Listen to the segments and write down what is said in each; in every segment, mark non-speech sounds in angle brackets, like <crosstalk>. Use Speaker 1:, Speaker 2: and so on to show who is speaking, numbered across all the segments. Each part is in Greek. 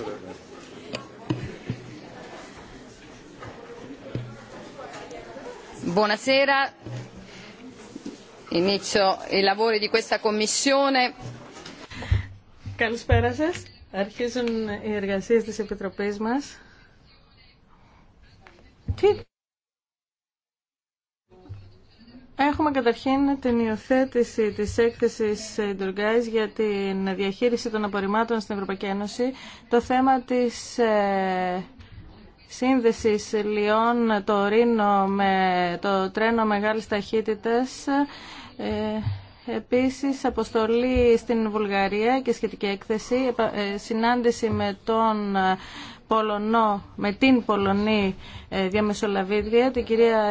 Speaker 1: Ναι.
Speaker 2: Buonasera, inizio i lavori di questa commissione. Καλησπέρα σας. Αρχίζουν
Speaker 3: οι εργασίες της Επιτροπής μας. Τι Έχουμε καταρχήν την υιοθέτηση της έκθεσης Ντουργκάης για την διαχείριση των απορριμμάτων στην Ευρωπαϊκή Ένωση. Το θέμα της ε, σύνδεσης Λιών το Ρήνο με το τρένο μεγάλης ταχύτητας ε, Επίσης, αποστολή στην Βουλγαρία και σχετική έκθεση, ε, συνάντηση με τον Πολωνό, με την Πολωνή ε, διαμεσολαβήτρια, την κυρία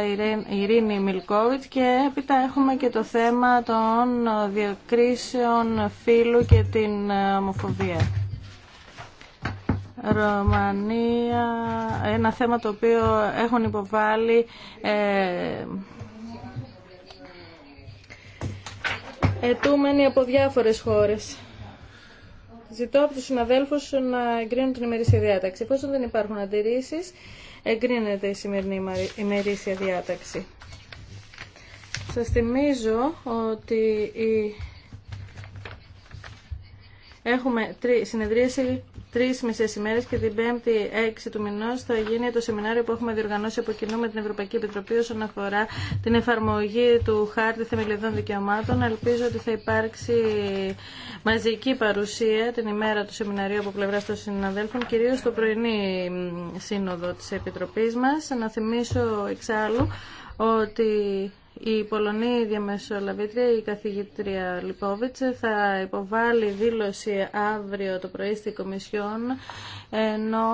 Speaker 3: Ειρήνη Μιλκόβιτ και έπειτα έχουμε και το θέμα των διακρίσεων φίλου και την ε, ομοφοβία. Ρωμανία, ένα θέμα το οποίο έχουν υποβάλει ε, ετούμενοι από διάφορες χώρες. Ζητώ από του συναδέλφου να εγκρίνουν την ημερήσια διάταξη. Εφόσον δεν υπάρχουν αντιρρήσει, εγκρίνεται η σημερινή ημερήσια διάταξη. Σα θυμίζω ότι η... έχουμε τρει συνεδρίαση τρει μισέ ημέρε και την πέμπτη έξι του μηνό θα γίνει το σεμινάριο που έχουμε διοργανώσει από κοινού με την Ευρωπαϊκή Επιτροπή όσον αφορά την εφαρμογή του Χάρτη Θεμελιδών Δικαιωμάτων. Ελπίζω ότι θα υπάρξει μαζική παρουσία την ημέρα του σεμιναρίου από πλευρά των συναδέλφων, κυρίω στο πρωινή σύνοδο τη Επιτροπή μα. Να θυμίσω εξάλλου ότι η Πολωνή διαμεσολαβήτρια, η καθηγήτρια Λιπόβιτσε θα υποβάλει δήλωση αύριο το πρωί στη Κομισιόν, ενώ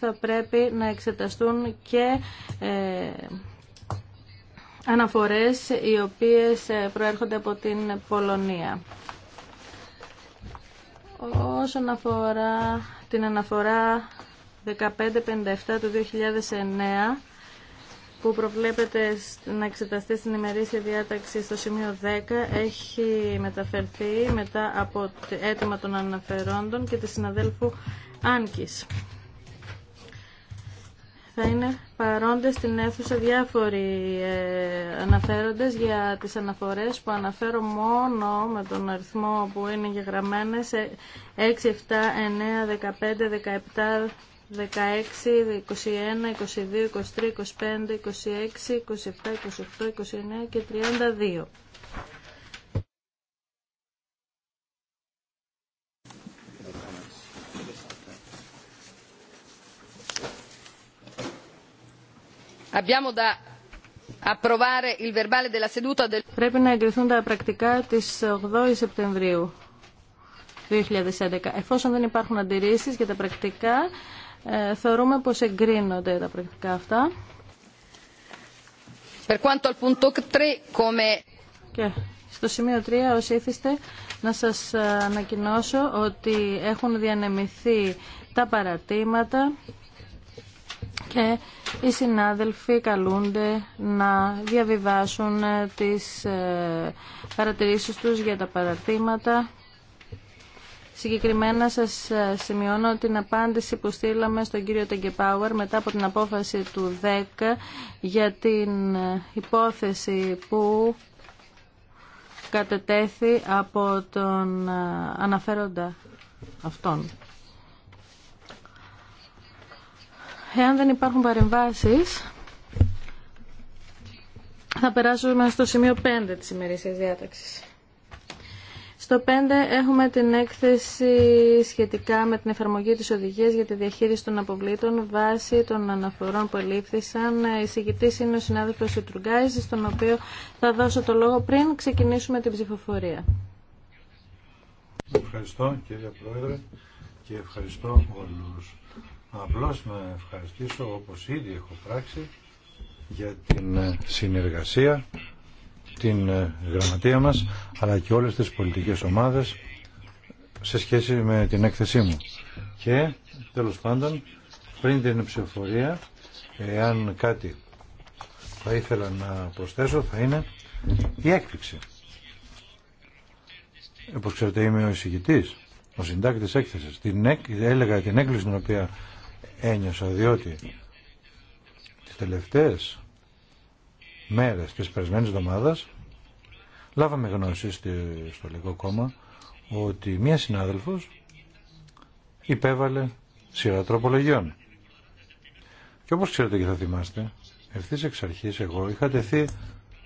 Speaker 3: θα πρέπει να εξεταστούν και ε, αναφορές οι οποίες ε, προέρχονται από την Πολωνία. Όσον αφορά την αναφορά 1557 του 2009, που προβλέπεται να εξεταστεί στην ημερήσια διάταξη στο σημείο 10 έχει μεταφερθεί μετά από αίτημα των αναφερόντων και της συναδέλφου Άνκης. Θα είναι παρόντες στην αίθουσα διάφοροι ε, αναφέροντες για τις αναφορές που αναφέρω μόνο με τον αριθμό που είναι γεγραμμένες 6, 7, 9, 15, 17, 16, 21, 22, 23, 25, 26, 27, 28, 29 και 32.
Speaker 2: Πρέπει να εγκριθούν τα πρακτικά
Speaker 3: της 8 η Σεπτεμβρίου 2011. Εφόσον δεν υπάρχουν αντιρρήσεις για τα πρακτικά ε, θεωρούμε πως εγκρίνονται τα πρακτικά αυτά. Και στο σημείο 3, ως ήθιστε, να σας ανακοινώσω ότι έχουν διανεμηθεί τα παρατήματα και οι συνάδελφοι καλούνται να διαβιβάσουν τις ε, παρατηρήσεις τους για τα παρατήματα Συγκεκριμένα σας ε, σημειώνω την απάντηση που στείλαμε στον κύριο Τεγκεπάουερ μετά από την απόφαση του 10 για την ε, υπόθεση που κατετέθη από τον ε, αναφέροντα αυτόν. Εάν δεν υπάρχουν παρεμβάσεις, θα περάσουμε στο σημείο 5 της ημερήσιας διάταξης. Στο 5 έχουμε την έκθεση σχετικά με την εφαρμογή της οδηγίας για τη διαχείριση των αποβλήτων βάσει των αναφορών που ελήφθησαν. Η συγκητής είναι ο συνάδελφος Ιτρουγκάης, στον οποίο θα δώσω το λόγο πριν ξεκινήσουμε την ψηφοφορία.
Speaker 1: Ευχαριστώ κύριε Πρόεδρε και ευχαριστώ όλους. Απλώς να ευχαριστήσω όπως ήδη έχω πράξει για την συνεργασία την ε, γραμματεία μας αλλά και όλες τις πολιτικές ομάδες σε σχέση με την έκθεσή μου. Και τέλος πάντων πριν την ψηφοφορία εάν κάτι θα ήθελα να προσθέσω θα είναι η έκπληξη. Ε, Όπω ξέρετε είμαι ο εισηγητής, ο συντάκτης έκθεσης. Την έκ, έλεγα την έκπληξη την οποία ένιωσα διότι τις τελευταίες μέρες της περισμένης εβδομάδα λάβαμε γνώση στο λίγο Κόμμα ότι μία συνάδελφος υπέβαλε σειρά τροπολογιών. Και όπως ξέρετε και θα θυμάστε, ευθύς εξ αρχής εγώ είχα τεθεί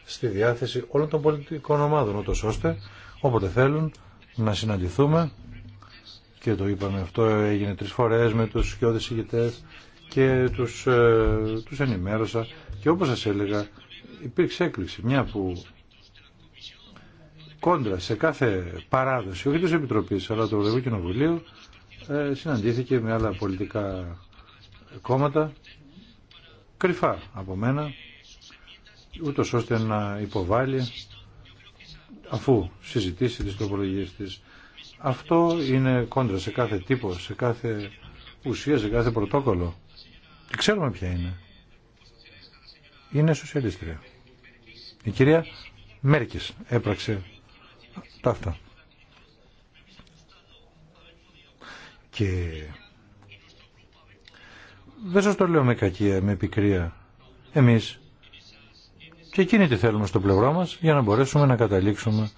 Speaker 1: στη διάθεση όλων των πολιτικών ομάδων, ούτως ώστε όποτε θέλουν να συναντηθούμε και το είπαμε αυτό έγινε τρεις φορές με τους σκιώδες ηγητές και τους, ε, τους ενημέρωσα και όπως σας έλεγα υπήρξε έκκληση, μια που κόντρα σε κάθε παράδοση, όχι της Επιτροπής, αλλά του Ευρωπαϊκού Κοινοβουλίου, ε, συναντήθηκε με άλλα πολιτικά κόμματα, κρυφά από μένα, ούτω ώστε να υποβάλει, αφού συζητήσει τις τροπολογίες της. Αυτό είναι κόντρα σε κάθε τύπο, σε κάθε ουσία, σε κάθε πρωτόκολλο. Και ξέρουμε ποια είναι είναι σοσιαλίστρια. Η κυρία Μέρκης έπραξε τα αυτά. Και δεν σας το λέω με κακία, με πικρία. Εμείς και εκείνη τη θέλουμε στο πλευρό μας για να μπορέσουμε να καταλήξουμε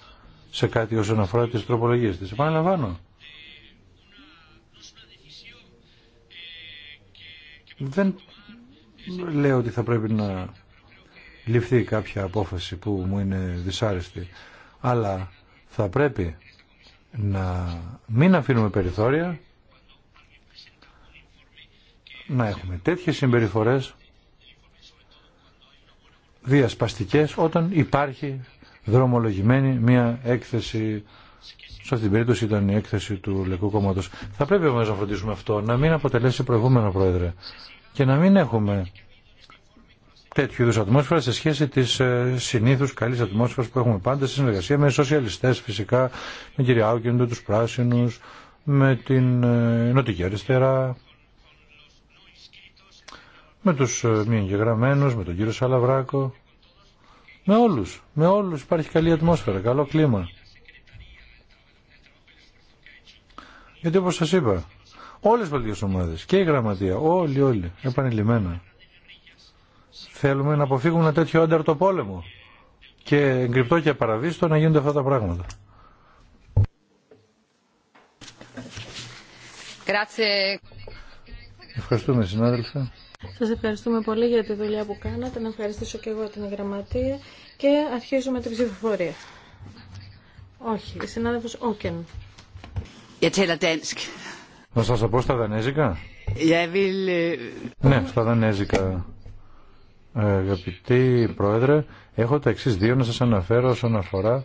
Speaker 1: σε κάτι όσον αφορά τις τροπολογίες της. Επαναλαμβάνω. Δεν λέω ότι θα πρέπει να ληφθεί κάποια απόφαση που μου είναι δυσάρεστη. Αλλά θα πρέπει να μην αφήνουμε περιθώρια να έχουμε τέτοιες συμπεριφορές διασπαστικές όταν υπάρχει δρομολογημένη μια έκθεση σε αυτήν την περίπτωση ήταν η έκθεση του Λεκού Κόμματος. Θα πρέπει όμως να φροντίσουμε αυτό, να μην αποτελέσει προηγούμενο πρόεδρε και να μην έχουμε τέτοιου είδου ατμόσφαιρα σε σχέση τη ε, συνήθου καλή ατμόσφαιρα που έχουμε πάντα σε συνεργασία με σοσιαλιστέ φυσικά, με κύριο Άουκεντο, του πράσινου, με την ε, Νοτική Αριστερά, με τους ε, μη εγγεγραμμένους, με τον κύριο Σαλαβράκο, με όλου, με όλους υπάρχει καλή ατμόσφαιρα, καλό κλίμα. Γιατί όπως σας είπα, όλες οι πολιτικές ομάδες και η γραμματεία, όλοι όλοι, επανειλημμένα, Θέλουμε να αποφύγουμε ένα τέτοιο άνταρτο πόλεμο και εγκρυπτό και παραδείστο να γίνονται αυτά τα πράγματα. Ευχαριστούμε συνάδελφα.
Speaker 3: Σας ευχαριστούμε πολύ για τη δουλειά που κάνατε. Να ευχαριστήσω και εγώ την γραμματεία και αρχίζουμε την ψηφοφορία. Όχι, η συνάδελφος Όκεν.
Speaker 1: Να σας πω στα δανέζικα.
Speaker 2: Ε,
Speaker 1: ναι, στα δανέζικα. Αγαπητή Πρόεδρε, έχω τα εξή δύο να σα αναφέρω όσον αφορά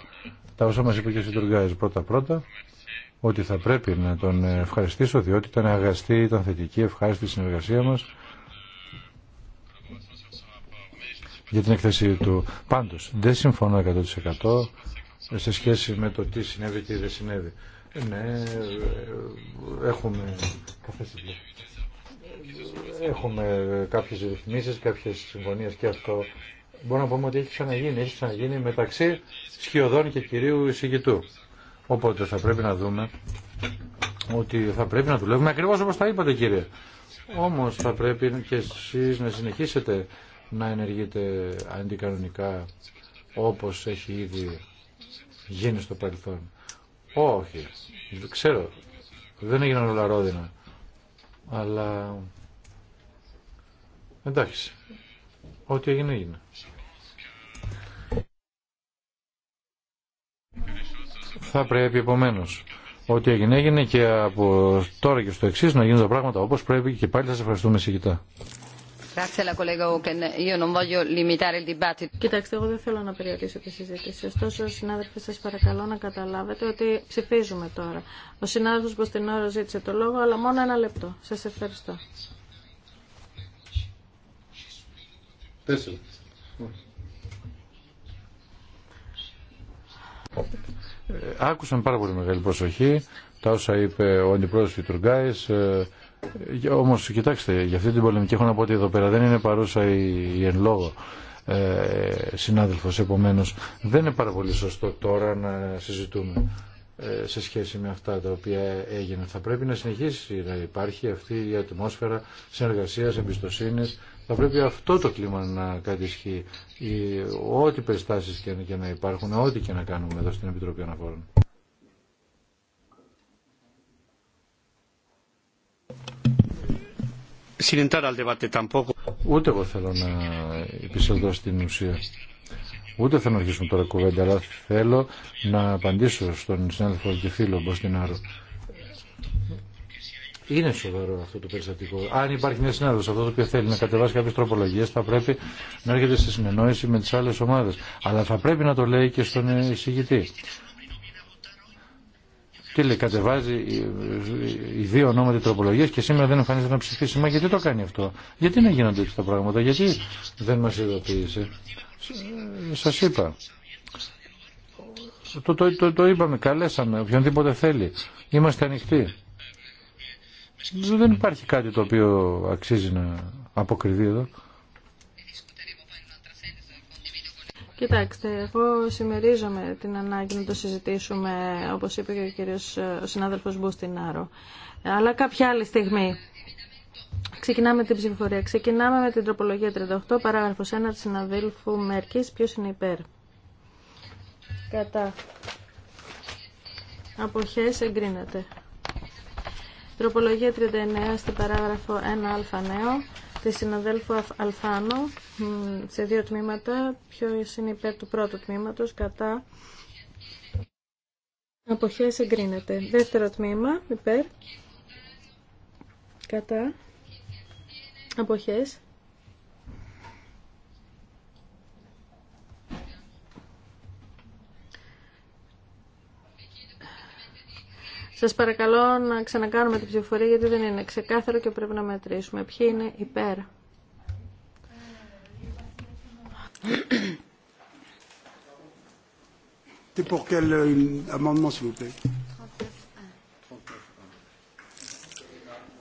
Speaker 1: τα όσα μα είπε και ο πρωτα Πρώτα-πρώτα, ότι θα πρέπει να τον ευχαριστήσω διότι ήταν αγαστή, ήταν θετική, ευχάριστη η συνεργασία μας για την εκθεσή του. πάντω, δεν συμφωνώ 100% σε σχέση με το τι συνέβη και δεν συνέβη. Ναι, ε, ε, έχουμε καθέσει έχουμε κάποιες ρυθμίσεις, κάποιες συμφωνίες και αυτό Μπορώ να πούμε ότι έχει ξαναγίνει, έχει ξαναγίνει μεταξύ σκιωδών και κυρίου εισηγητού. Οπότε θα πρέπει να δούμε ότι θα πρέπει να δουλεύουμε ακριβώς όπως τα είπατε κύριε. Όμως θα πρέπει και εσείς να συνεχίσετε να ενεργείτε αντικανονικά όπως έχει ήδη γίνει στο παρελθόν. Όχι, ξέρω, δεν έγιναν όλα ρόδινα, αλλά Εντάξει. Ό,τι έγινε έγινε. Θα πρέπει επομένω. Ό,τι έγινε έγινε και από τώρα και στο εξή να γίνουν τα πράγματα όπω πρέπει και πάλι σα ευχαριστούμε συγκητά.
Speaker 2: Κοιτάξτε, εγώ δεν θέλω να περιορίσω τη συζήτηση. Ωστόσο, συνάδελφοι, σα παρακαλώ να
Speaker 3: καταλάβετε ότι ψηφίζουμε τώρα. Ο συνάδελφο που στην ώρα ζήτησε το λόγο, αλλά μόνο ένα λεπτό. Σα ευχαριστώ.
Speaker 1: Τέσσερα. Ε, άκουσαν πάρα πολύ μεγάλη προσοχή τα όσα είπε ο αντιπρόεδρος Φιτουργκάης. Ε, ε, όμως κοιτάξτε, για αυτή την πολεμική έχω να πω ότι εδώ πέρα δεν είναι παρούσα η, εν λόγω συνάδελφος. Επομένως δεν είναι πάρα πολύ σωστό τώρα να συζητούμε σε σχέση με αυτά τα οποία έγιναν. Θα πρέπει να συνεχίσει να υπάρχει αυτή η ατμόσφαιρα συνεργασίας, εμπιστοσύνης, θα πρέπει αυτό το κλίμα να κατησχύει. Ό,τι περιστάσεις και, και να υπάρχουν, ό,τι και να κάνουμε εδώ στην Επιτροπή Αναφόρων. Ούτε εγώ θέλω να επισελθώ στην ουσία. Ούτε θέλω να αρχίσουμε τώρα κουβέντα, αλλά θέλω να απαντήσω στον συνάδελφο και φίλο Μποστινάρου. Είναι σοβαρό αυτό το περιστατικό. Αν υπάρχει μια συνάδελφο αυτό το οποίο θέλει να κατεβάσει κάποιε τροπολογίε, θα πρέπει να έρχεται σε συνεννόηση με τι άλλε ομάδε. Αλλά θα πρέπει να το λέει και στον εισηγητή. Τι λέει, κατεβάζει οι δύο ονόματι τροπολογίε και σήμερα δεν εμφανίζεται να ψηφίσει. Μα γιατί το κάνει αυτό, γιατί να γίνονται έτσι τα πράγματα, γιατί δεν μα ειδοποίησε. Σα είπα. Το, το, το, το είπαμε, καλέσαμε οποιονδήποτε θέλει. Είμαστε ανοιχτοί δεν υπάρχει κάτι το οποίο αξίζει να αποκριθεί εδώ.
Speaker 3: Κοιτάξτε, εγώ συμμερίζομαι την ανάγκη να το συζητήσουμε, όπως είπε και ο, κύριος, ο συνάδελφος Μπουστινάρο, αλλά κάποια άλλη στιγμή. Ξεκινάμε την ψηφοφορία. Ξεκινάμε με την τροπολογία 38, παράγραφος 1 της συναδέλφου Μέρκης. Ποιος είναι υπέρ. Κατά. Αποχές εγκρίνεται. Τροπολογία 39 στην παράγραφο 1α νέο τη συναδέλφου Αλφάνο σε δύο τμήματα. Ποιο είναι υπέρ του πρώτου τμήματος, κατά. Αποχές εγκρίνεται. Δεύτερο τμήμα, υπέρ. Κατά. Αποχές. Σας παρακαλώ να ξανακάνουμε την ψηφοφορία γιατί δεν είναι ξεκάθαρο και πρέπει να μετρήσουμε. Ποιοι είναι υπέρ. πέρα.
Speaker 1: Euh,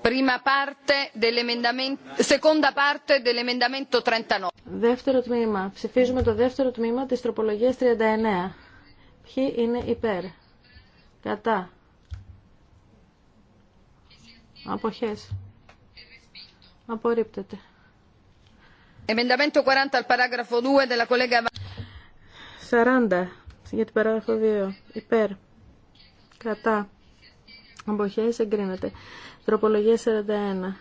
Speaker 2: Prima parte dell'emendamento, seconda parte 39. Δεύτερο
Speaker 3: τμήμα. Ψηφίζουμε το δεύτερο τμήμα της τροπολογίας 39. Ποιοι είναι υπέρ. Κατά. Αποχές. Απορρίπτεται.
Speaker 2: Εμενταμέντο 40 al παράγραφο 2 della collega
Speaker 3: 40 για την παράγραφο 2. Υπέρ. Κατά. Αποχές εγκρίνεται. Τροπολογία 41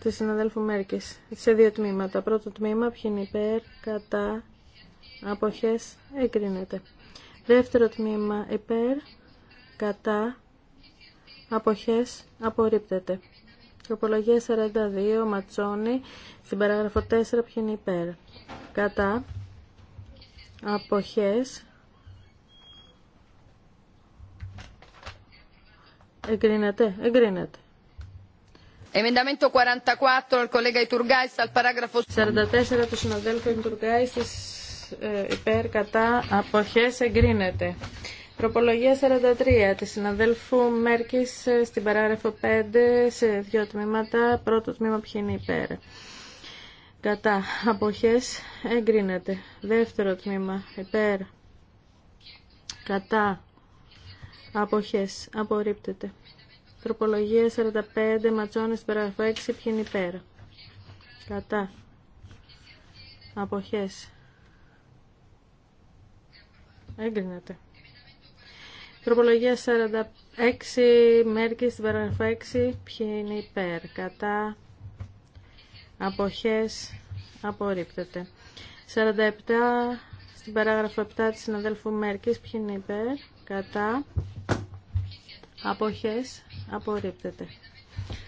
Speaker 3: τη συναδέλφου Μέρκη. σε δύο τμήματα. Πρώτο τμήμα ποιοι είναι υπέρ, κατά, αποχές εγκρίνεται. Δεύτερο τμήμα υπέρ, κατά, αποχές απορρίπτεται. Τροπολογία 42, ματσόνι, στην παράγραφο 4, ποιο είναι υπέρ. Κατά, αποχές, εγκρίνεται, εγκρίνεται.
Speaker 2: Emendamento 44 al κολέγα στο παράγραφο. 44 του συναδέλφου Iturgais ε, υπέρ κατά αποχές εγκρίνεται.
Speaker 3: Τροπολογία 43 της συναδέλφου Μέρκης ε, στην παράγραφο 5 σε δύο τμήματα. Πρώτο τμήμα ποιο είναι υπέρ. Κατά. Αποχές εγκρίνεται. Δεύτερο τμήμα υπέρ. Κατά. Αποχές απορρίπτεται. Τροπολογία 45 ματσόνες στην παράγραφο 6 ποιο είναι υπέρ. Κατά. Αποχές. Έγκρινεται. Τροπολογία 46, Μέρκη στην παραγραφή 6, ποιοι είναι υπέρ, κατά, αποχές, απορρίπτεται. 47, στην παράγραφο 7 της συναδέλφου Μέρκης, ποιοι είναι υπέρ, κατά, αποχές, απορρίπτεται.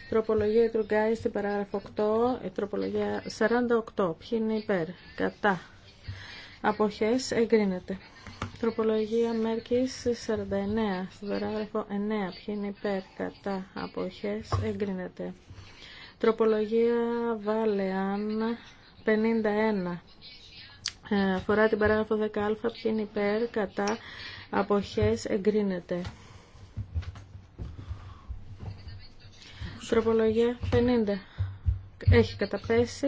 Speaker 3: Τροπολογία Κρουγκάη στην παράγραφο 8, η τροπολογία 48, ποιοι είναι υπέρ, κατά, αποχές, εγκρίνεται. Τροπολογία Μέρκης 49, στο παράγραφο 9, ποιοι είναι υπέρ, κατά, αποχές, εγκρίνεται. Τροπολογία Βάλεαν 51, ε, αφορά την παράγραφο 10α, ποιοι είναι υπέρ, κατά, αποχές, εγκρίνεται. Τροπολογία 50, έχει καταπέσει,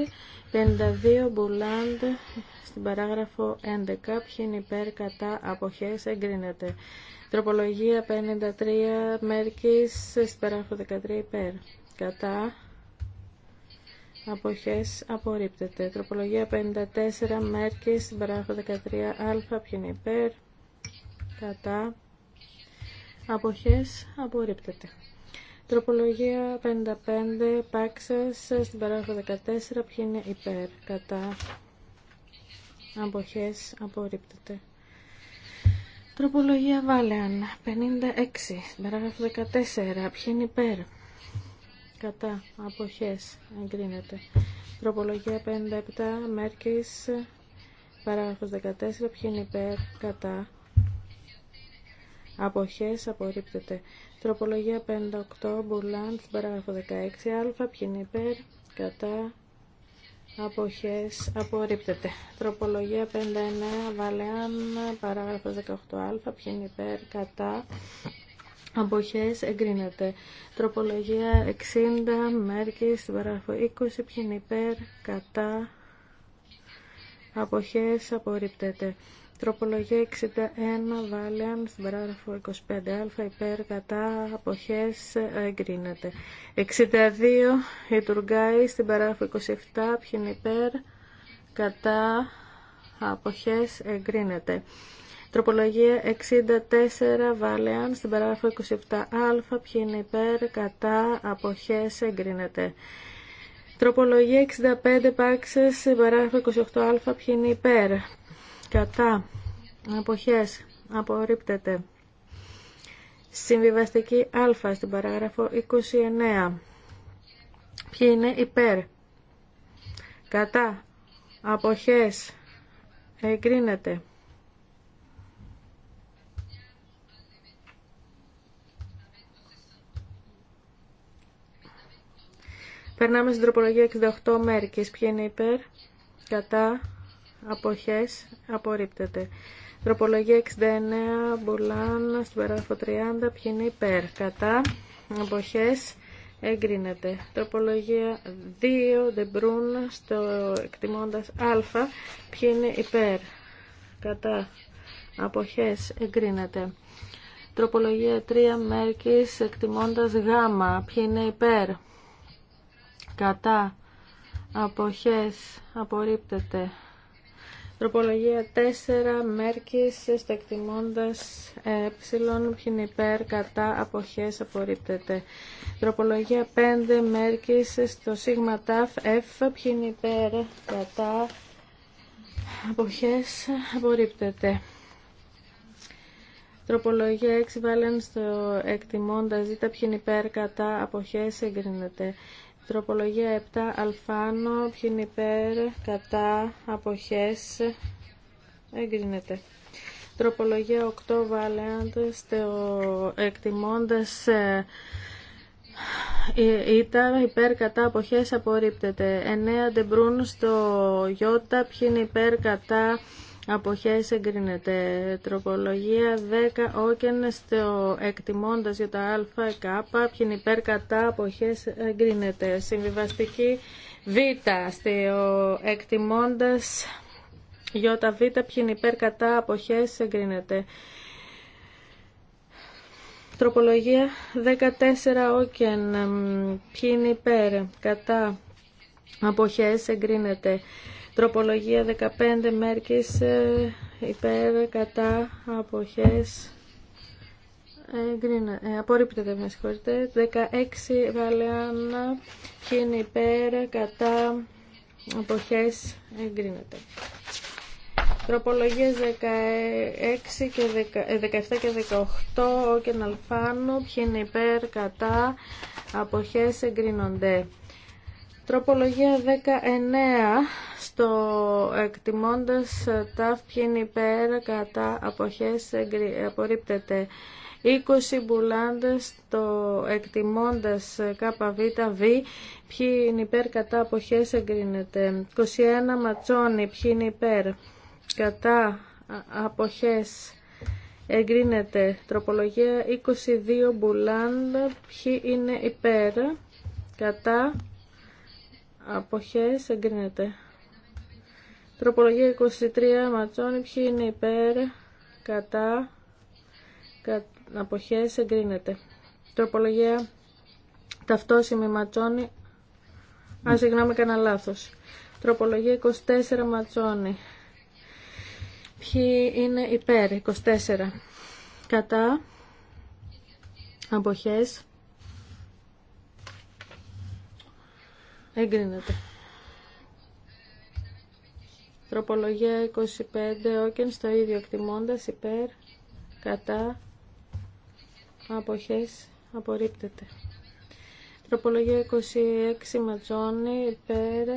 Speaker 3: 52, Μπουλάντ, στην παράγραφο 11. Ποιοι είναι υπέρ κατά αποχές εγκρίνεται. Τροπολογία 53 μέρκη στην παράγραφο 13 υπέρ. Κατά αποχές απορρίπτεται. Τροπολογία 54 Μέρκης στην παράγραφο 13α. Ποιοι είναι υπέρ. Κατά αποχές απορρίπτεται. Τροπολογία 55, πάξας, στην παράγραφο 14, ποιοι είναι υπέρ, κατά, αποχές απορρίπτεται. Τροπολογία Βάλεαν 56, παράγραφο 14, ποιοι είναι υπέρ, κατά, αποχές, εγκρίνεται. Τροπολογία 57, Μέρκης, παράγραφος 14, ποιοι είναι υπέρ, κατά, αποχές, απορρίπτεται. Τροπολογία 58, μπουλάντ, παράγραφο 16, α, ποιοι είναι υπέρ, κατά, Αποχές απορρίπτεται. Τροπολογία 59, Βαλεάν, παράγραφος 18α, ποιοι υπέρ, κατά, αποχές εγκρίνεται. Τροπολογία 60, Μέρκη, στην παράγραφο 20, ποιοι υπέρ, κατά, αποχές απορρίπτεται. Τροπολογία 61, Βάλεαν, στην παράγραφο 25α, υπέρ, κατά, αποχές, εγκρίνεται. 62, η Τουργκάη, στην παράγραφο 27, ποιον υπέρ, κατά, αποχές, εγκρίνεται. Τροπολογία 64, Βάλεαν, στην παράγραφο 27α, ποιον υπέρ, κατά, αποχές, εγκρίνεται. Τροπολογία 65, Πάξες, στην παράγραφο 28α, ποιον υπέρ, κατά εποχές απορρίπτεται συμβιβαστική α στην παράγραφο 29 ποιοι είναι υπέρ κατά αποχές εγκρίνεται Περνάμε στην τροπολογία 68 μέρικες. Ποιοι είναι υπέρ, κατά, αποχές απορρίπτεται. Τροπολογία 69, Μπουλάν, στην παράγραφο 30, ποιοι υπέρ, κατά, αποχές, εγκρίνεται. Τροπολογία 2, Ντεμπρούν, στο εκτιμώντας α, ποιοι υπέρ, κατά, αποχές, εγκρίνεται. Τροπολογία 3, Μέρκης, εκτιμώντας γ, ποιοι υπέρ, κατά, αποχές, απορρίπτεται. Τροπολογία 4, Μέρκης, στο εκτιμώντα ε, ε, ποιοι υπέρ, κατά, αποχές, απορρίπτεται. Τροπολογία 5, Μέρκης, στο σίγμα ταφ, εφ, ποιοι είναι υπέρ, κατά, αποχές, απορρίπτεται. Τροπολογία 6, Βάλεν, στο εκτιμώντας ζήτα, ποιοι είναι υπέρ, κατά, αποχές, εγκρίνεται. Τροπολογία 7 Αλφάνο, ποιν υπέρ, κατά, αποχές, εγκρίνεται. Τροπολογία 8 Βαλέντες, εκτιμώντας ε, ε, Ήτα υπέρ κατά αποχές απορρίπτεται. 9 Ντεμπρούν στο Ι, ποιν υπέρ κατά αποχές εγκρίνεται. Τροπολογία 10 όκεν στο εκτιμώντας για τα α, κάπα, υπέρ κατά αποχές εγκρίνεται. Συμβιβαστική β στο εκτιμώντα για β, ποιοι υπέρ κατά αποχές εγκρίνεται. Τροπολογία 14 όκεν, ποιοι είναι υπέρ κατά αποχές εγκρίνεται. Τροπολογία 15 Μέρκης ε, υπέρ κατά αποχές γκρίνα, ε, απορρίπτεται, με συγχωρείτε. 16 Βαλεάνα, ποιοι είναι υπέρ, κατά, αποχές, εγκρίνεται. Τροπολογίες 16 και 10, 17 ε, και 18, και Αλφάνο, ποιοι είναι υπέρ, κατά, αποχές, εγκρίνονται. Τροπολογία 19 στο εκτιμώντας ταφ ποιοι είναι υπέρ κατά αποχές απορρίπτεται. 20 μπουλάντε το εκτιμώντα ΚΒΒ ποιοι είναι υπέρ κατά αποχέ εγκρίνεται. 21 ματσόνι ποιοι είναι υπέρ κατά αποχέ εγκρίνεται. Τροπολογία 22 μπουλάντε, ποιοι είναι υπέρ κατά αποχές εγκρίνεται. Τροπολογία 23 ματσόνι ποιοι είναι υπέρ κατά κα, αποχές εγκρίνεται. Τροπολογία ταυτόσημη ματσόνι Α, συγγνώμη, έκανα λάθο. Τροπολογία 24 ματσόνι. Ποιοι είναι υπέρ, 24. Κατά. Αποχές. Εγκρίνεται. Τροπολογία 25, όκεν στο ίδιο εκτιμώντας υπέρ, κατά, αποχές, απορρίπτεται. Τροπολογία 26, ματζόνι, υπέρ,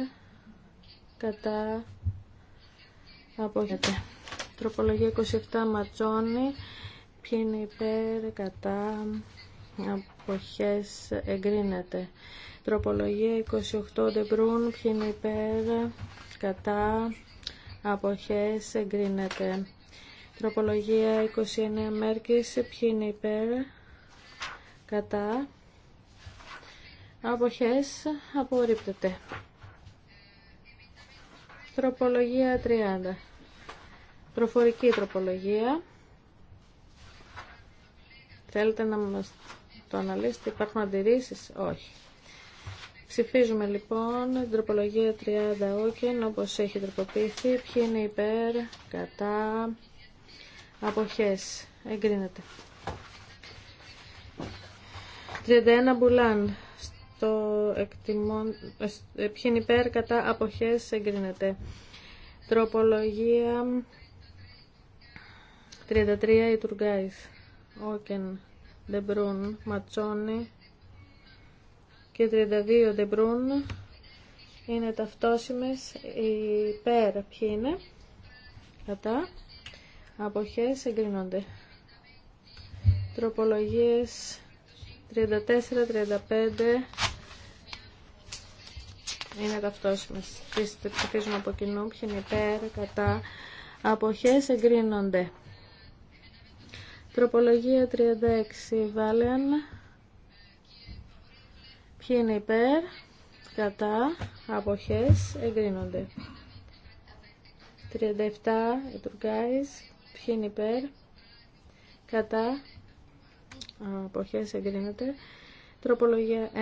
Speaker 3: κατά, αποχές. Τροπολογία 27, ματζόνι, ποιοι είναι υπέρ, κατά, από αποχές εγκρίνεται. Τροπολογία 28 ντεμπρούν, ποιοι υπέρ, κατά, αποχές εγκρίνεται. Τροπολογία 29 μέρκης, ποιοι είναι υπέρ, κατά, αποχές απορρίπτεται. Τροπολογία 30. Προφορική τροπολογία. Θέλετε να μας το αναλύσετε. Υπάρχουν αντιρρήσεις. Όχι. Ψηφίζουμε λοιπόν την τροπολογία 30 όκεν όπως έχει τροποποιηθεί. Ποιοι είναι υπέρ, κατά, αποχές. Εγκρίνεται. 31 μπουλάν. Στο εκτιμών... Ε, ε, ποιοι είναι υπέρ, κατά, αποχές. Εγκρίνεται. Τροπολογία 33 η Τουργκάιθ, Όκεν. Δεμπρούν, Ματσόνι και 32 Δεμπρούν είναι ταυτόσιμες υπέρ ποιοι είναι κατά αποχές εγκρίνονται τροπολογίες 34-35 είναι ταυτόσιμες τις ψηφίζουμε από κοινού ποιοι είναι υπέρ κατά αποχές εγκρίνονται Τροπολογία 36 Βάλεαν. Ποιοι είναι υπέρ, κατά, αποχές, εγκρίνονται. 37 Ετουρκάις Ποιοι είναι υπέρ, κατά, αποχές, εγκρίνονται. Τροπολογία 1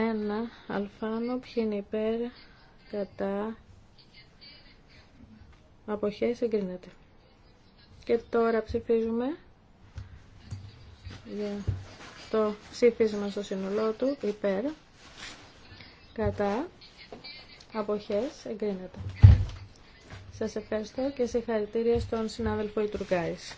Speaker 3: Αλφάνο. Ποιοι είναι υπέρ, κατά, αποχές, Εγκρίνονται. Και τώρα ψηφίζουμε για το ψήφισμα στο σύνολό του υπέρ κατά αποχές εγκρίνεται. Σας ευχαριστώ και συγχαρητήρια στον συνάδελφο Ιτουρκάης.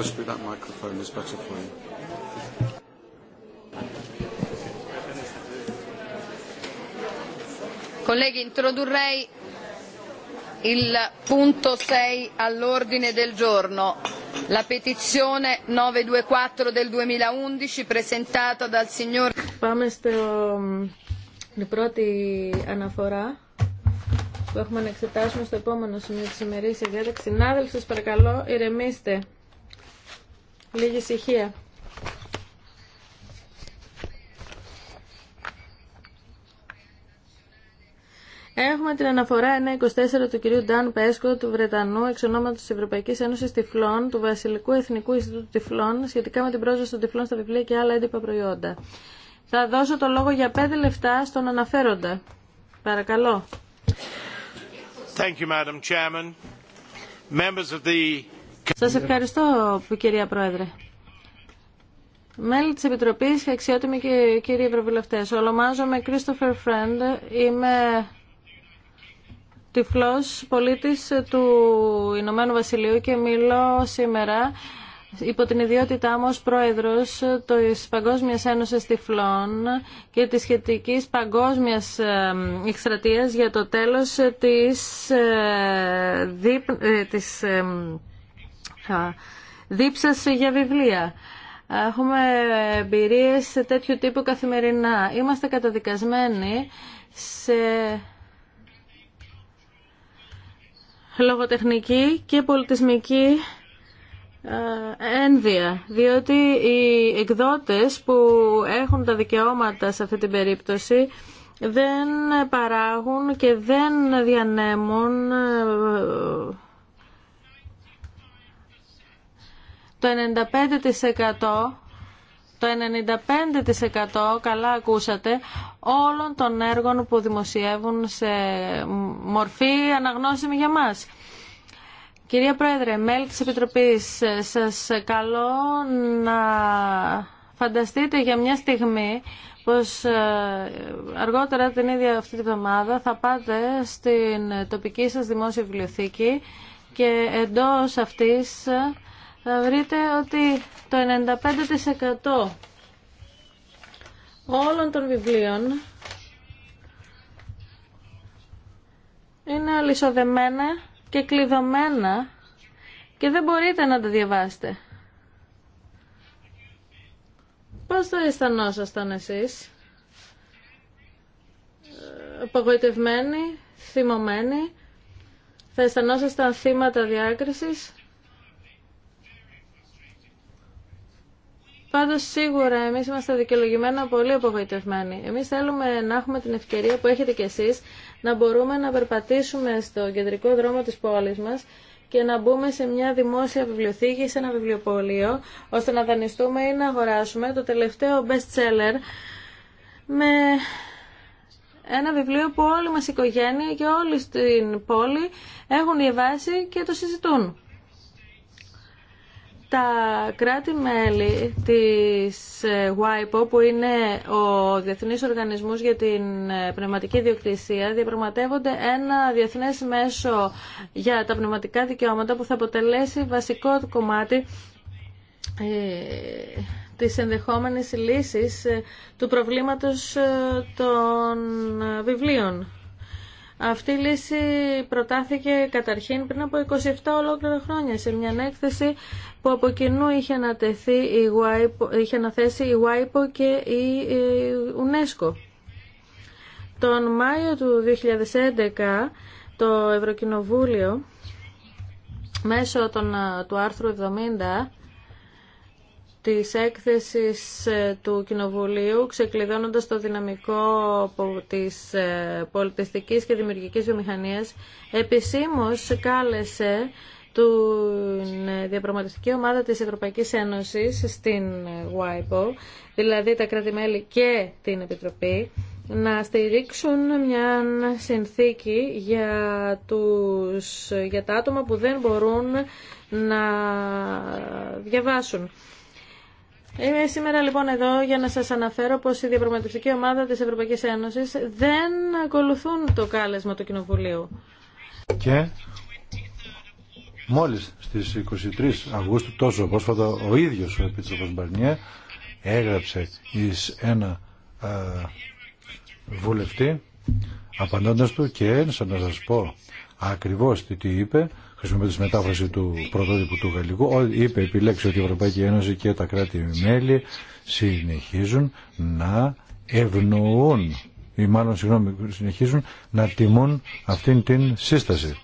Speaker 1: possibly that microphone is better for
Speaker 2: Colleghi, introdurrei il punto 6 all'ordine del giorno, la petizione 924 del 2011 presentata dal signor...
Speaker 3: Λίγη ησυχία. Έχουμε την αναφορά 1.24 του κυρίου Ντάν Πέσκο, του Βρετανού, εξ τη Ευρωπαϊκή Ευρωπαϊκής Ένωσης Τυφλών, του Βασιλικού Εθνικού Ινστιτούτου Τυφλών, σχετικά με την πρόσβαση των τυφλών στα βιβλία και άλλα έντυπα προϊόντα. Θα δώσω το λόγο για πέντε λεφτά στον αναφέροντα. Παρακαλώ.
Speaker 4: Σας ευχαριστώ,
Speaker 3: κυρία Πρόεδρε. Μέλη της Επιτροπής, αξιότιμοι και κύριοι Ευρωβουλευτές. Ονομάζομαι Christopher Friend. Είμαι τυφλός πολίτης του Ηνωμένου Βασιλείου και μιλώ σήμερα υπό την ιδιότητά μου ως πρόεδρος της Παγκόσμιας Ένωσης Τυφλών και της σχετικής παγκόσμιας εκστρατείας για το τέλος της, ε, ε, της δίψαση για βιβλία. Έχουμε εμπειρίε σε τέτοιου τύπου καθημερινά. Είμαστε καταδικασμένοι σε λογοτεχνική και πολιτισμική ε, ένδια, διότι οι εκδότες που έχουν τα δικαιώματα σε αυτή την περίπτωση δεν παράγουν και δεν διανέμουν ε, το 95% το 95% καλά ακούσατε όλων των έργων που δημοσιεύουν σε μορφή αναγνώσιμη για μας. Κυρία Πρόεδρε, μέλη της Επιτροπής, σας καλώ να φανταστείτε για μια στιγμή πως ε, αργότερα την ίδια αυτή τη βδομάδα θα πάτε στην τοπική σας δημόσια βιβλιοθήκη και εντός αυτής θα βρείτε ότι το 95% όλων των βιβλίων είναι αλυσοδεμένα και κλειδωμένα και δεν μπορείτε να τα διαβάσετε. Πώς θα αισθανόσασταν εσείς, απογοητευμένοι, θυμωμένοι, θα αισθανόσασταν θύματα διάκρισης, Πάντω σίγουρα εμεί είμαστε δικαιολογημένα πολύ απογοητευμένοι. Εμεί θέλουμε να έχουμε την ευκαιρία που έχετε κι εσεί να μπορούμε να περπατήσουμε στο κεντρικό δρόμο τη πόλη μα και να μπούμε σε μια δημόσια βιβλιοθήκη, σε ένα βιβλιοπωλείο, ώστε να δανειστούμε ή να αγοράσουμε το τελευταίο best seller με ένα βιβλίο που όλη μας η οικογένεια και όλοι στην πόλη έχουν διαβάσει και το συζητούν τα κράτη-μέλη της WIPO, ε, που είναι ο Διεθνής Οργανισμός για την ε, Πνευματική Διοκτησία, διαπραγματεύονται ένα διεθνές μέσο για τα πνευματικά δικαιώματα που θα αποτελέσει βασικό κομμάτι ε, της ενδεχόμενης λύσης του προβλήματος των βιβλίων. Αυτή η λύση προτάθηκε καταρχήν πριν από 27 ολόκληρα χρόνια σε μια έκθεση που από κοινού είχε, ανατεθεί η WIPO, είχε αναθέσει η WIPO και η UNESCO. Τον Μάιο του 2011 το Ευρωκοινοβούλιο μέσω των, του άρθρου 70 της έκθεσης ε, του Κοινοβουλίου, ξεκλειδώνοντας το δυναμικό της ε, πολιτιστικής και δημιουργικής βιομηχανίας, επισήμως κάλεσε την ε, διαπραγματευτική ομάδα της Ευρωπαϊκής Ένωσης στην WIPO, δηλαδή τα κράτη-μέλη και την Επιτροπή, να στηρίξουν μια συνθήκη για, τους, για τα άτομα που δεν μπορούν να διαβάσουν. Είμαι σήμερα λοιπόν εδώ για να σας αναφέρω πως η διαπραγματευτική ομάδα της Ευρωπαϊκής Ένωσης δεν ακολουθούν το κάλεσμα του Κοινοβουλίου.
Speaker 1: Και μόλις στις 23 Αυγούστου τόσο πρόσφατα ο ίδιος ο Επίτροπος Μπαρνιέ έγραψε εις ένα α, ε, βουλευτή απαντώντας του και ένσα να σας πω ακριβώς τι, τι είπε χρησιμοποιώντα τη μετάφραση του πρωτότυπου του γαλλικού, είπε επιλέξει ότι η Ευρωπαϊκή Ένωση και τα κράτη-μέλη συνεχίζουν να ευνοούν ή μάλλον συγγνώμη, συνεχίζουν να τιμούν αυτήν την σύσταση,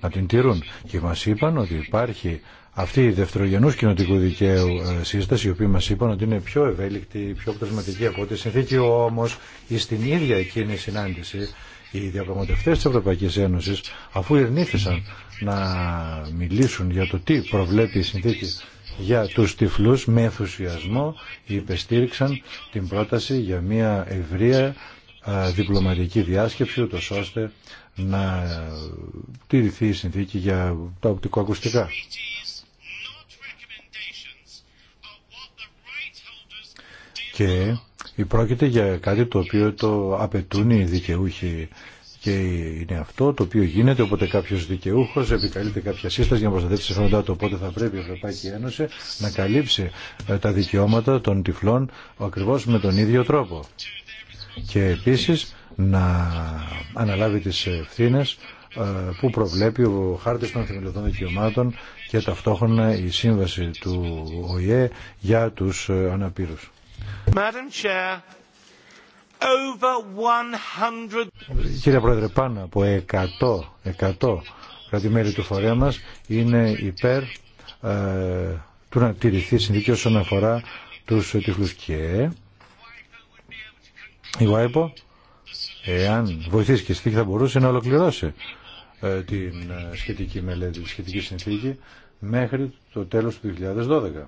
Speaker 1: να την τηρούν. Και μας είπαν ότι υπάρχει αυτή η δευτερογενούς κοινοτικού δικαίου ε, σύσταση, η οποία μας είπαν ότι είναι πιο ευέλικτη, πιο αποτελεσματική από ό,τι συνθήκη, όμως στην ίδια εκείνη συνάντηση οι διαπραγματευτέ τη Ευρωπαϊκής Ένωσης αφού ερνήθησαν να μιλήσουν για το τι προβλέπει η συνθήκη για τους τυφλούς με ενθουσιασμό υπεστήριξαν την πρόταση για μια ευρεία διπλωματική διάσκεψη ούτω ώστε να τηρηθεί η συνθήκη για τα οπτικοακουστικά. Και Πρόκειται για κάτι το οποίο το απαιτούν οι δικαιούχοι και είναι αυτό το οποίο γίνεται. Οπότε κάποιο δικαιούχο επικαλείται κάποια σύσταση για να προστατεύσει συμφωνητά του. Οπότε θα πρέπει η Ευρωπαϊκή Ένωση να καλύψει ε, τα δικαιώματα των τυφλών ακριβώ με τον ίδιο τρόπο. Και επίση να αναλάβει τι ευθύνε ε, που προβλέπει ο χάρτης των θεμελιωδών δικαιωμάτων και ταυτόχρονα η σύμβαση του ΟΗΕ για τους ε, αναπήρους.
Speaker 4: Madam Chair, over 100...
Speaker 1: Κύριε Πρόεδρε, πάνω από 100, 100 του φορέα μας είναι υπέρ ε, του να τηρηθεί συνδίκη όσον αφορά τους τυφλούς και η ΒΑΕΠΟ εάν βοηθήσει και συνθήκη θα μπορούσε να ολοκληρώσει ε, την ε, σχετική μελέτη, τη σχετική συνθήκη μέχρι το τέλος του 2012.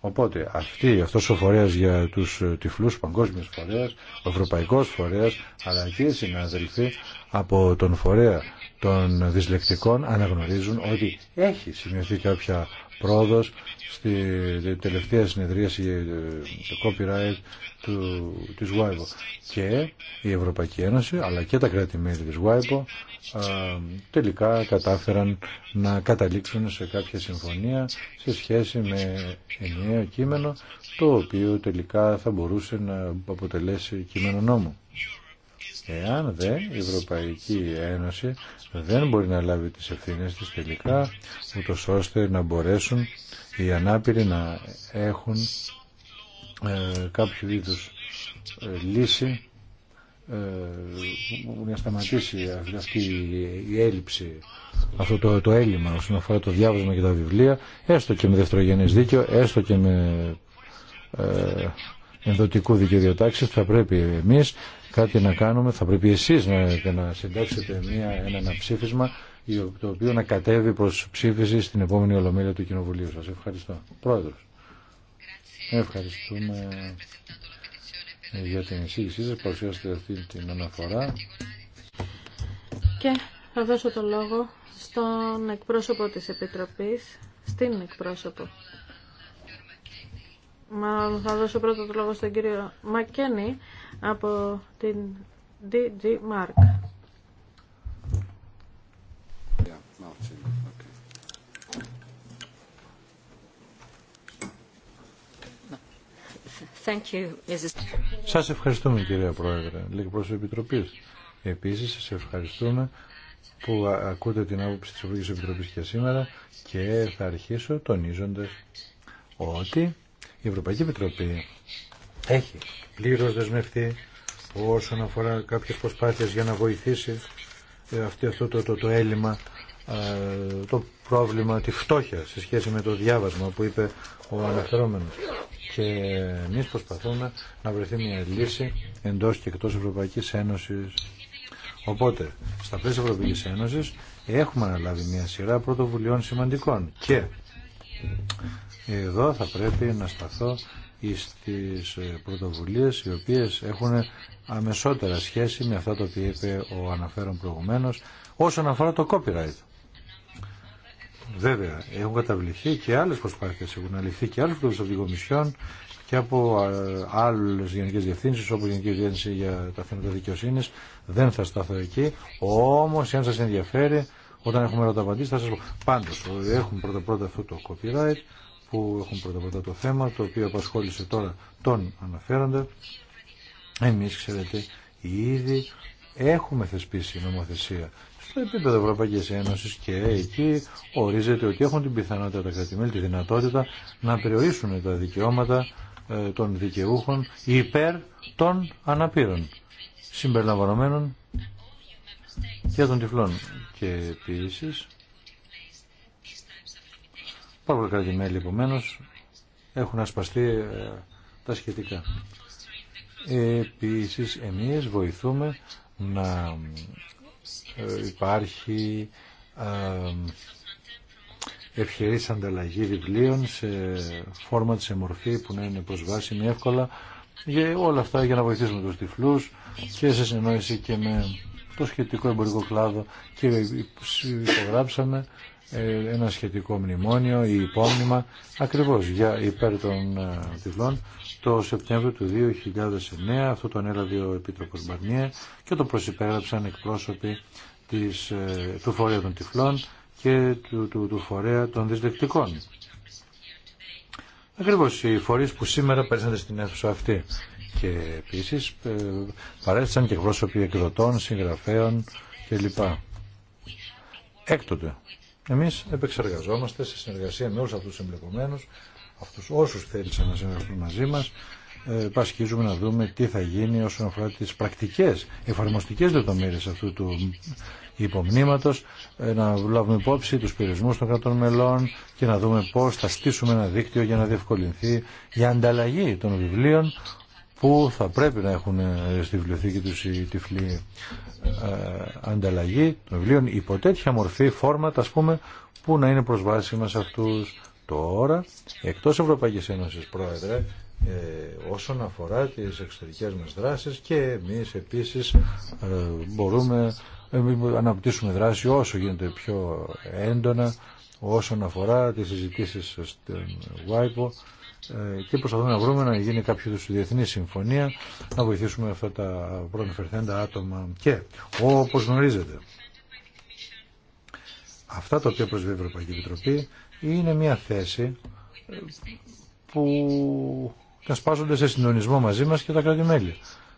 Speaker 1: Οπότε αυτή, αυτός ο φορέας για τους ε, τυφλούς παγκόσμιος φορέας, ο ευρωπαϊκός φορέας, αλλά και οι συναδελφοί από τον φορέα των δυσλεκτικών αναγνωρίζουν ότι έχει σημειωθεί κάποια πρόοδος στη τελευταία συνεδρίαση ε, copyright του, της WIPO. Και η Ευρωπαϊκή Ένωση αλλά και τα κράτη-μέλη της WIPO ε, τελικά κατάφεραν να καταλήξουν σε κάποια συμφωνία σε σχέση με ενιαίο κείμενο το οποίο τελικά θα μπορούσε να αποτελέσει κείμενο νόμου. Εάν δε η Ευρωπαϊκή Ένωση δεν μπορεί να λάβει τις ευθύνες της τελικά, ούτω ώστε να μπορέσουν οι ανάπηροι να έχουν ε, κάποιο είδους ε, λύση ε, να σταματήσει αυτή η έλλειψη αυτό το, το έλλειμμα όσον αφορά το διάβασμα και τα βιβλία έστω και με δευτερογενές δίκαιο έστω και με ε, ενδοτικού δικαιοδιοτάξης θα πρέπει εμείς κάτι να κάνουμε, θα πρέπει εσείς να, να συντάξετε μια, ένα, ψήφισμα το οποίο να κατέβει προς ψήφιση στην επόμενη ολομέλεια του Κοινοβουλίου σας. Ευχαριστώ. Πρόεδρος. Ευχαριστούμε για την εισήγησή σας. παρουσιαστε αυτή την αναφορά.
Speaker 5: Και
Speaker 3: θα δώσω το λόγο στον εκπρόσωπο της Επιτροπής, στην εκπρόσωπο μα θα δώσω πρώτο το λόγο στον κύριο Μακένι από την DG Mark.
Speaker 1: Σας ευχαριστούμε κυρία Πρόεδρε, λίγο προς Επιτροπής. Επίσης σας ευχαριστούμε που ακούτε την άποψη της Ευρωπαϊκής Επιτροπής και σήμερα και θα αρχίσω τονίζοντας ότι η Ευρωπαϊκή Επιτροπή έχει πλήρω δεσμευτεί όσον αφορά κάποιες προσπάθειες για να βοηθήσει ε, αυτό το, το, το έλλειμμα, ε, το πρόβλημα, τη φτώχεια σε σχέση με το διάβασμα που είπε ο αναφερόμενος. Και εμεί προσπαθούμε να βρεθεί μια λύση εντός και εκτό Ευρωπαϊκής Ένωσης. Οπότε, στα πλαίσια Ευρωπαϊκή Ένωσης έχουμε αναλάβει μια σειρά πρωτοβουλειών σημαντικών και εδώ θα πρέπει να σταθώ στις ε, πρωτοβουλίες οι οποίες έχουν αμεσότερα σχέση με αυτά τα οποία είπε ο αναφέρον προηγουμένως όσον αφορά το copyright. Βέβαια, έχουν καταβληθεί και άλλες προσπάθειες, έχουν αληφθεί και άλλες προσπάθειες από την Κομισιόν και από ε, άλλε γενικέ διευθύνσει, όπω η Γενική Διεύθυνση για τα θέματα δικαιοσύνη. Δεν θα σταθώ εκεί. Όμω, αν σα ενδιαφέρει, όταν έχουμε ρωταπαντήσει, θα σα πω. Πάντω, έχουμε πρώτα-πρώτα αυτό το copyright, που έχουν πρώτα το θέμα το οποίο απασχόλησε τώρα τον αναφέροντα. Εμείς ξέρετε ήδη έχουμε θεσπίσει νομοθεσία στο επίπεδο Ευρωπαϊκή Ένωση και εκεί ορίζεται ότι έχουν την πιθανότητα τα κρατημέλη, τη δυνατότητα να περιορίσουν τα δικαιώματα ε, των δικαιούχων υπέρ των αναπήρων συμπεριλαμβανομένων και των τυφλών. Και επίσης Πάρα κράτη-μέλη επομένω έχουν ασπαστεί ε, τα σχετικά. Επίσης εμείς βοηθούμε να ε, υπάρχει ε, ευχερής ανταλλαγή βιβλίων σε φόρμα σε μορφή που να είναι προσβάσιμη εύκολα για όλα αυτά για να βοηθήσουμε τους τυφλούς και σε συνεννόηση και με το σχετικό εμπορικό κλάδο και υπογράψαμε ε, ένα σχετικό μνημόνιο ή υπόμνημα ακριβώς για υπέρ των ε, τυφλών το Σεπτέμβριο του 2009 αυτό τον έλαβε ο Επίτροπος Μπαρνιέ και το προσυπέραψαν εκπρόσωποι της, ε, του Φορέα των Τυφλών και του, του, Φορέα των Δυσλεκτικών. Ακριβώς οι φορείς που σήμερα παρέσανται στην αίθουσα αυτή και επίσης παρέστησαν και εκπρόσωποι εκδοτών, συγγραφέων κλπ. Έκτοτε εμείς επεξεργαζόμαστε σε συνεργασία με όλους αυτούς τους εμπλεκομένους, αυτούς όσους θέλησαν να συνεργαστούν μαζί μας, ε, πασχίζουμε να δούμε τι θα γίνει όσον αφορά τις πρακτικές, εφαρμοστικές λεπτομέρειε αυτού του υπομνήματος, ε, να λάβουμε υπόψη τους πυρισμούς των κρατών μελών και να δούμε πώς θα στήσουμε ένα δίκτυο για να διευκολυνθεί η ανταλλαγή των βιβλίων που θα πρέπει να έχουν ε, στη βιβλιοθήκη τους οι τυφλοί ε, ανταλλαγή των βιβλίων υπό τέτοια μορφή, φόρματα ας πούμε, που να είναι προσβάσιμα σε αυτούς. Τώρα, εκτός Ευρωπαϊκής Ένωσης, Πρόεδρε, ε, όσον αφορά τις εξωτερικές μας δράσεις και εμείς επίσης ε, μπορούμε να αναπτύσσουμε δράση όσο γίνεται πιο έντονα όσον αφορά τις συζητήσεις στην WIPO ε, και προσπαθούμε να βρούμε να γίνει κάποιο είδου διεθνή συμφωνία, να βοηθήσουμε αυτά τα προνεφερθέντα άτομα. Και όπως γνωρίζετε, αυτά τα οποία προσβεί η Ευρωπαϊκή Επιτροπή είναι μια θέση ε, που τα σπάζονται σε συντονισμό μαζί μας και τα κρατη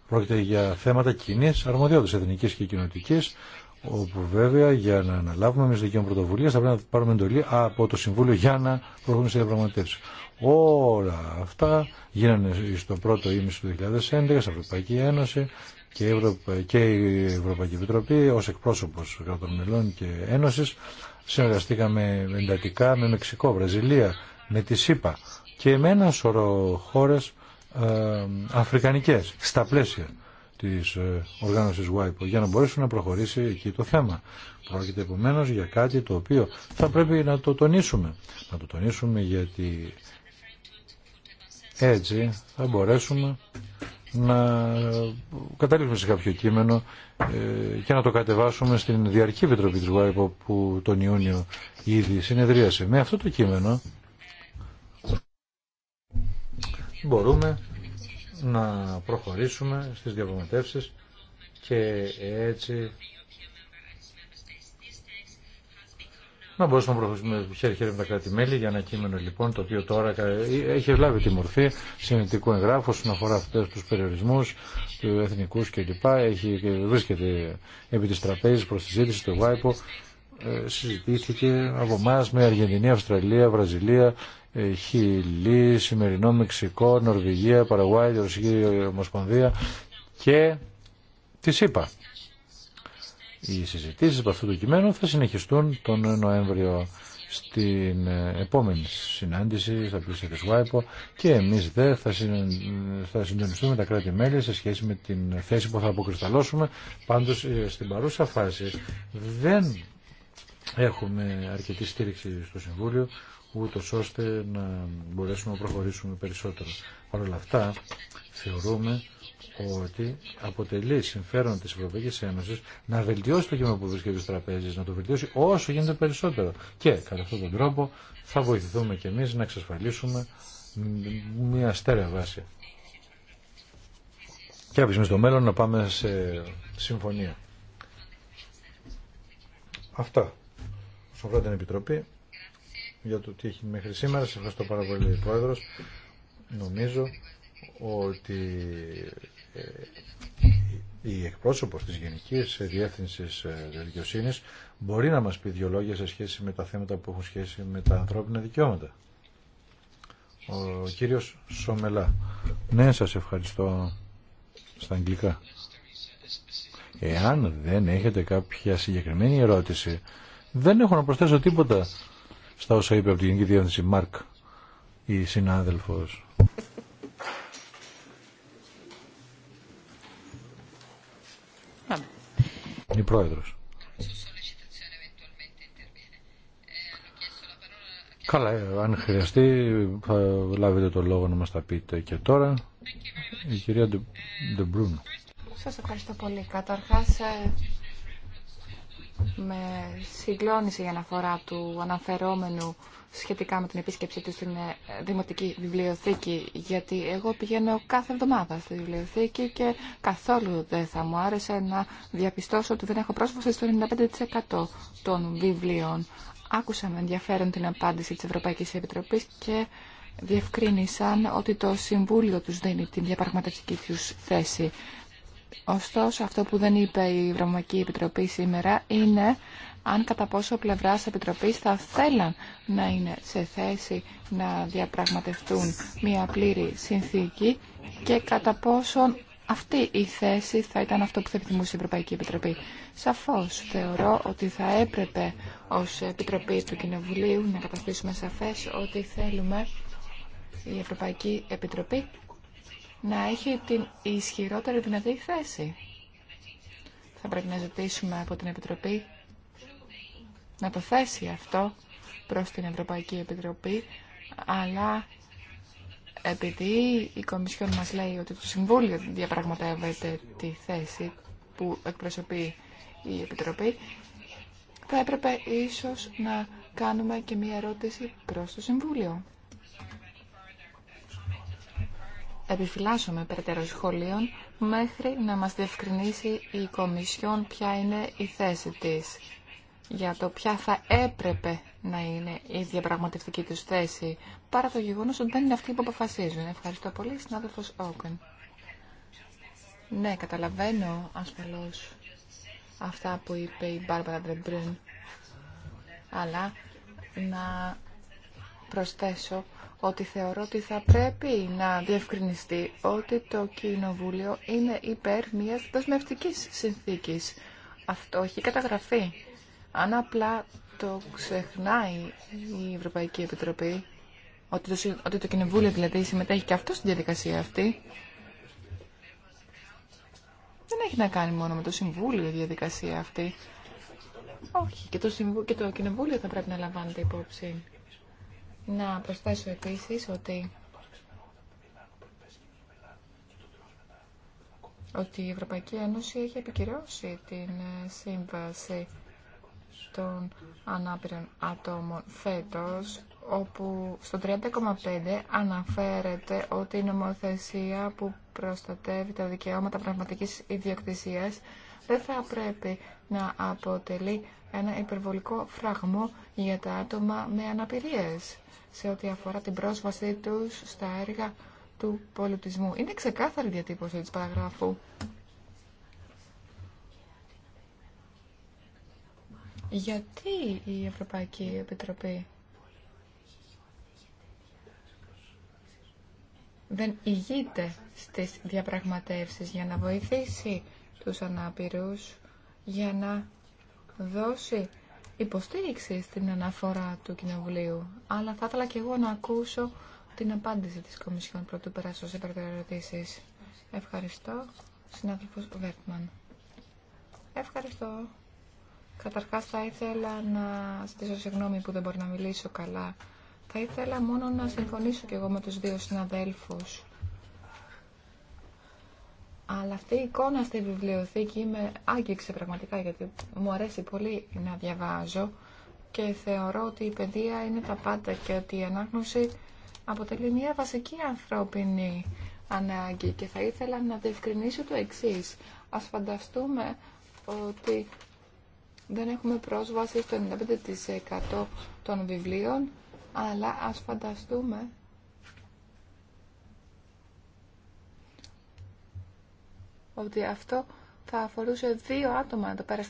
Speaker 1: Πρόκειται για θέματα κοινή αρμοδιότητας εθνική και κοινοτική, όπου βέβαια για να αναλάβουμε εμεί δικαίωμα πρωτοβουλία θα πρέπει να πάρουμε εντολή από το Συμβούλιο για να προχωρήσουμε σε διαπραγματεύσει. Όλα αυτά γίνανε στο πρώτο ήμιση του 2011 στην Ευρωπαϊκή Ένωση και η, Ευρωπαϊκή Επιτροπή ως εκπρόσωπος των μελών και ένωσης συνεργαστήκαμε εντατικά με Μεξικό, Βραζιλία, με τη ΣΥΠΑ και με ένα σωρό χώρες ε, αφρικανικές στα πλαίσια της ε, οργάνωσης WIPO για να μπορέσουν να προχωρήσει εκεί το θέμα. Πρόκειται επομένως για κάτι το οποίο θα πρέπει να το τονίσουμε. Να το τονίσουμε γιατί έτσι θα μπορέσουμε να καταλήξουμε σε κάποιο κείμενο ε, και να το κατεβάσουμε στην Διαρκή Επιτροπή της που τον Ιούνιο ήδη συνεδρίασε. Με αυτό το κείμενο μπορούμε να προχωρήσουμε στις διαπραγματεύσεις και έτσι να μπορούσαμε να προχωρήσουμε χέρι-χέρι με τα κράτη-μέλη για ένα κείμενο λοιπόν το οποίο τώρα ε, έχει λάβει τη μορφή συνετικού εγγράφου όσον αφορά αυτού του περιορισμού, του εθνικού κλπ. Έχει, βρίσκεται επί τη τραπέζη προ τη ζήτηση του ΒΑΙΠΟ. Ε, συζητήθηκε από εμά με Αργεντινή, Αυστραλία, Βραζιλία, ε, Χιλή, Σημερινό, Μεξικό, Νορβηγία, Παραγουάη, Ρωσική Ομοσπονδία και τη ΣΥΠΑ. Οι συζητήσεις από αυτό το κειμένου θα συνεχιστούν τον Νοέμβριο στην επόμενη συνάντηση στα πλαίσια της ΒΑΙΠΟ και εμείς δε θα, θα συντονιστούμε τα κράτη-μέλη σε σχέση με την θέση που θα αποκρισταλώσουμε. Πάντως ε, στην παρούσα φάση δεν έχουμε αρκετή στήριξη στο Συμβούλιο ούτω ώστε να μπορέσουμε να προχωρήσουμε περισσότερο. Παρ' όλα αυτά θεωρούμε ότι αποτελεί συμφέρον τη Ευρωπαϊκή Ένωση να βελτιώσει το κείμενο που βρίσκεται στους τραπέζε, να το βελτιώσει όσο γίνεται περισσότερο. Και κατά αυτόν τον τρόπο θα βοηθηθούμε και εμείς να εξασφαλίσουμε μια στέρεα βάση. Και αφήσουμε στο μέλλον να πάμε σε συμφωνία. Αυτά. Όσον την Επιτροπή, για το τι έχει μέχρι σήμερα, σε ευχαριστώ πάρα πολύ, Πρόεδρο. Νομίζω ότι ε, η εκπρόσωπος της Γενικής Διεύθυνσης ε, δικαιοσύνη μπορεί να μας πει δύο λόγια σε σχέση με τα θέματα που έχουν σχέση με τα ανθρώπινα δικαιώματα. Ο κύριος Σομελά. Ναι, σας ευχαριστώ στα αγγλικά. Εάν δεν έχετε κάποια συγκεκριμένη ερώτηση, δεν έχω να προσθέσω τίποτα στα όσα είπε από τη Γενική Διεύθυνση Μάρκ, η συνάδελφος. Η πρόεδρο. Καλά, ε, αν χρειαστεί θα λάβετε το λόγο να μα τα πείτε και τώρα. Η κυρία Ντεμπρούν.
Speaker 5: Σα ευχαριστώ πολύ. Καταρχά ε, με συγκλώνησε η αναφορά του αναφερόμενου σχετικά με την επίσκεψή του στην ε, Δημοτική Βιβλιοθήκη, γιατί εγώ πηγαίνω κάθε εβδομάδα στη βιβλιοθήκη και καθόλου δεν θα μου άρεσε να διαπιστώσω ότι δεν έχω πρόσβαση στο 95% των βιβλίων. Άκουσα με ενδιαφέρον την απάντηση της Ευρωπαϊκής Επιτροπής και διευκρίνησαν ότι το Συμβούλιο τους δίνει την διαπραγματευτική τους θέση. Ωστόσο, αυτό που δεν είπε η Ευρωπαϊκή Επιτροπή σήμερα είναι αν κατά πόσο πλευράς Επιτροπής θα θέλαν να είναι σε θέση να διαπραγματευτούν μια πλήρη συνθήκη και κατά πόσον αυτή η θέση θα ήταν αυτό που θα επιθυμούσε η Ευρωπαϊκή Επιτροπή. Σαφώς θεωρώ ότι θα έπρεπε ως Επιτροπή του Κοινοβουλίου να καταστήσουμε σαφές ότι θέλουμε η Ευρωπαϊκή Επιτροπή να έχει την ισχυρότερη δυνατή θέση. Θα πρέπει να ζητήσουμε από την Επιτροπή να το θέσει αυτό προς την Ευρωπαϊκή Επιτροπή, αλλά επειδή η Κομισιόν μας λέει ότι το Συμβούλιο διαπραγματεύεται τη θέση που εκπροσωπεί η Επιτροπή, θα έπρεπε ίσως να κάνουμε και μία ερώτηση προς το Συμβούλιο. Επιφυλάσσομαι περαιτέρω σχολείων μέχρι να μας διευκρινίσει η Κομισιόν ποια είναι η θέση της για το ποια θα έπρεπε να είναι η διαπραγματευτική τους θέση, παρά το γεγονός ότι δεν είναι αυτοί που αποφασίζουν. Ευχαριστώ πολύ, συνάδελφος Όκεν. Ναι, καταλαβαίνω ασφαλώς αυτά που είπε η Μπάρμπαρα Ντρεμπρίν, αλλά να προσθέσω ότι θεωρώ ότι θα πρέπει να διευκρινιστεί ότι το Κοινοβούλιο είναι υπέρ μιας δεσμευτικής συνθήκης. Αυτό έχει καταγραφεί αν απλά το ξεχνάει η Ευρωπαϊκή Επιτροπή, ότι το, ότι το Κοινοβούλιο δηλαδή συμμετέχει και αυτό στην διαδικασία αυτή, δεν έχει να κάνει μόνο με το Συμβούλιο η διαδικασία αυτή. Όχι, και το, συμβου... και το Κοινοβούλιο θα πρέπει να λαμβάνεται υπόψη. Να προσθέσω επίσης ότι... ότι η Ευρωπαϊκή Ένωση έχει επικυρώσει την ε, σύμβαση των ανάπηρων ατόμων φέτος, όπου στο 30,5 αναφέρεται ότι η νομοθεσία που προστατεύει τα δικαιώματα πραγματικής ιδιοκτησίας δεν θα πρέπει να αποτελεί ένα υπερβολικό φραγμό για τα άτομα με αναπηρίες σε ό,τι αφορά την πρόσβασή τους στα έργα του πολιτισμού. Είναι ξεκάθαρη διατύπωση της παραγράφου. Γιατί η Ευρωπαϊκή Επιτροπή δεν ηγείται στις διαπραγματεύσεις για να βοηθήσει τους ανάπηρους για να δώσει υποστήριξη στην αναφορά του Κοινοβουλίου. Αλλά θα ήθελα και εγώ να ακούσω την απάντηση της Κομισιόν πρωτού περάσω σε ερωτήσεις. Ευχαριστώ, συνάδελφος Βέρτμαν. Ευχαριστώ. Καταρχάς θα ήθελα να ζητήσω συγγνώμη που δεν μπορώ να μιλήσω καλά. Θα ήθελα μόνο να συμφωνήσω και εγώ με τους δύο συναδέλφους. Αλλά αυτή η εικόνα στη βιβλιοθήκη με άγγιξε πραγματικά γιατί μου αρέσει πολύ να διαβάζω και θεωρώ ότι η παιδεία είναι τα πάντα και ότι η ανάγνωση αποτελεί μια βασική ανθρώπινη ανάγκη και θα ήθελα να διευκρινίσω το εξής. Ας φανταστούμε ότι δεν έχουμε πρόσβαση στο 95% των βιβλίων, αλλά ας φανταστούμε ότι αυτό θα αφορούσε δύο άτομα να το πέρα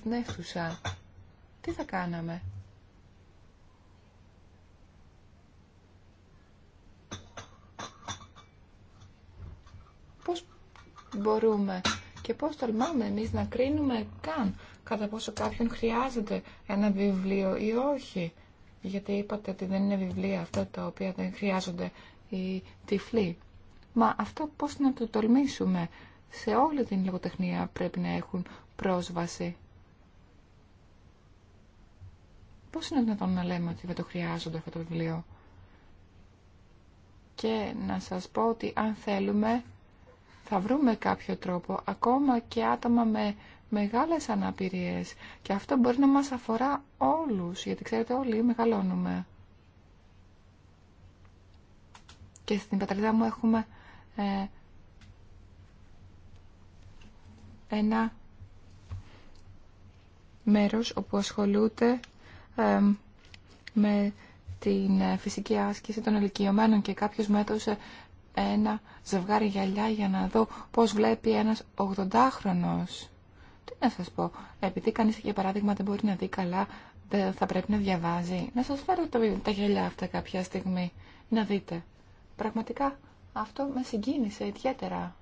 Speaker 5: Τι θα κάναμε. Πώς μπορούμε και πώς τολμάμε εμείς να κρίνουμε καν κατά πόσο κάποιον χρειάζεται ένα βιβλίο ή όχι. Γιατί είπατε ότι δεν είναι βιβλία αυτά τα οποία δεν χρειάζονται οι τυφλοί. Μα αυτό πώς να το τολμήσουμε. Σε όλη την λογοτεχνία πρέπει να έχουν πρόσβαση. Πώς είναι δυνατόν να λέμε ότι δεν το χρειάζονται αυτό το βιβλίο. Και να σας πω ότι αν θέλουμε θα βρούμε κάποιο τρόπο ακόμα και άτομα με μεγάλες αναπηρίες και αυτό μπορεί να μας αφορά όλους, γιατί ξέρετε όλοι μεγαλώνουμε. Και στην πατρίδα μου έχουμε ε, ένα μέρος όπου ασχολούνται με την ε, φυσική άσκηση των ηλικιωμένων και κάποιος μέτωσε ένα ζευγάρι γυαλιά για να δω πώς βλέπει ένας 80χρονος. Τι να σας πω, επειδή κανείς για παράδειγμα δεν μπορεί να δει καλά, δεν θα πρέπει να διαβάζει. Να σας φέρω τα γελιά αυτά κάποια στιγμή, να δείτε. Πραγματικά αυτό με συγκίνησε ιδιαίτερα.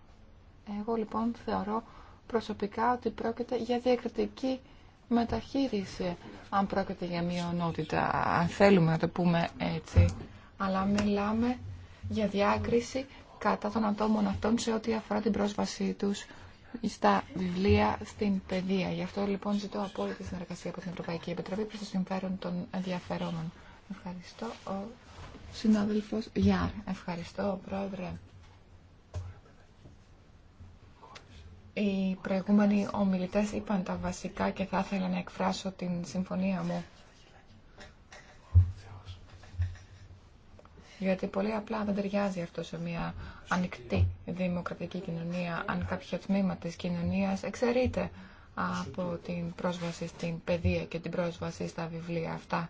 Speaker 5: Εγώ λοιπόν θεωρώ προσωπικά ότι πρόκειται για διακριτική μεταχείριση, αν πρόκειται για μειονότητα, αν θέλουμε να το πούμε έτσι. Αλλά μιλάμε για διάκριση κατά των ατόμων αυτών σε ό,τι αφορά την πρόσβασή τους στα βιβλία στην παιδεία. Γι' αυτό λοιπόν ζητώ απόλυτη συνεργασία από την Ευρωπαϊκή Επιτροπή προς το συμφέρον των ενδιαφερόμενων. Ευχαριστώ ο συνάδελφος Γιάρ. Ευχαριστώ πρόεδρε. Οι προηγούμενοι ομιλητές είπαν τα βασικά και θα ήθελα να εκφράσω την συμφωνία μου Γιατί πολύ απλά δεν ταιριάζει αυτό σε μια ανοιχτή δημοκρατική κοινωνία, αν κάποιο τμήμα της κοινωνίας εξαιρείται από την πρόσβαση στην παιδεία και την πρόσβαση στα βιβλία αυτά.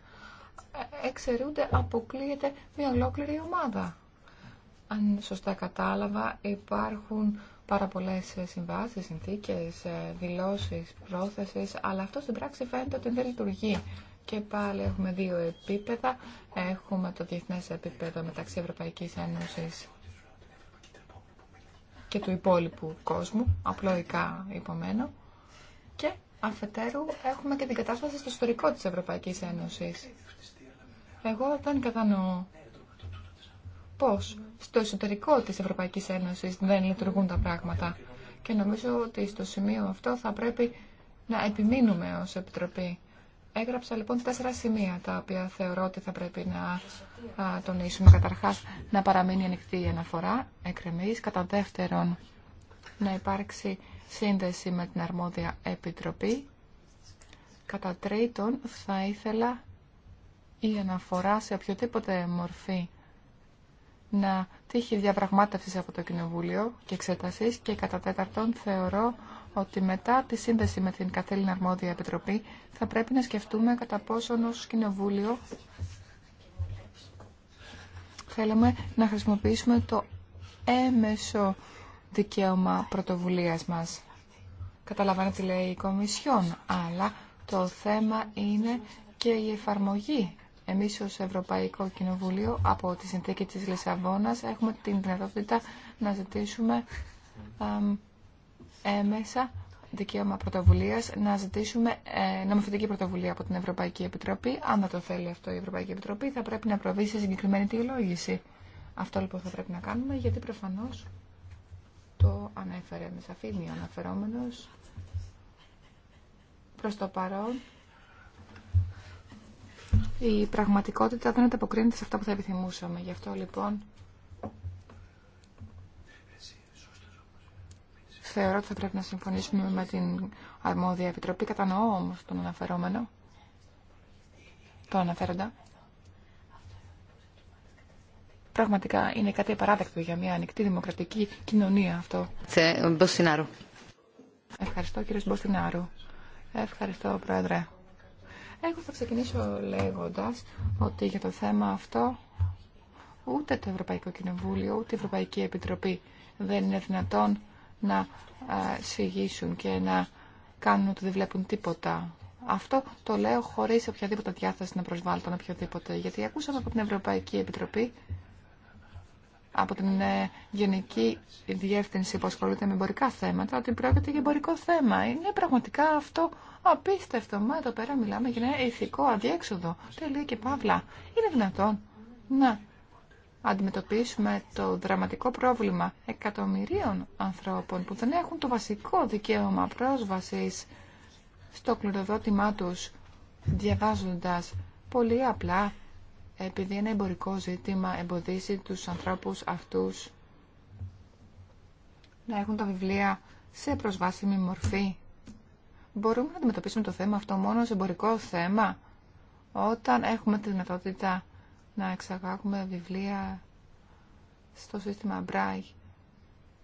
Speaker 5: Ε, εξαιρούνται, αποκλείεται μια ολόκληρη ομάδα. Αν σωστά κατάλαβα, υπάρχουν πάρα πολλέ συμβάσει, συνθήκε, δηλώσει, πρόθεσει, αλλά αυτό στην πράξη φαίνεται ότι δεν λειτουργεί. Και πάλι έχουμε δύο επίπεδα. Έχουμε το διεθνές επίπεδο μεταξύ Ευρωπαϊκής Ένωσης και του υπόλοιπου κόσμου, απλοϊκά υπομένω. Και αφετέρου έχουμε και την κατάσταση στο ιστορικό της Ευρωπαϊκής Ένωσης. Εγώ δεν κατανοώ πώς στο εσωτερικό της Ευρωπαϊκής Ένωσης δεν λειτουργούν τα πράγματα. Και νομίζω ότι στο σημείο αυτό θα πρέπει να επιμείνουμε ως Επιτροπή Έγραψα λοιπόν τέσσερα σημεία τα οποία θεωρώ ότι θα πρέπει να τονίσουμε. Καταρχάς να παραμείνει ανοιχτή η αναφορά εκκρεμή. Κατά δεύτερον να υπάρξει σύνδεση με την αρμόδια επιτροπή. Κατά τρίτον θα ήθελα η αναφορά σε οποιοδήποτε μορφή να τύχει διαπραγμάτευση από το Κοινοβούλιο και εξέταση. και κατά τέταρτον θεωρώ ότι μετά τη σύνδεση με την καθήλυνα αρμόδια επιτροπή θα πρέπει να σκεφτούμε κατά πόσον ως κοινοβούλιο θέλουμε να χρησιμοποιήσουμε το έμεσο δικαίωμα πρωτοβουλίας μας. Καταλαβαίνω τι λέει η Κομισιόν, αλλά το θέμα είναι και η εφαρμογή. Εμείς ως Ευρωπαϊκό Κοινοβουλίο από τη συνθήκη της Λισαβόνας έχουμε την δυνατότητα να ζητήσουμε μέσα δικαίωμα πρωτοβουλίας να ζητήσουμε ε, νομοθετική πρωτοβουλία από την Ευρωπαϊκή Επιτροπή. Αν δεν το θέλει αυτό η Ευρωπαϊκή Επιτροπή θα πρέπει να προβεί σε συγκεκριμένη τηλεόγηση. Αυτό λοιπόν θα πρέπει να κάνουμε γιατί προφανώς το ανέφερε με ο αναφερόμενος προς το παρόν η πραγματικότητα δεν ανταποκρίνεται σε αυτά που θα επιθυμούσαμε. Γι' αυτό λοιπόν Θεωρώ ότι θα πρέπει να συμφωνήσουμε με την αρμόδια επιτροπή. Κατανοώ όμω τον αναφερόμενο. Το αναφέροντα. Πραγματικά είναι κάτι απαράδεκτο για μια ανοιχτή δημοκρατική κοινωνία αυτό. Ε, Ευχαριστώ κύριε Μποστινάρου. Ευχαριστώ πρόεδρε. Εγώ θα ξεκινήσω λέγοντας ότι για το θέμα αυτό ούτε το Ευρωπαϊκό Κοινοβούλιο ούτε η Ευρωπαϊκή Επιτροπή δεν είναι δυνατόν να συγγύσουν και να κάνουν ότι δεν βλέπουν τίποτα. Αυτό το λέω χωρίς οποιαδήποτε διάθεση να προσβάλλω τον οποιοδήποτε, γιατί ακούσαμε από την Ευρωπαϊκή Επιτροπή από την ε, Γενική Διεύθυνση που ασχολούνται με εμπορικά θέματα, ότι πρόκειται για εμπορικό θέμα. Είναι πραγματικά αυτό απίστευτο. Μα εδώ πέρα μιλάμε για ένα ηθικό αδιέξοδο. Τελεία και παύλα. Είναι δυνατόν να αντιμετωπίσουμε το δραματικό πρόβλημα εκατομμυρίων ανθρώπων που δεν έχουν το βασικό δικαίωμα πρόσβασης στο κληροδότημά τους διαβάζοντας πολύ απλά επειδή ένα εμπορικό ζήτημα εμποδίσει τους ανθρώπους αυτούς να έχουν τα βιβλία σε προσβάσιμη μορφή. Μπορούμε να αντιμετωπίσουμε το θέμα αυτό μόνο σε εμπορικό θέμα όταν έχουμε τη δυνατότητα να εξαγάγουμε βιβλία στο σύστημα Braille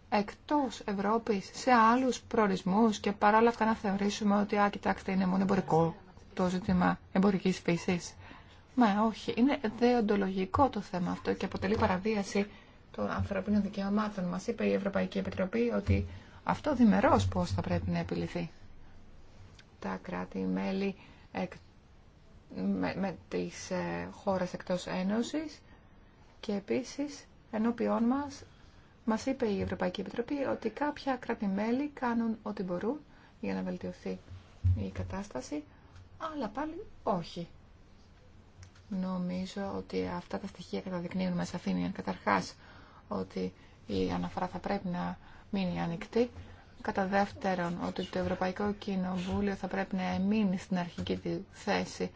Speaker 5: εκτός Ευρώπης, σε άλλους προορισμούς και παράλληλα αυτά να θεωρήσουμε ότι, α, κοιτάξτε, είναι μόνο εμπορικό το ζήτημα εμπορικής φύσης. Μα όχι, είναι δεοντολογικό το θέμα αυτό και αποτελεί παραβίαση των ανθρωπίνων δικαιωμάτων. Μας είπε η Ευρωπαϊκή Επιτροπή ότι αυτό διμερώς πώς θα πρέπει να επιληθεί. Τα κράτη-μέλη με, με τις ε, χώρες εκτός Ένωσης και επίσης ενώπιόν μας μας είπε η Ευρωπαϊκή Επιτροπή ότι κάποια κράτη-μέλη κάνουν ό,τι μπορούν για να βελτιωθεί η κατάσταση, αλλά πάλι όχι. Νομίζω ότι αυτά τα στοιχεία καταδεικνύουν με σαφήνεια καταρχάς ότι η αναφορά θα πρέπει να μείνει ανοιχτή. Κατά δεύτερον, ότι το Ευρωπαϊκό Κοινοβούλιο θα πρέπει να μείνει στην αρχική θέση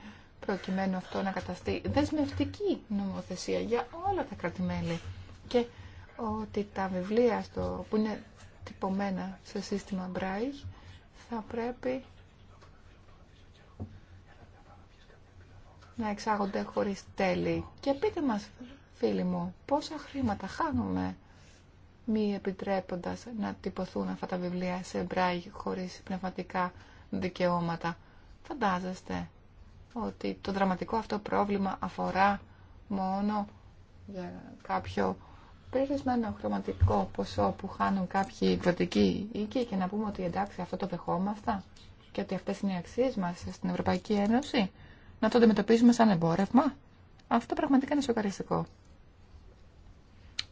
Speaker 5: προκειμένου αυτό να καταστεί δεσμευτική νομοθεσία για όλα τα κρατημέλη και ότι τα βιβλία στο, που είναι τυπωμένα σε σύστημα Braille θα πρέπει να εξάγονται χωρίς τέλη. Και πείτε μας, φίλοι μου, πόσα χρήματα χάνουμε μη επιτρέποντας να τυπωθούν αυτά τα βιβλία σε μπράγι χωρίς πνευματικά δικαιώματα. Φαντάζεστε ότι το δραματικό αυτό πρόβλημα αφορά μόνο για κάποιο περιορισμένο χρωματικό ποσό που χάνουν κάποιοι εκδοτικοί οίκοι και να πούμε ότι εντάξει αυτό το δεχόμαστε και ότι αυτές είναι οι αξίες μας στην Ευρωπαϊκή Ένωση, να το αντιμετωπίζουμε σαν εμπόρευμα. Αυτό πραγματικά είναι σοκαριστικό.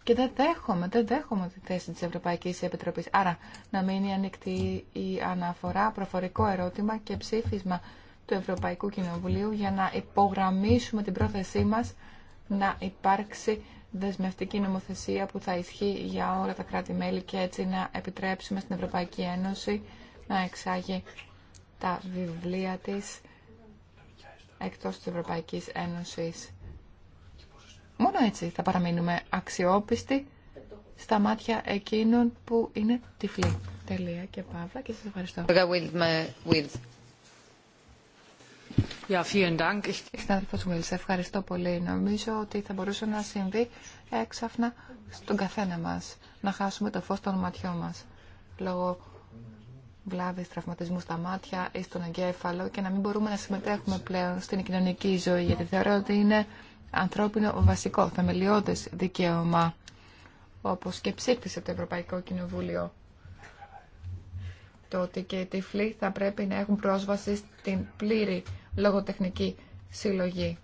Speaker 5: Και δεν δέχομαι, δεν δέχομαι τη θέση της Ευρωπαϊκής Επιτροπής. Άρα να μείνει ανοιχτή η αναφορά, προφορικό ερώτημα και ψήφισμα του Ευρωπαϊκού Κοινοβουλίου για να υπογραμμίσουμε την πρόθεσή μας να υπάρξει δεσμευτική νομοθεσία που θα ισχύει για όλα τα κράτη-μέλη και έτσι να επιτρέψουμε στην Ευρωπαϊκή Ένωση να εξάγει τα βιβλία της εκτός της Ευρωπαϊκής Ένωσης. Μόνο έτσι θα παραμείνουμε αξιόπιστοι στα μάτια εκείνων που είναι τυφλοί. Τελεία και παύλα και σας ευχαριστώ ευχαριστώ πολύ. Νομίζω ότι θα μπορούσε να συμβεί έξαφνα στον καθένα μας, να χάσουμε το φως των ματιών μας, λόγω βλάβης, τραυματισμού στα μάτια ή στον εγκέφαλο και να μην μπορούμε να συμμετέχουμε πλέον στην κοινωνική ζωή, γιατί θεωρώ ότι είναι ανθρώπινο βασικό, θεμελιώδες δικαίωμα, όπως και ψήφισε το Ευρωπαϊκό Κοινοβούλιο το ότι και οι τυφλοί θα πρέπει να έχουν πρόσβαση στην πλήρη λογοτεχνική συλλογή.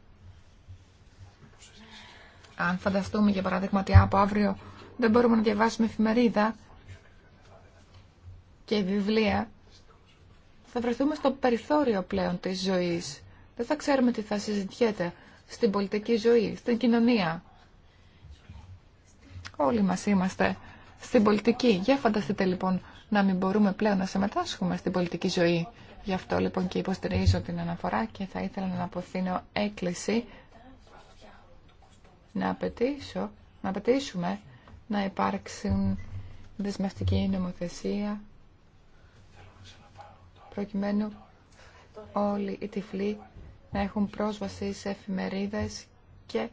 Speaker 5: Αν φανταστούμε για παράδειγμα ότι από αύριο δεν μπορούμε να διαβάσουμε εφημερίδα και βιβλία, θα βρεθούμε στο περιθώριο πλέον της ζωής. Δεν θα ξέρουμε τι θα συζητιέται στην πολιτική ζωή, στην κοινωνία. Όλοι μας είμαστε στην πολιτική. Για φανταστείτε λοιπόν να μην μπορούμε πλέον να συμμετάσχουμε στην πολιτική ζωή. Γι' αυτό λοιπόν και υποστηρίζω την αναφορά και θα ήθελα να αποθύνω έκκληση να, απαιτήσω, να απαιτήσουμε να υπάρξουν δεσμευτική νομοθεσία προκειμένου όλοι οι τυφλοί να έχουν πρόσβαση σε εφημερίδες και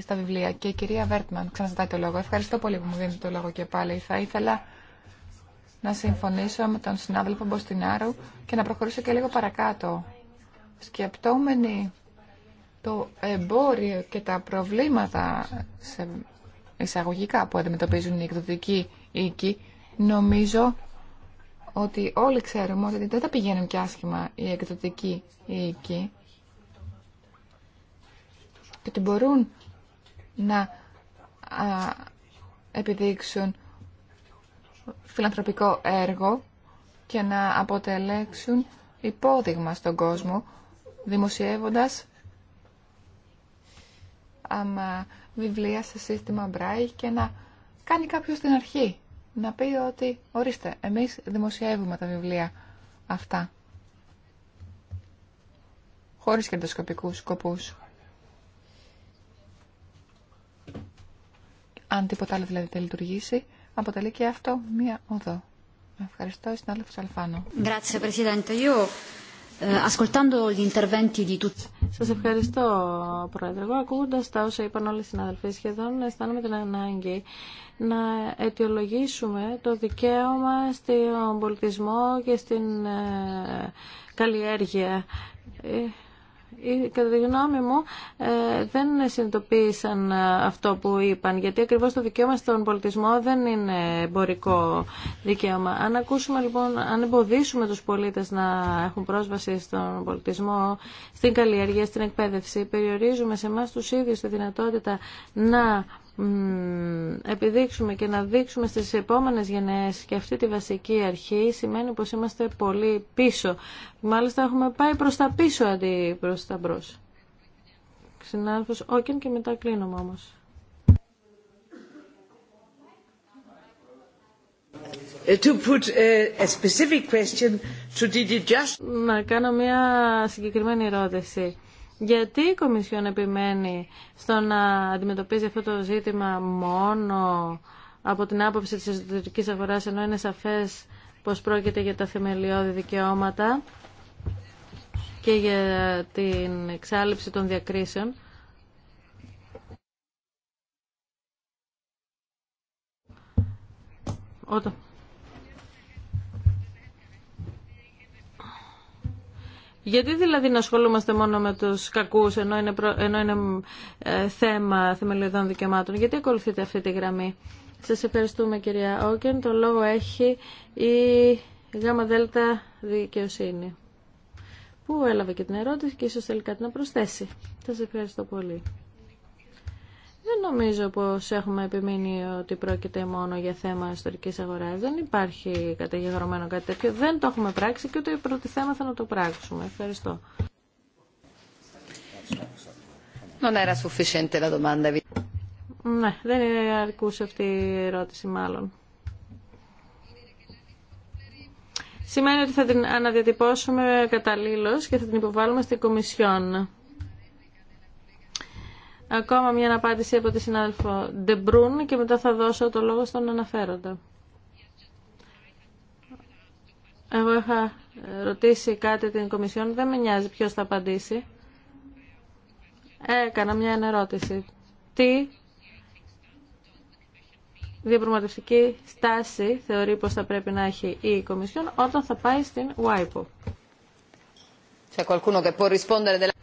Speaker 5: στα βιβλία. Και η κυρία Βέρτμαν, ξαναζητάει το λόγο. Ευχαριστώ πολύ που μου δίνετε το λόγο και πάλι. Θα ήθελα να συμφωνήσω με τον συνάδελφο Μποστινάρου και να προχωρήσω και λίγο παρακάτω. Σκεπτόμενοι το εμπόριο και τα προβλήματα σε εισαγωγικά που αντιμετωπίζουν οι εκδοτικοί οίκοι, νομίζω ότι όλοι ξέρουμε ότι δεν τα πηγαίνουν κι άσχημα οι εκδοτικοί οίκοι και ότι μπορούν να επιδείξουν φιλανθρωπικό έργο και να αποτελέξουν υπόδειγμα στον κόσμο, δημοσιεύοντας αμα, βιβλία σε σύστημα Braille και να κάνει κάποιος την αρχή. Να πει ότι, ορίστε, εμείς δημοσιεύουμε τα βιβλία αυτά. Χωρίς κερδοσκοπικούς σκοπούς. Αν τίποτα άλλο δηλαδή δεν λειτουργήσει, αποτελεί και αυτό μία οδό. Ευχαριστώ, συνάδελφο Αλφάνο. Ε,
Speaker 3: Σα ευχαριστώ, Πρόεδρε. Εγώ ακούγοντα τα όσα είπαν όλοι οι συναδελφοί σχεδόν, αισθάνομαι την ανάγκη να αιτιολογήσουμε το δικαίωμα στον πολιτισμό και στην ε, καλλιέργεια. Ε, ε, κατά τη γνώμη μου ε, δεν συνειδητοποίησαν ε, αυτό που είπαν γιατί ακριβώς το δικαίωμα στον πολιτισμό δεν είναι εμπορικό δικαίωμα. Αν ακούσουμε λοιπόν, αν εμποδίσουμε τους πολίτες να έχουν πρόσβαση στον πολιτισμό, στην καλλιέργεια, στην εκπαίδευση, περιορίζουμε σε εμά τους ίδιους τη δυνατότητα να επιδείξουμε και να δείξουμε στις επόμενες γενναίες και αυτή τη βασική αρχή σημαίνει πως είμαστε πολύ πίσω. Μάλιστα έχουμε πάει προς τα πίσω αντί προς τα μπρος. Συνάδελφος Όκεν και μετά κλείνουμε όμως.
Speaker 5: Ε, to put
Speaker 3: ε, a specific question to Just. Να κάνω μια συγκεκριμένη ερώτηση. Γιατί η Κομισιόν επιμένει στο να αντιμετωπίζει αυτό το ζήτημα μόνο από την άποψη της εσωτερικής αγοράς, ενώ είναι σαφές πως πρόκειται για τα θεμελιώδη δικαιώματα και για την εξάλληψη των διακρίσεων. Όταν Γιατί δηλαδή να ασχολούμαστε μόνο με τους κακούς ενώ είναι, προ... ενώ είναι ε, θέμα θεμελιωδών δικαιωμάτων. Γιατί ακολουθείτε αυτή τη γραμμή. Σας ευχαριστούμε κυρία Όκεν. Το λόγο έχει η γάμα δέλτα δικαιοσύνη που έλαβε και την ερώτηση και ίσως θέλει κάτι να προσθέσει. Σας ευχαριστώ πολύ. Δεν νομίζω πως έχουμε επιμείνει ότι πρόκειται μόνο για θέμα ιστορικής αγοράς. Δεν υπάρχει
Speaker 2: καταγεγραμμένο κάτι τέτοιο. Δεν το έχουμε πράξει και ούτε πρώτη θέμα θα να το πράξουμε. Ευχαριστώ. Ναι, δεν είναι αρκούσε αυτή η ερώτηση μάλλον.
Speaker 3: Σημαίνει ότι θα την αναδιατυπώσουμε καταλήλως και θα την υποβάλουμε στην Κομισιόν. Ακόμα μια απάντηση από τη συνάδελφο Ντεμπρούν και μετά θα δώσω το λόγο στον αναφέροντα. Εγώ είχα ρωτήσει κάτι την Κομισιόν, δεν με νοιάζει ποιος θα απαντήσει. Έκανα μια ερώτηση. Τι διαπραγματευτική στάση θεωρεί πως θα πρέπει να έχει η Κομισιόν όταν θα πάει στην WIPO.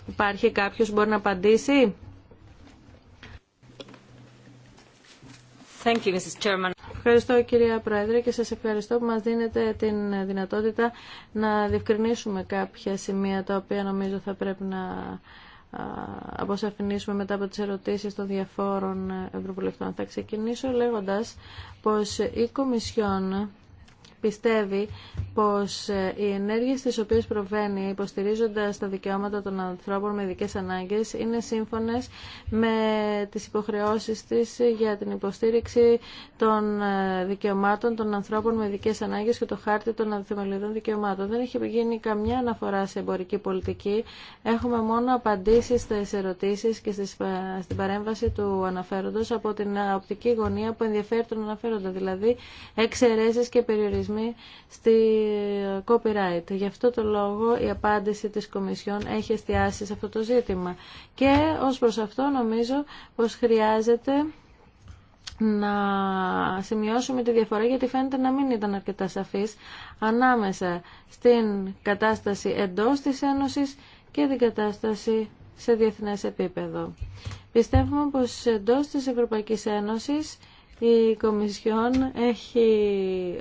Speaker 3: Υπάρχει κάποιος που μπορεί να απαντήσει. Ευχαριστώ κυρία Πρόεδρε και σας ευχαριστώ που μας δίνετε την δυνατότητα να διευκρινίσουμε κάποια σημεία τα οποία νομίζω θα πρέπει να αποσαφηνίσουμε μετά από τις ερωτήσεις των διαφόρων ευρωβουλευτών. Θα ξεκινήσω λέγοντας πως η Κομισιόν πιστεύει πως οι ενέργειες τις οποίες προβαίνει υποστηρίζοντας τα δικαιώματα των ανθρώπων με ειδικέ ανάγκες είναι σύμφωνες με τις υποχρεώσεις της για την υποστήριξη των δικαιωμάτων των ανθρώπων με ειδικέ ανάγκες και το χάρτη των θεμελιωδών δικαιωμάτων. Δεν έχει γίνει καμιά αναφορά σε εμπορική πολιτική. Έχουμε μόνο απαντήσεις στις ερωτήσεις και στην παρέμβαση του αναφέροντος από την οπτική γωνία που ενδιαφέρει τον αναφέροντα, δηλαδή εξαιρέσεις και περιορισμοί στη copyright. Γι' αυτό το λόγο η απάντηση της Κομισιόν έχει εστιάσει σε αυτό το ζήτημα. Και ως προς αυτό νομίζω πως χρειάζεται να σημειώσουμε τη διαφορά γιατί φαίνεται να μην ήταν αρκετά σαφής ανάμεσα στην κατάσταση εντός της Ένωσης και την κατάσταση σε διεθνές επίπεδο. Πιστεύουμε πως εντός της Ευρωπαϊκής Ένωσης η Κομισιόν έχει,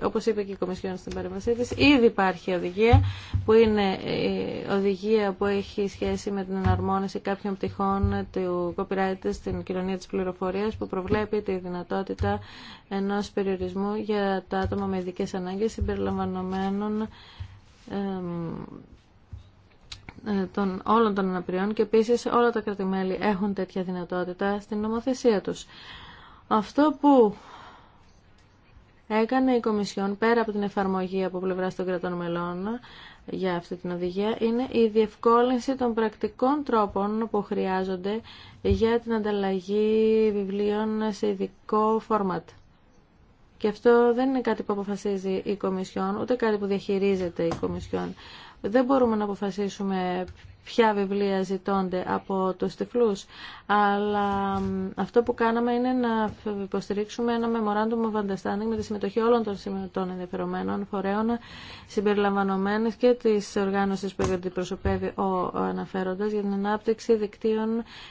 Speaker 3: όπως είπε και η Κομισιόν στην παρέμβασή της, ήδη υπάρχει οδηγία που είναι η οδηγία που έχει σχέση με την εναρμόνιση κάποιων πτυχών του copyright στην κοινωνία της πληροφορίας που προβλέπει τη δυνατότητα ενός περιορισμού για τα άτομα με ειδικέ ανάγκες συμπεριλαμβανομένων ε, των, όλων των αναπηριών και επίσης όλα τα κρατημέλη έχουν τέτοια δυνατότητα στην νομοθεσία τους. Αυτό που έκανε η Κομισιόν πέρα από την εφαρμογή από πλευρά των κρατών μελών για αυτή την οδηγία είναι η διευκόλυνση των πρακτικών τρόπων που χρειάζονται για την ανταλλαγή βιβλίων σε ειδικό φόρματ. Και αυτό δεν είναι κάτι που αποφασίζει η Κομισιόν, ούτε κάτι που διαχειρίζεται η Κομισιόν. Δεν μπορούμε να αποφασίσουμε ποια βιβλία ζητώνται από τους τυφλούς, αλλά αυτό που κάναμε είναι να υποστηρίξουμε ένα memorandum of understanding με τη συμμετοχή όλων των συμμετών ενδιαφερομένων φορέων, συμπεριλαμβανομένες και της οργάνωσης που αντιπροσωπεύει ο αναφέροντας για την ανάπτυξη δικτύων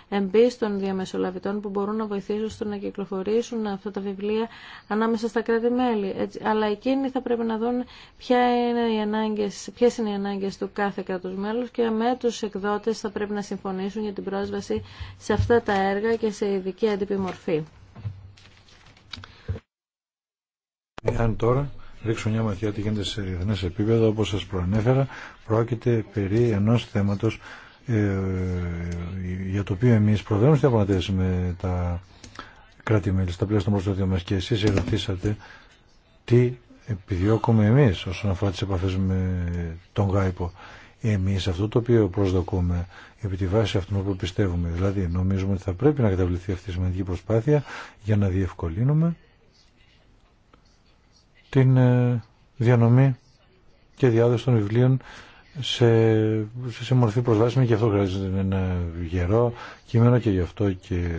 Speaker 3: εμπίστων διαμεσολαβητών που μπορούν να βοηθήσουν στο να κυκλοφορήσουν αυτά τα βιβλία ανάμεσα στα κράτη-μέλη. Αλλά εκείνοι θα πρέπει να δουν ποια είναι οι ανάγκες, ποιες είναι οι ανάγκες του κάθε κράτους μέλους και με τους τους εκδότες θα πρέπει να συμφωνήσουν για την πρόσβαση σε αυτά τα έργα και σε ειδική έντυπη μορφή.
Speaker 1: Εάν τώρα ρίξω μια ματιά τι γίνεται σε διεθνέ επίπεδο, όπως σας προανέφερα, πρόκειται περί ενός θέματος ε, για το οποίο εμείς προβλέπουμε στις διαπραγματεύση με τα κράτη-μέλη στα πλαίσια των προσδοτήτων μας και εσείς ερωτήσατε τι επιδιώκουμε εμείς όσον αφορά τις επαφές με τον Γάιπο. Εμείς αυτό το οποίο προσδοκούμε επί τη βάση αυτού που πιστεύουμε, δηλαδή νομίζουμε ότι θα πρέπει να καταβληθεί αυτή η σημαντική προσπάθεια για να διευκολύνουμε την ε, διανομή και διάδοση των βιβλίων σε, σε μορφή προσβάσιμη και αυτό χρειάζεται ένα γερό κείμενο και γι' αυτό και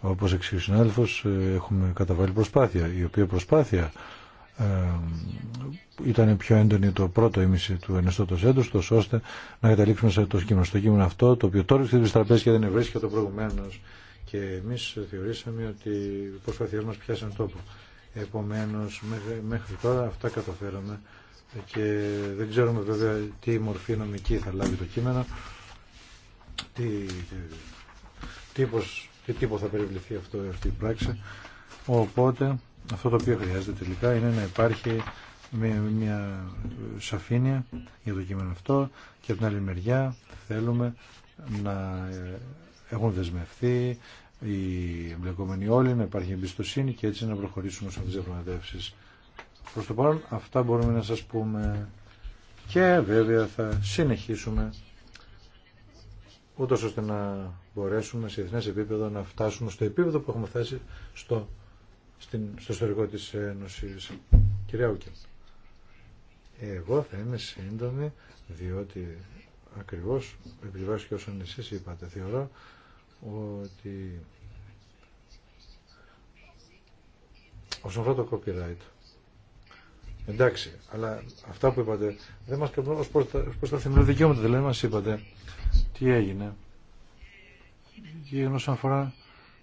Speaker 1: όπως εξήγησε ο ε, έχουμε καταβάλει προσπάθεια η οποία προσπάθεια ε, ήταν πιο έντονη το πρώτο ήμιση του ενεστώτος έντος, τόσο ώστε να καταλήξουμε σε το σκήμα, Στο κείμενο αυτό, το οποίο τώρα στις και δεν ευρίσκεται το προηγουμένω και εμείς θεωρήσαμε ότι οι προσπαθειές μας πιάσαν τόπο. Επομένως, μέχρι, τώρα αυτά καταφέραμε και δεν ξέρουμε βέβαια τι μορφή νομική θα λάβει το κείμενο, τι, τι, τύπο θα περιβληθεί αυτό, αυτή η πράξη. Οπότε, αυτό το οποίο χρειάζεται τελικά είναι να υπάρχει μια, σαφήνεια για το κείμενο αυτό και από την άλλη μεριά θέλουμε να ε, έχουν δεσμευτεί οι εμπλεκόμενοι όλοι, να υπάρχει εμπιστοσύνη και έτσι να προχωρήσουμε σε αυτές τις Προς το παρόν αυτά μπορούμε να σας πούμε και βέβαια θα συνεχίσουμε ούτως ώστε να μπορέσουμε σε εθνές επίπεδο να φτάσουμε στο επίπεδο που έχουμε φτάσει στο στην, στο ιστορικό της Ένωσης. Κυρία Ούκη εγώ θα είμαι σύντομη, διότι ακριβώς, επιβάσκει και όσον εσείς είπατε, θεωρώ ότι όσον αφορά το copyright, εντάξει, αλλά αυτά που είπατε δεν μας καλούν ως προς τα, θεμελιώδη δικαιώματα, δηλαδή μας είπατε τι έγινε και όσον αφορά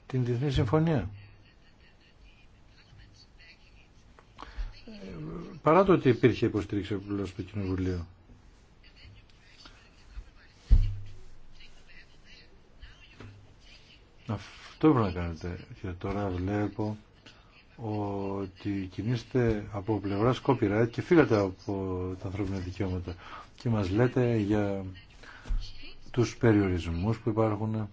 Speaker 1: την Διεθνή Συμφωνία. παρά το ότι υπήρχε υποστήριξη από πλευρά του Αυτό έπρεπε να κάνετε. Και τώρα βλέπω ότι κινείστε από πλευρά copyright και φύγατε από τα ανθρώπινα δικαιώματα και μας λέτε για τους περιορισμούς που υπάρχουν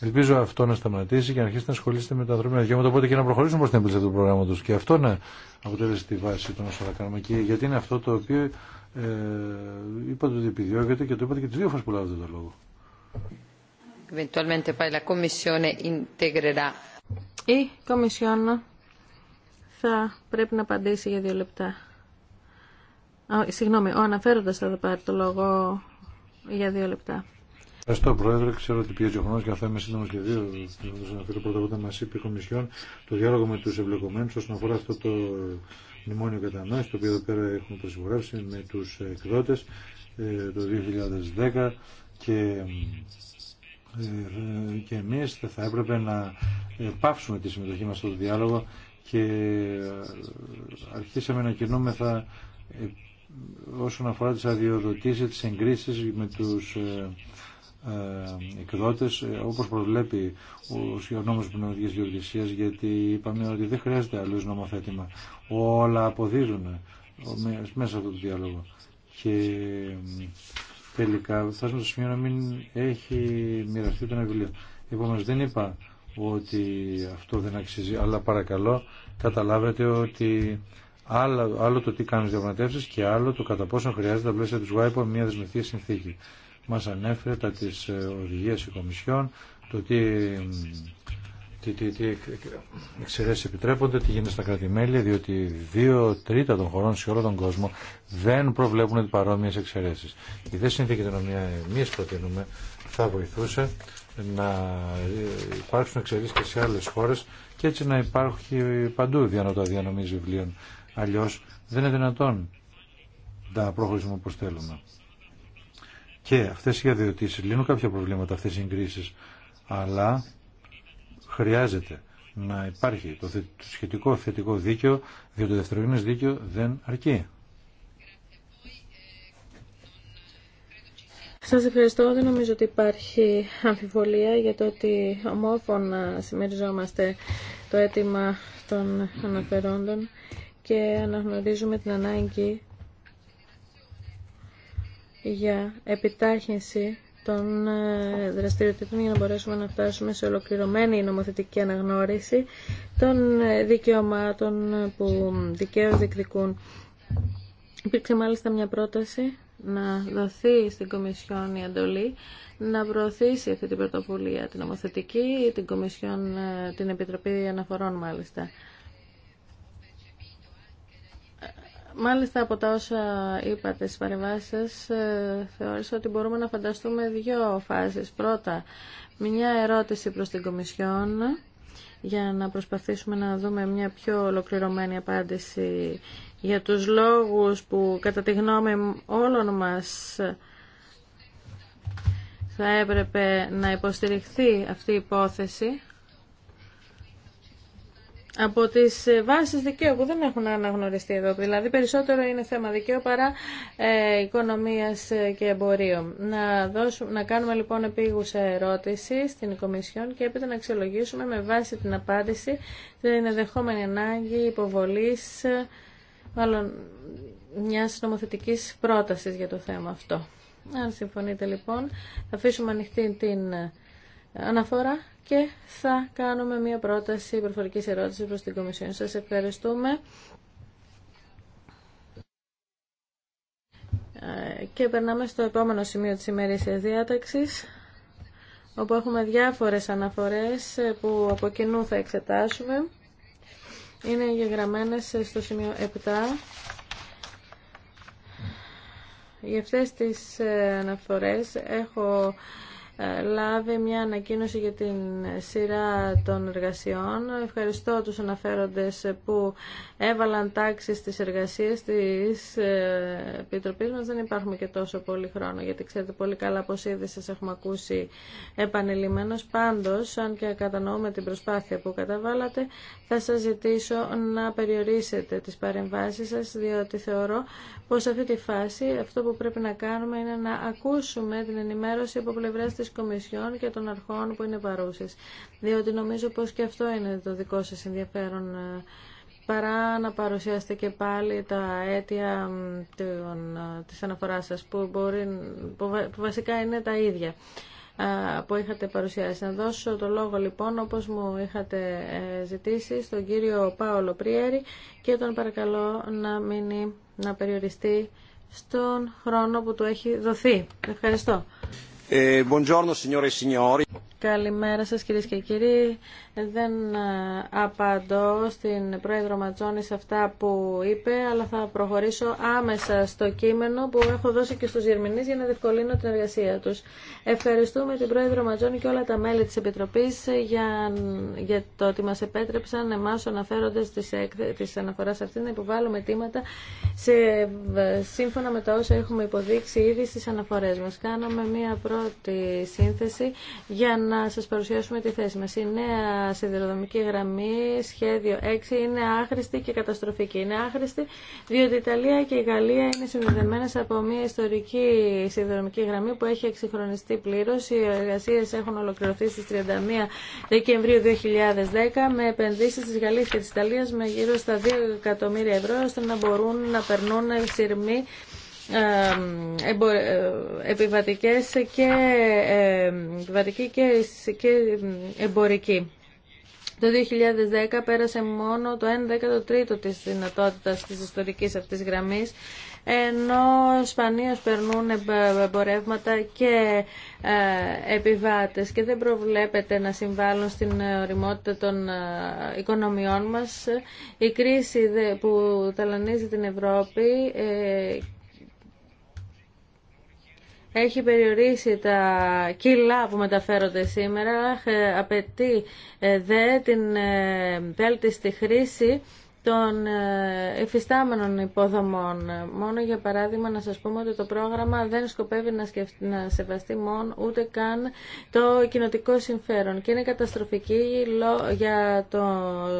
Speaker 1: Ελπίζω αυτό να σταματήσει και να αρχίσετε να ασχολείστε με τα ανθρώπινα δικαιώματα. Οπότε και να προχωρήσουμε προ την έμπληξη του προγράμματο. Και αυτό να αποτελέσει τη βάση των όσων θα κάνουμε. Και γιατί είναι αυτό το οποίο ε, είπατε ότι επιδιώκεται και το είπατε και τι δύο φορέ που λάβετε το λόγο.
Speaker 2: Η Κομισιόν θα πρέπει να απαντήσει για δύο λεπτά.
Speaker 3: συγγνώμη, ο αναφέροντα θα πάρει το λόγο για δύο λεπτά.
Speaker 1: Ευχαριστώ, Πρόεδρε. Ξέρω ότι πιέζει ο χρόνο και θα είμαι σύντομο και δύο. Θα σα αναφέρω πρώτα πρώτα μα είπε η Κομισιόν το διάλογο με του εμπλεκομένου όσον αφορά αυτό το μνημόνιο κατανόηση, το οποίο εδώ πέρα έχουμε προσυγουρεύσει με του εκδότε ε, το 2010 και ε, και εμείς θα έπρεπε να ε, πάυσουμε τη συμμετοχή μας στο διάλογο και αρχίσαμε να κινούμεθα όσον αφορά τις αδειοδοτήσεις, τις εγκρίσεις με τους ε, εκδότες ε, όπως προβλέπει ο νόμος πνευματικής διοργησίας γιατί είπαμε ότι δεν χρειάζεται αλλού νομοθέτημα όλα αποδίδουν ε, μέσα από το διάλογο και τελικά φτάσουμε στο σημείο να μην έχει μοιραστεί το ένα βιβλίο Επομένω δεν είπα ότι αυτό δεν αξίζει αλλά παρακαλώ καταλάβετε ότι άλλο, άλλο το τι κάνουν οι διαπραγματεύσει και άλλο το κατά πόσο χρειάζεται τα πλαίσια του ΓΑΕΠΑ μια δεσμευτική συνθήκη μας ανέφερε τα της ε, οδηγίας η Κομισιόν, το τι, τι, τι, εξαιρέσεις επιτρέπονται, τι γίνεται στα κρατημέλια, διότι δύο τρίτα των χωρών σε όλο τον κόσμο δεν προβλέπουν παρόμοιες εξαιρέσεις. Η δε συνθήκη την οποία εμείς προτείνουμε θα βοηθούσε να ε, υπάρξουν εξαιρέσεις και σε άλλες χώρες και έτσι να υπάρχει παντού διανοτα διανομής βιβλίων. Αλλιώς δεν είναι δυνατόν να προχωρήσουμε όπως θέλουμε. Και αυτέ οι αδειοτήσει λύνουν κάποια προβλήματα αυτές οι εγκρίσει. αλλά χρειάζεται να υπάρχει το σχετικό θετικό δίκαιο, διότι το δευτερογενέ δίκαιο δεν αρκεί.
Speaker 3: Σας ευχαριστώ. Δεν νομίζω ότι υπάρχει αμφιβολία για το ότι ομόφωνα συμμεριζόμαστε το αίτημα των αναφερόντων και αναγνωρίζουμε την ανάγκη για επιτάχυνση των ε, δραστηριοτήτων για να μπορέσουμε να φτάσουμε σε ολοκληρωμένη νομοθετική αναγνώριση των ε, δικαιωμάτων που δικαίως διεκδικούν. Υπήρξε μάλιστα μια πρόταση να δοθεί στην Κομισιόν η εντολή να προωθήσει αυτή την πρωτοβουλία, την νομοθετική, την Κομισιόν, ε, την Επιτροπή Αναφορών μάλιστα. Μάλιστα από τα όσα είπατε στις παρεμβάσεις ε, θεώρησα ότι μπορούμε να φανταστούμε δύο φάσεις. Πρώτα, μια ερώτηση προς την Κομισιόν για να προσπαθήσουμε να δούμε μια πιο ολοκληρωμένη απάντηση για τους λόγους που κατά τη γνώμη όλων μας θα έπρεπε να υποστηριχθεί αυτή η υπόθεση από τις ε, βάσεις δικαίου που δεν έχουν αναγνωριστεί εδώ. Δηλαδή περισσότερο είναι θέμα δικαίου παρά ε, οικονομίας ε, και εμπορίου. Να, δώσουμε, να κάνουμε λοιπόν επίγουσα ερώτηση στην Κομισιόν και έπειτα να αξιολογήσουμε με βάση την απάντηση την ενδεχόμενη ανάγκη υποβολής ε, μάλλον μιας νομοθετικής πρότασης για το θέμα αυτό. Αν συμφωνείτε λοιπόν, θα αφήσουμε ανοιχτή την αναφορά και θα κάνουμε μια πρόταση προφορική ερώτηση προς την Κομισιόν. Σας ευχαριστούμε. Και περνάμε στο επόμενο σημείο της ημέρης διάταξης, όπου έχουμε διάφορες αναφορές που από κοινού θα εξετάσουμε. Είναι γεγραμμένες στο σημείο 7. Για αυτές τις ε, αναφορές έχω ε, λάβει μια ανακοίνωση για την σειρά των εργασιών. Ευχαριστώ τους αναφέροντες που έβαλαν τάξη στις εργασίες της ε, Επιτροπής μας. Δεν υπάρχουμε και τόσο πολύ χρόνο, γιατί ξέρετε πολύ καλά πως ήδη σας έχουμε ακούσει επανειλημμένος. Πάντως, αν και κατανοούμε την προσπάθεια που καταβάλατε, θα σας ζητήσω να περιορίσετε τις παρεμβάσεις σας, διότι θεωρώ πως σε αυτή τη φάση αυτό που πρέπει να κάνουμε είναι να ακούσουμε την ενημέρωση από της και των αρχών που είναι παρούσες. Διότι νομίζω πως και αυτό είναι το δικό σας ενδιαφέρον ε, παρά να παρουσιάσετε και πάλι τα αίτια ε, της αναφοράς σας που, μπορεί, που βασικά είναι τα ίδια ε, που είχατε παρουσιάσει. Να δώσω το λόγο λοιπόν όπως μου είχατε ζητήσει στον κύριο Πάολο Πριέρη και τον παρακαλώ να μείνει να περιοριστεί στον χρόνο που του έχει δοθεί. Ευχαριστώ.
Speaker 1: Buongiorno
Speaker 5: signore e signori.
Speaker 3: Καλημέρα σας κυρίε και κύριοι. Δεν ε, απαντώ στην πρόεδρο Ματζόνη σε αυτά που είπε, αλλά θα προχωρήσω άμεσα στο κείμενο που έχω δώσει και στους Γερμηνείς για να διευκολύνω την εργασία τους. Ευχαριστούμε την πρόεδρο Ματζόνη και όλα τα μέλη της Επιτροπής για, για το ότι μας επέτρεψαν εμάς αναφέροντας της, αναφορά αυτή να υποβάλουμε τίματα σε, ε, σύμφωνα με τα όσα έχουμε υποδείξει ήδη στις αναφορές μας. Κάνουμε μία πρώτη σύνθεση για να να σας παρουσιάσουμε τη θέση μας. Η νέα σιδηροδρομική γραμμή, σχέδιο 6, είναι άχρηστη και καταστροφική. Είναι άχρηστη διότι η Ιταλία και η Γαλλία είναι συνδεδεμένες από μια ιστορική σιδηροδρομική γραμμή που έχει εξυγχρονιστεί πλήρω. Οι εργασίε έχουν ολοκληρωθεί στις 31 Δεκεμβρίου 2010 με επενδύσεις της Γαλλίας και της Ιταλίας με γύρω στα 2 εκατομμύρια ευρώ ώστε να μπορούν να περνούν σειρμοί ε, ε, επιβατικές και, ε, επιβατική και εμπορική. Το 2010 πέρασε μόνο το 1 13 τρίτο της δυνατότητας της ιστορικής αυτής γραμμής, ενώ σπανίως περνούν εμπορεύματα και επιβάτες και δεν προβλέπεται να συμβάλλουν στην οριμότητα των οικονομιών μας. Η κρίση που ταλανίζει την Ευρώπη έχει περιορίσει τα κιλά που μεταφέρονται σήμερα, ε, απαιτεί ε, δε την ε, βέλτιστη χρήση των εφιστάμενων υποδομών. Μόνο για παράδειγμα να σας πούμε ότι το πρόγραμμα δεν σκοπεύει να, σεβαστεί μόνο ούτε καν το κοινοτικό συμφέρον και είναι καταστροφική για το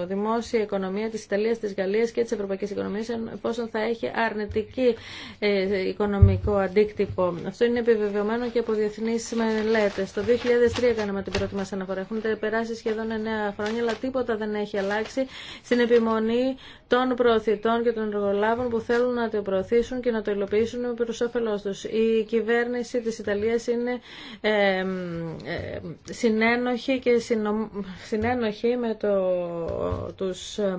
Speaker 3: δημόσια οικονομία της Ιταλίας, της Γαλλίας και της Ευρωπαϊκής Οικονομίας πόσο θα έχει αρνητική ε, οικονομικό αντίκτυπο. Αυτό είναι επιβεβαιωμένο και από διεθνεί μελέτε. Το 2003 κάναμε την πρώτη μας αναφορά. Έχουν περάσει σχεδόν 9 χρόνια, αλλά τίποτα δεν έχει αλλάξει στην επιμονή των προωθητών και των εργολάβων που θέλουν να το προωθήσουν και να το υλοποιήσουν προ όφελό του. Η κυβέρνηση τη Ιταλία είναι ε, συνένοχη και συνένοχη με το, τους ε,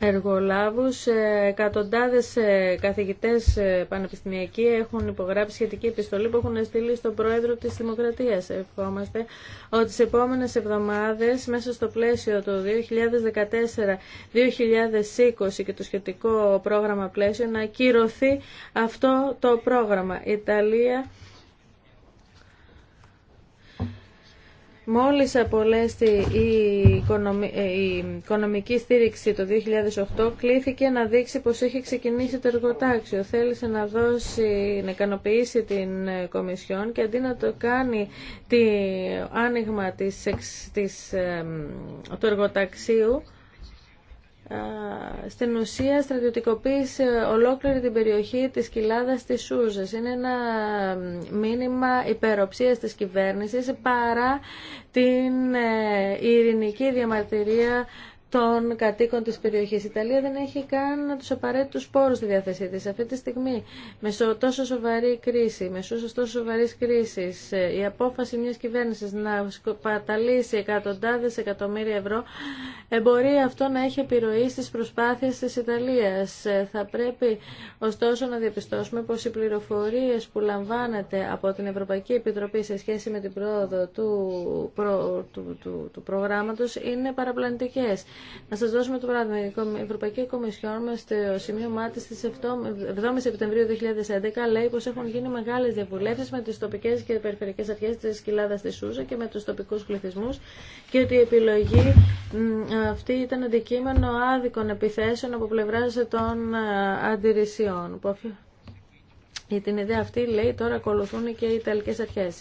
Speaker 3: εργολάβους. Ε, εκατοντάδες ε, καθηγητές ε, πανεπιστημιακοί έχουν υπογράψει σχετική επιστολή που έχουν στείλει στον Πρόεδρο της Δημοκρατίας. Ευχόμαστε ότι τις επόμενες εβδομάδες μέσα στο πλαίσιο του 2014-2020 και το σχετικό πρόγραμμα πλαίσιο να ακυρωθεί αυτό το πρόγραμμα. Ιταλία Μόλις απολέστη ε, η οικονομική στήριξη το 2008, κλήθηκε να δείξει πως είχε ξεκινήσει το εργοτάξιο. Θέλησε να δώσει, να ικανοποιήσει την ε, Κομισιόν και αντί να το κάνει το άνοιγμα της, της, ε, του εργοταξίου, στην ουσία στρατιωτικοποίησε ολόκληρη την περιοχή της κοιλάδας της Σούζας. Είναι ένα μήνυμα υπεροψίας της κυβέρνησης παρά την ε, ειρηνική διαμαρτυρία των κατοίκων της περιοχής. Η Ιταλία δεν έχει καν τους απαραίτητους πόρους στη διάθεσή της. Αυτή τη στιγμή, με τόσο σοβαρή κρίση, σούσες τόσο σοβαρής κρίσης, ε, η απόφαση μιας κυβέρνησης να παταλήσει εκατοντάδες εκατομμύρια ευρώ, ε, μπορεί αυτό να έχει επιρροή στις προσπάθειες της Ιταλίας. Ε, θα πρέπει ωστόσο να διαπιστώσουμε πως οι πληροφορίες που λαμβάνεται από την Ευρωπαϊκή Επιτροπή σε σχέση με την πρόοδο του, προ, του, του, του προγράμματος είναι παραπλανητικές. Να σα δώσουμε το παράδειγμα. Η Ευρωπαϊκή Κομισιόν με στο σημείο μάτι τη 7 Σεπτεμβρίου 2011 λέει πω έχουν γίνει μεγάλε διαβουλεύσει με τις τοπικές και περιφερειακές αρχές της Κοιλάδα της Σούζα και με τους τοπικούς πληθυσμού και ότι η επιλογή αυτή ήταν αντικείμενο άδικων επιθέσεων από πλευρά των ε, αντιρρησιών. Για την ιδέα αυτή, λέει, τώρα ακολουθούν και οι Ιταλικέ Αρχέ.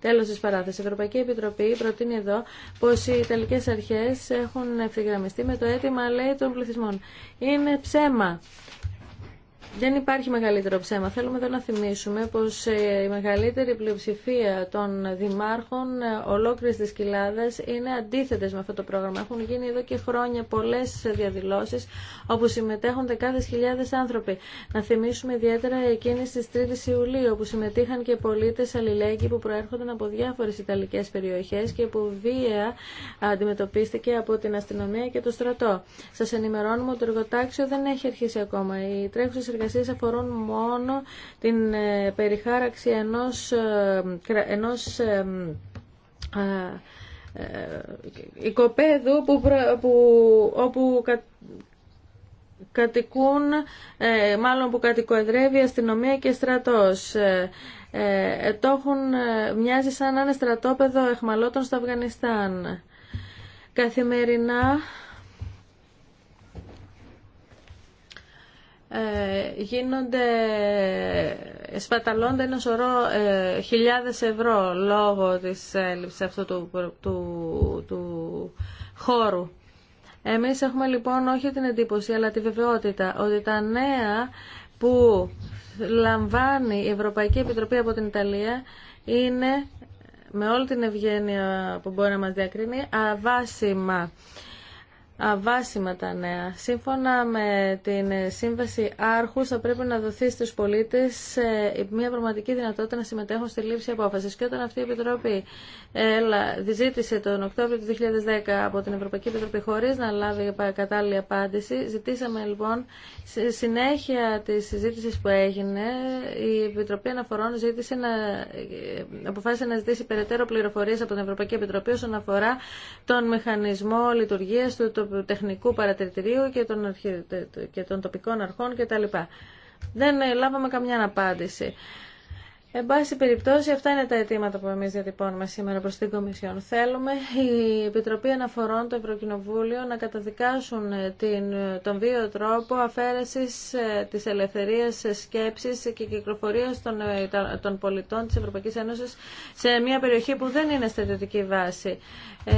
Speaker 3: Τέλο τη παράθεση. Η Ευρωπαϊκή Επιτροπή προτείνει εδώ πω οι Ιταλικέ Αρχέ έχουν ευθυγραμμιστεί με το αίτημα, λέει, των πληθυσμών. Είναι ψέμα. Δεν υπάρχει μεγαλύτερο ψέμα. Θέλουμε εδώ να θυμίσουμε πως ε, η μεγαλύτερη πλειοψηφία των δημάρχων ε, ολόκληρης της κοιλάδας είναι αντίθετες με αυτό το πρόγραμμα. Έχουν γίνει εδώ και χρόνια πολλές διαδηλώσεις όπου συμμετέχουν δεκάδες χιλιάδες άνθρωποι. Να θυμίσουμε ιδιαίτερα εκείνη της 3ης Ιουλίου όπου συμμετείχαν και πολίτες αλληλέγγυοι που προέρχονταν από διάφορες ιταλικές περιοχές και που βία αντιμετωπίστηκε από την αστυνομία και το στρατό. Σας ενημερώνουμε ότι το εργοτάξιο δεν έχει αρχίσει ακόμα. Οι τρέχουσες εσείς αφορούν μόνο την ε, περιχάραξη ενός, ε, ενός ε, οικοπαίδου που, που, όπου κατοικούν, μάλλον που κατοικοεδρεύει αστυνομία και στρατός. Ε, το έχουν, μοιάζει σαν ένα στρατόπεδο εχμαλώτων στο Αφγανιστάν. Καθημερινά Ε, γίνονται σπαταλώνται ένα σωρό ε, χιλιάδες ευρώ λόγω της έλλειψης αυτού του, του, του χώρου. Εμείς έχουμε λοιπόν όχι την εντύπωση αλλά τη βεβαιότητα ότι τα νέα που λαμβάνει η Ευρωπαϊκή Επιτροπή από την Ιταλία είναι με όλη την ευγένεια που μπορεί να μας διακρίνει αβάσιμα αβάσιμα τα νέα. Σύμφωνα με την Σύμβαση Άρχου, θα πρέπει να δοθεί στου πολίτε ε, μια πραγματική δυνατότητα να συμμετέχουν στη λήψη απόφαση. Και όταν αυτή η Επιτροπή ζήτησε τον Οκτώβριο του 2010 από την Ευρωπαϊκή Επιτροπή χωρί να λάβει κατάλληλη απάντηση, ζητήσαμε λοιπόν στη συνέχεια τη συζήτηση που έγινε, η Επιτροπή Αναφορών ζήτησε να, ε, αποφάσισε να ζητήσει περαιτέρω πληροφορίες από την Ευρωπαϊκή Επιτροπή όσον αφορά τον μηχανισμό λειτουργία του του τεχνικού παρατηρητηρίου και των, αρχι... και των τοπικών αρχών κτλ. Δεν ε, λάβαμε καμιά απάντηση. Εν πάση περιπτώσει, αυτά είναι τα αιτήματα που εμεί διατυπώνουμε σήμερα προς την Κομισιόν. Θέλουμε η Επιτροπή Αναφορών, το Ευρωκοινοβούλιο να καταδικάσουν την, τον βίο τρόπο αφαίρεσης ε, της ελευθερία σκέψης και κυκλοφορία ε, των, πολιτών τη Ευρωπαϊκή Ένωση σε μια περιοχή που δεν είναι στρατιωτική βάση. Ε,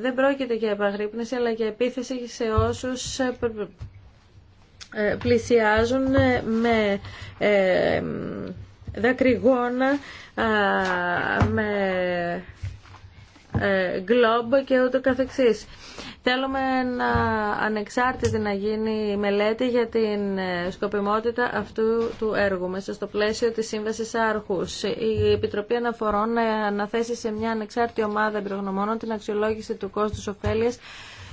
Speaker 3: δεν πρόκειται για επαγρύπνηση, αλλά για επίθεση σε όσου ε, πλησιάζουν με. Ε, δακρυγόνα με ε, γκλόμπ και ούτω καθεξής. Θέλουμε να ανεξάρτητη να γίνει η μελέτη για την ε, σκοπιμότητα αυτού του έργου μέσα στο πλαίσιο της Σύμβασης Άρχους. Η Επιτροπή Αναφορών να αναθέσει σε μια ανεξάρτητη ομάδα εμπειρογνωμόνων την αξιολόγηση του κόστους ωφέλειας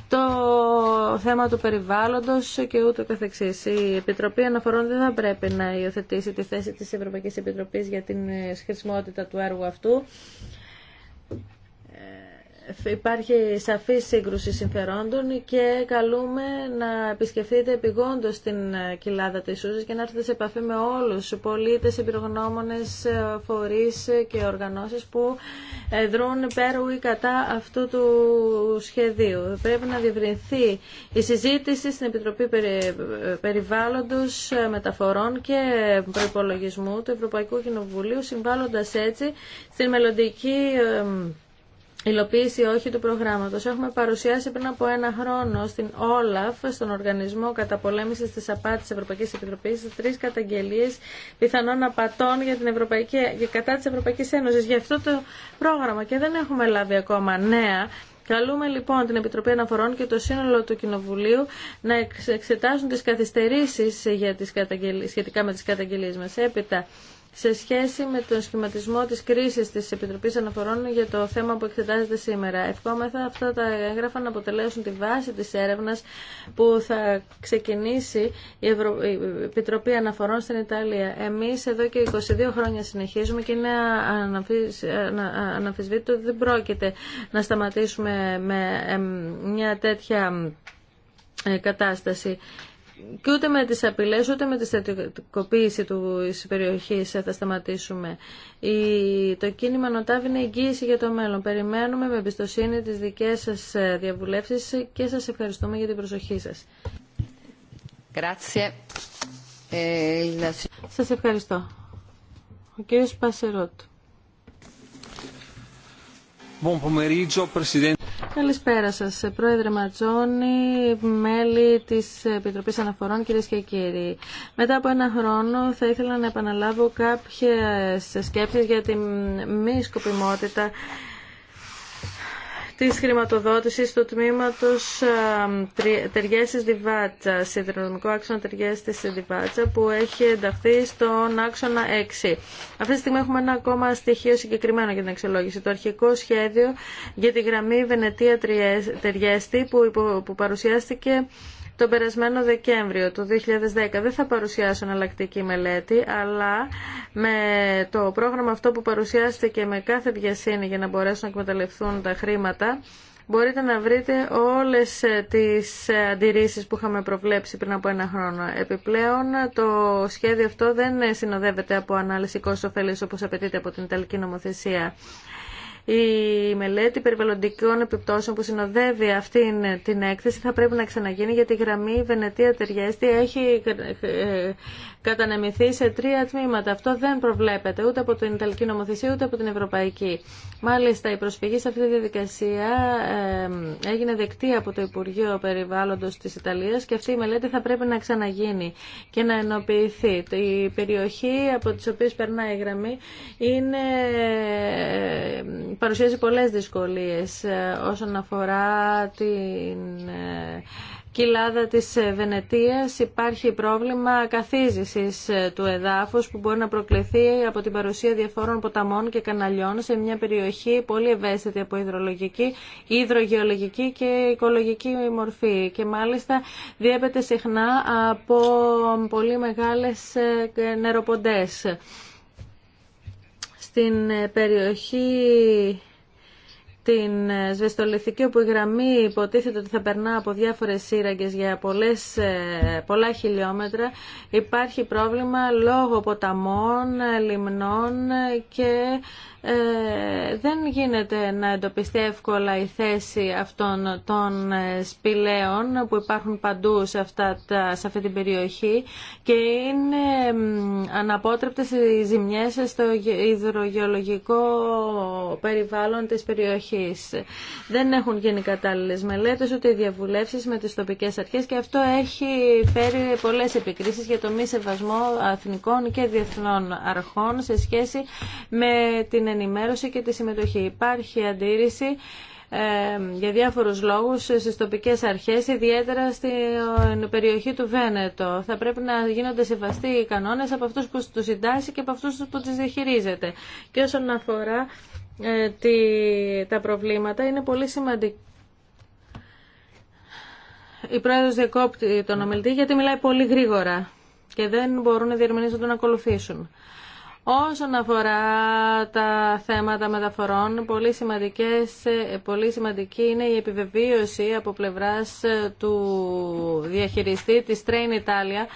Speaker 3: το θέμα του περιβάλλοντος και ούτω καθεξής. Η Επιτροπή Αναφορών δεν θα πρέπει να υιοθετήσει τη θέση της Ευρωπαϊκής Επιτροπής για την χρησιμότητα του έργου αυτού υπάρχει σαφή σύγκρουση συμφερόντων και καλούμε να επισκεφτείτε επιγόντως την ε, κοιλάδα της Σούζης και να έρθετε σε επαφή με όλους τους πολίτες, εμπειρογνώμονες, ε, φορείς και οργανώσεις που ε, δρούν πέρα ή κατά αυτού του σχεδίου. Πρέπει να διευρυνθεί η συζήτηση στην Επιτροπή Περιβάλλοντος Μεταφορών και Προϋπολογισμού του Ευρωπαϊκού Κοινοβουλίου, συμβάλλοντας έτσι στην μελλοντική υλοποίηση όχι του προγράμματος. Έχουμε παρουσιάσει πριν από ένα χρόνο στην ΟΛΑΦ, στον Οργανισμό Καταπολέμησης της Απάτης Ευρωπαϊκής Επιτροπής, τρεις καταγγελίες πιθανών απατών για την Ευρωπαϊκή, για κατά της Ευρωπαϊκής Ένωσης για αυτό το πρόγραμμα και δεν έχουμε λάβει ακόμα νέα. Καλούμε λοιπόν την Επιτροπή Αναφορών και το σύνολο του Κοινοβουλίου να εξετάσουν τις καθυστερήσεις σχετικά με τις καταγγελίες μας. Έπειτα, σε σχέση με τον σχηματισμό της κρίσης της Επιτροπής Αναφορών για το θέμα που εξετάζεται σήμερα. Ευχόμεθα αυτά τα έγγραφα να αποτελέσουν τη βάση της έρευνας που θα ξεκινήσει η, Ευρω... Επιτροπή Αναφορών στην Ιταλία. Εμείς εδώ και 22 χρόνια συνεχίζουμε και είναι αναφυσβήτητο ότι δεν πρόκειται να σταματήσουμε με μια τέτοια ε, κατάσταση και ούτε με τις απειλές ούτε με τη στρατικοποίηση της περιοχής θα σταματήσουμε. Η, το κίνημα Νοτάβ είναι εγγύηση για το μέλλον. Περιμένουμε με εμπιστοσύνη τις δικές σας διαβουλεύσεις και σας ευχαριστούμε για την προσοχή σας. Grazie. Ε, σας ευχαριστώ. Ο κύριος Πασερότ. Καλησπέρα σας, Πρόεδρε Ματζόνη, μέλη της Επιτροπής Αναφορών, κυρίες και κύριοι. Μετά από ένα χρόνο θα ήθελα να επαναλάβω κάποιες σκέψεις για τη μη σκοπιμότητα της χρηματοδότησης του τμήματος Τεριέσης Διβάτσα, συνδρομικό άξονα Τεριέσης Διβάτσα που έχει ενταχθεί στον άξονα 6. Αυτή τη στιγμή έχουμε ένα ακόμα στοιχείο συγκεκριμένο για την αξιολόγηση. Το αρχικό σχέδιο για τη γραμμή Βενετία Βενετία-Τεριέστη που, που παρουσιάστηκε το περασμένο Δεκέμβριο του 2010. Δεν θα παρουσιάσω εναλλακτική μελέτη, αλλά με το πρόγραμμα αυτό που παρουσιάστηκε με κάθε βιασύνη για να μπορέσουν να εκμεταλλευτούν τα χρήματα, μπορείτε να βρείτε όλες ε, τις ε, αντιρρήσεις που είχαμε προβλέψει πριν από ένα χρόνο. Επιπλέον, το σχέδιο αυτό δεν συνοδεύεται από ανάλυση κόστος ωφέλης όπως απαιτείται από την Ιταλική νομοθεσία. Η μελέτη περιβαλλοντικών επιπτώσεων που συνοδεύει αυτή την έκθεση θα πρέπει να ξαναγίνει γιατί η γραμμή Βενετία Τεριέστη έχει ε, ε, κατανεμηθεί σε τρία τμήματα. Αυτό δεν προβλέπεται ούτε από την Ιταλική νομοθεσία ούτε από την Ευρωπαϊκή. Μάλιστα, η προσφυγή σε αυτή τη διαδικασία ε, έγινε δεκτή από το Υπουργείο Περιβάλλοντος της Ιταλίας και αυτή η μελέτη θα πρέπει να ξαναγίνει και να ενοποιηθεί. Η περιοχή από τις οποίες περνάει η γραμμή είναι παρουσιάζει πολλές δυσκολίες ε, όσον αφορά την ε, κοιλάδα της ε, Βενετίας υπάρχει πρόβλημα καθίζησης του εδάφους που μπορεί να προκληθεί από την παρουσία διαφόρων ποταμών και καναλιών σε μια περιοχή πολύ ευαίσθητη από υδρολογική, υδρογεολογική και οικολογική μορφή και μάλιστα διέπεται συχνά από πολύ μεγάλες νεροποντές στην περιοχή την ε, σβεστολιθική όπου η γραμμή υποτίθεται ότι θα περνά από διάφορες σύραγγες για πολλές, ε, πολλά χιλιόμετρα υπάρχει πρόβλημα λόγω ποταμών, λιμνών και ε, δεν γίνεται να εντοπιστεί εύκολα η θέση αυτών των σπηλαίων που υπάρχουν παντού σε, αυτά τα, σε αυτή την περιοχή και είναι αναπότρεπτες οι ζημιές στο υδρογεωλογικό περιβάλλον της περιοχής δεν έχουν γίνει κατάλληλε μελέτε ούτε οι με τι τοπικέ αρχέ, και αυτό έχει φέρει πολλέ επικρίσει για το μη σεβασμό αθηνικών και διεθνών αρχών σε σχέση με την ενημέρωση και τη συμμετοχή. Υπάρχει αντίρρηση ε, για διάφορους λόγους στις τοπικές αρχές, ιδιαίτερα στην περιοχή του Βένετο. Θα πρέπει να γίνονται σεβαστοί οι κανόνες από αυτούς που τους συντάσσει και από αυτούς που τις διαχειρίζεται. Και όσον αφορά ε, τη, τα προβλήματα είναι πολύ σημαντικά. Η πρόεδρος διακόπτει τον ομιλητή γιατί μιλάει πολύ γρήγορα και δεν μπορούν οι διερμηνείς να τον ακολουθήσουν. Όσον αφορά τα θέματα μεταφορών, πολύ, σημαντικές, ε, σημαντική είναι η επιβεβίωση από πλευράς ε, του διαχειριστή της Train Italia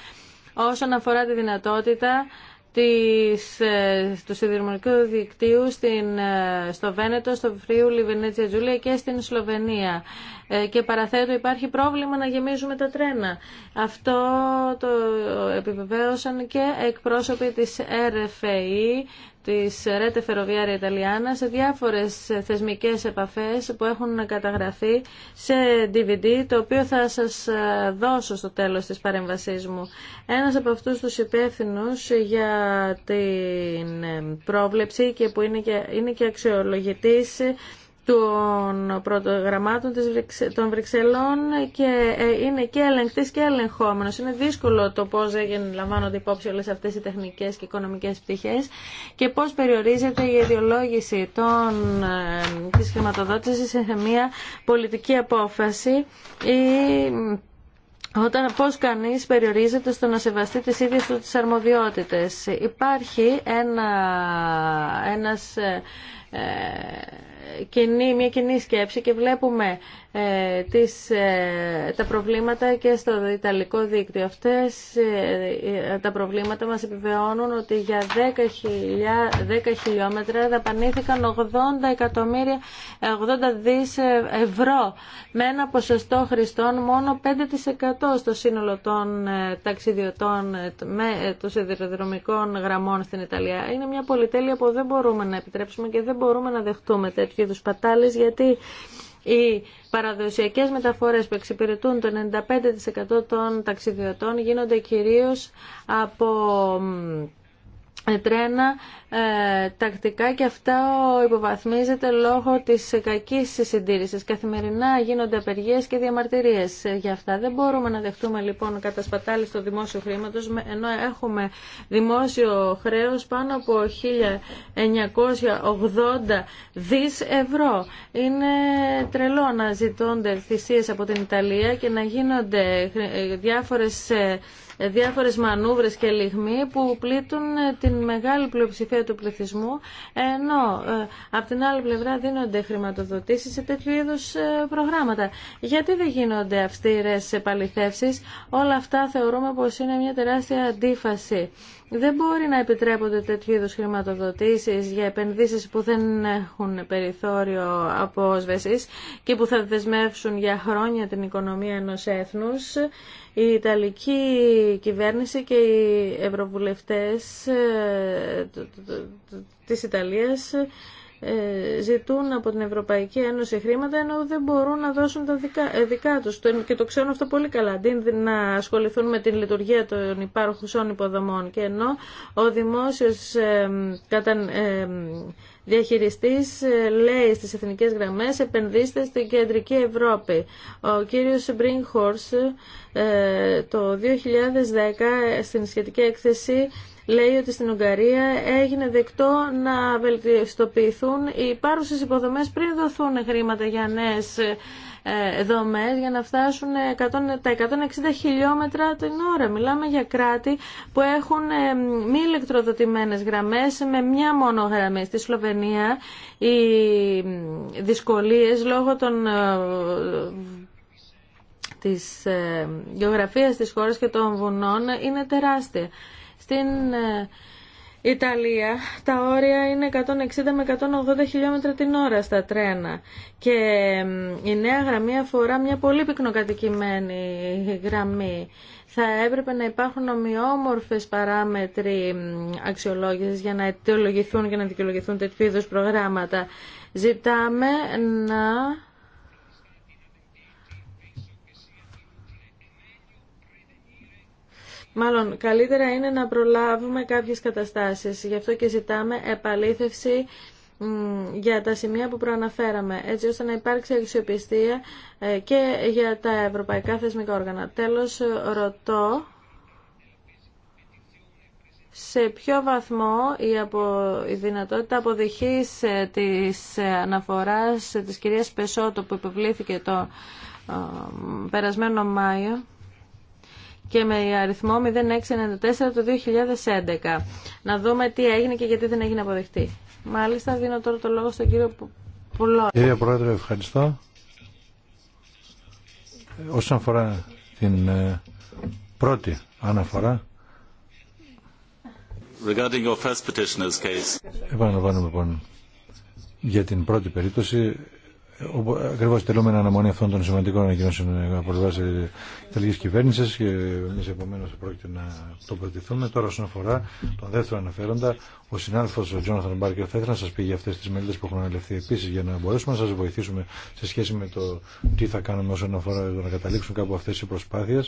Speaker 3: όσον αφορά τη δυνατότητα της, ε, του σιδηρομονικού δικτύου στην, ε, στο Βένετο, στο Φρίουλι, Λιβενέτσια Τζούλια και στην Σλοβενία. Ε, και παραθέτω υπάρχει πρόβλημα να γεμίζουμε τα τρένα. Αυτό το επιβεβαίωσαν και εκπρόσωποι της RFAE, της Rete Ferroviaria Italiana σε διάφορες θεσμικές επαφές που έχουν καταγραφεί σε DVD το οποίο θα σας δώσω στο τέλος της παρέμβασής μου. Ένας από αυτούς τους υπεύθυνου για την πρόβλεψη και που είναι και, είναι και των πρωτογραμμάτων των Βρυξελών και ε, είναι και ελεγκτής και ελεγχόμενος. Είναι δύσκολο το πώς έγινε, λαμβάνονται υπόψη όλες αυτές οι τεχνικές και οικονομικές πτυχές και πώς περιορίζεται η αιτιολόγηση των, ε, της χρηματοδότησης σε μια πολιτική απόφαση ή όταν πώς κανείς περιορίζεται στο να σεβαστεί τις ίδιες του τις αρμοδιότητες. Υπάρχει ένα, ένας ε, κοινή, μια κοινή σκέψη και βλέπουμε ε, τις, ε, τα προβλήματα και στο Ιταλικό δίκτυο. Αυτές ε, τα προβλήματα μας επιβεώνουν ότι για 10, χιλιά, χιλιόμετρα δαπανήθηκαν 80 εκατομμύρια, 80 δις ευρώ με ένα ποσοστό χρηστών μόνο 5% στο σύνολο των ταξιδιωτών με των σιδηροδρομικών γραμμών στην Ιταλία. Είναι μια πολυτέλεια που δεν μπορούμε να επιτρέψουμε και δεν μπορούμε να δεχτούμε τέτοιου γιατί οι παραδοσιακές μεταφορές που εξυπηρετούν το 95% των ταξιδιωτών γίνονται κυρίως από τρένα ε, τακτικά και αυτά υποβαθμίζεται λόγω της κακής συντήρησης. Καθημερινά γίνονται απεργίες και διαμαρτυρίες για αυτά. Δεν μπορούμε να δεχτούμε λοιπόν κατασπατάλη στο δημόσιο χρήματος ενώ έχουμε δημόσιο χρέος πάνω από 1980 δις ευρώ. Είναι τρελό να ζητώνται θυσίες από την Ιταλία και να γίνονται διάφορες ε, διάφορες μανούβρες και λιγμοί που πλήττουν ε, την μεγάλη πλειοψηφία του πληθυσμού ενώ ε, από την άλλη πλευρά δίνονται χρηματοδοτήσεις σε τέτοιου είδου ε, προγράμματα. Γιατί δεν γίνονται αυστηρές επαληθεύσεις. Όλα αυτά θεωρούμε πως είναι μια τεράστια αντίφαση. Δεν μπορεί να επιτρέπονται τέτοιου είδου χρηματοδοτήσει για επενδύσει που δεν έχουν περιθώριο απόσβεση και που θα δεσμεύσουν για χρόνια την οικονομία ενό έθνους. Η Ιταλική κυβέρνηση και οι ευρωβουλευτέ ε, της Ιταλίας ε, ζητούν από την Ευρωπαϊκή Ένωση χρήματα ενώ δεν μπορούν να δώσουν τα δικά, ε, δικά τους και το ξέρουν αυτό πολύ καλά αντί να ασχοληθούν με την λειτουργία των υπάρχουσών υποδομών και ενώ ο δημόσιος ε, ε διαχειριστής λέει στις εθνικές γραμμές επενδύστε στην κεντρική Ευρώπη. Ο κύριος Μπριγχόρς το 2010 στην σχετική έκθεση λέει ότι στην Ουγγαρία έγινε δεκτό να βελτιστοποιηθούν οι πάρουσες υποδομές πριν δοθούν χρήματα για νέες ε, δομές για να φτάσουν τα 160 χιλιόμετρα την ώρα. Μιλάμε για κράτη που έχουν ε, μη ηλεκτροδοτημένες γραμμές με μια μόνο γραμμή. Στη Σλοβενία οι δυσκολίες λόγω των ε, της γεωγραφίας της χώρας και των βουνών είναι τεράστια. Στην ε, Ιταλία τα όρια είναι 160 με 180 χιλιόμετρα την ώρα στα τρένα και ε, η νέα γραμμή αφορά μια πολύ πυκνοκατοικημένη γραμμή. Θα έπρεπε να υπάρχουν ομοιόμορφες παράμετροι αξιολόγησης για να αιτιολογηθούν και να δικαιολογηθούν τέτοιου είδους προγράμματα. Ζητάμε να Μάλλον καλύτερα είναι να προλάβουμε κάποιες καταστάσεις. Γι' αυτό και ζητάμε επαλήθευση για τα σημεία που προαναφέραμε, έτσι ώστε να υπάρξει αξιοπιστία ε, και για τα ευρωπαϊκά θεσμικά όργανα. Τέλος, ρωτώ σε ποιο βαθμό η, απο... η δυνατότητα αποδοχής ε, της ε, αναφοράς της κυρίας Πεσότο που υποβλήθηκε το περασμένο Μάιο και με αριθμό 0694 το 2011. Να δούμε τι έγινε και γιατί δεν έγινε αποδεκτή. Μάλιστα δίνω τώρα το λόγο στον κύριο
Speaker 1: Πουλό. Κύριε Πρόεδρε, ευχαριστώ. Όσον αφορά την ε, πρώτη αναφορά, Regarding Επαναλαμβάνουμε λοιπόν για την πρώτη περίπτωση Ακριβώ τελούμε να αναμονή αυτών των σημαντικών ανακοινώσεων από πλευρά τη Ιταλική κυβέρνηση και εμεί επομένω πρόκειται να το τοποθετηθούμε. Τώρα, όσον αφορά τον δεύτερο αναφέροντα, ο συνάδελφο ο Τζόναθαν Μπάρκερ θα ήθελα να σα πει για αυτέ τι μελέτε που έχουν αναλυφθεί επίση για να μπορέσουμε να σα βοηθήσουμε σε σχέση με το τι θα κάνουμε όσον αφορά το να καταλήξουν κάπου αυτέ οι προσπάθειε.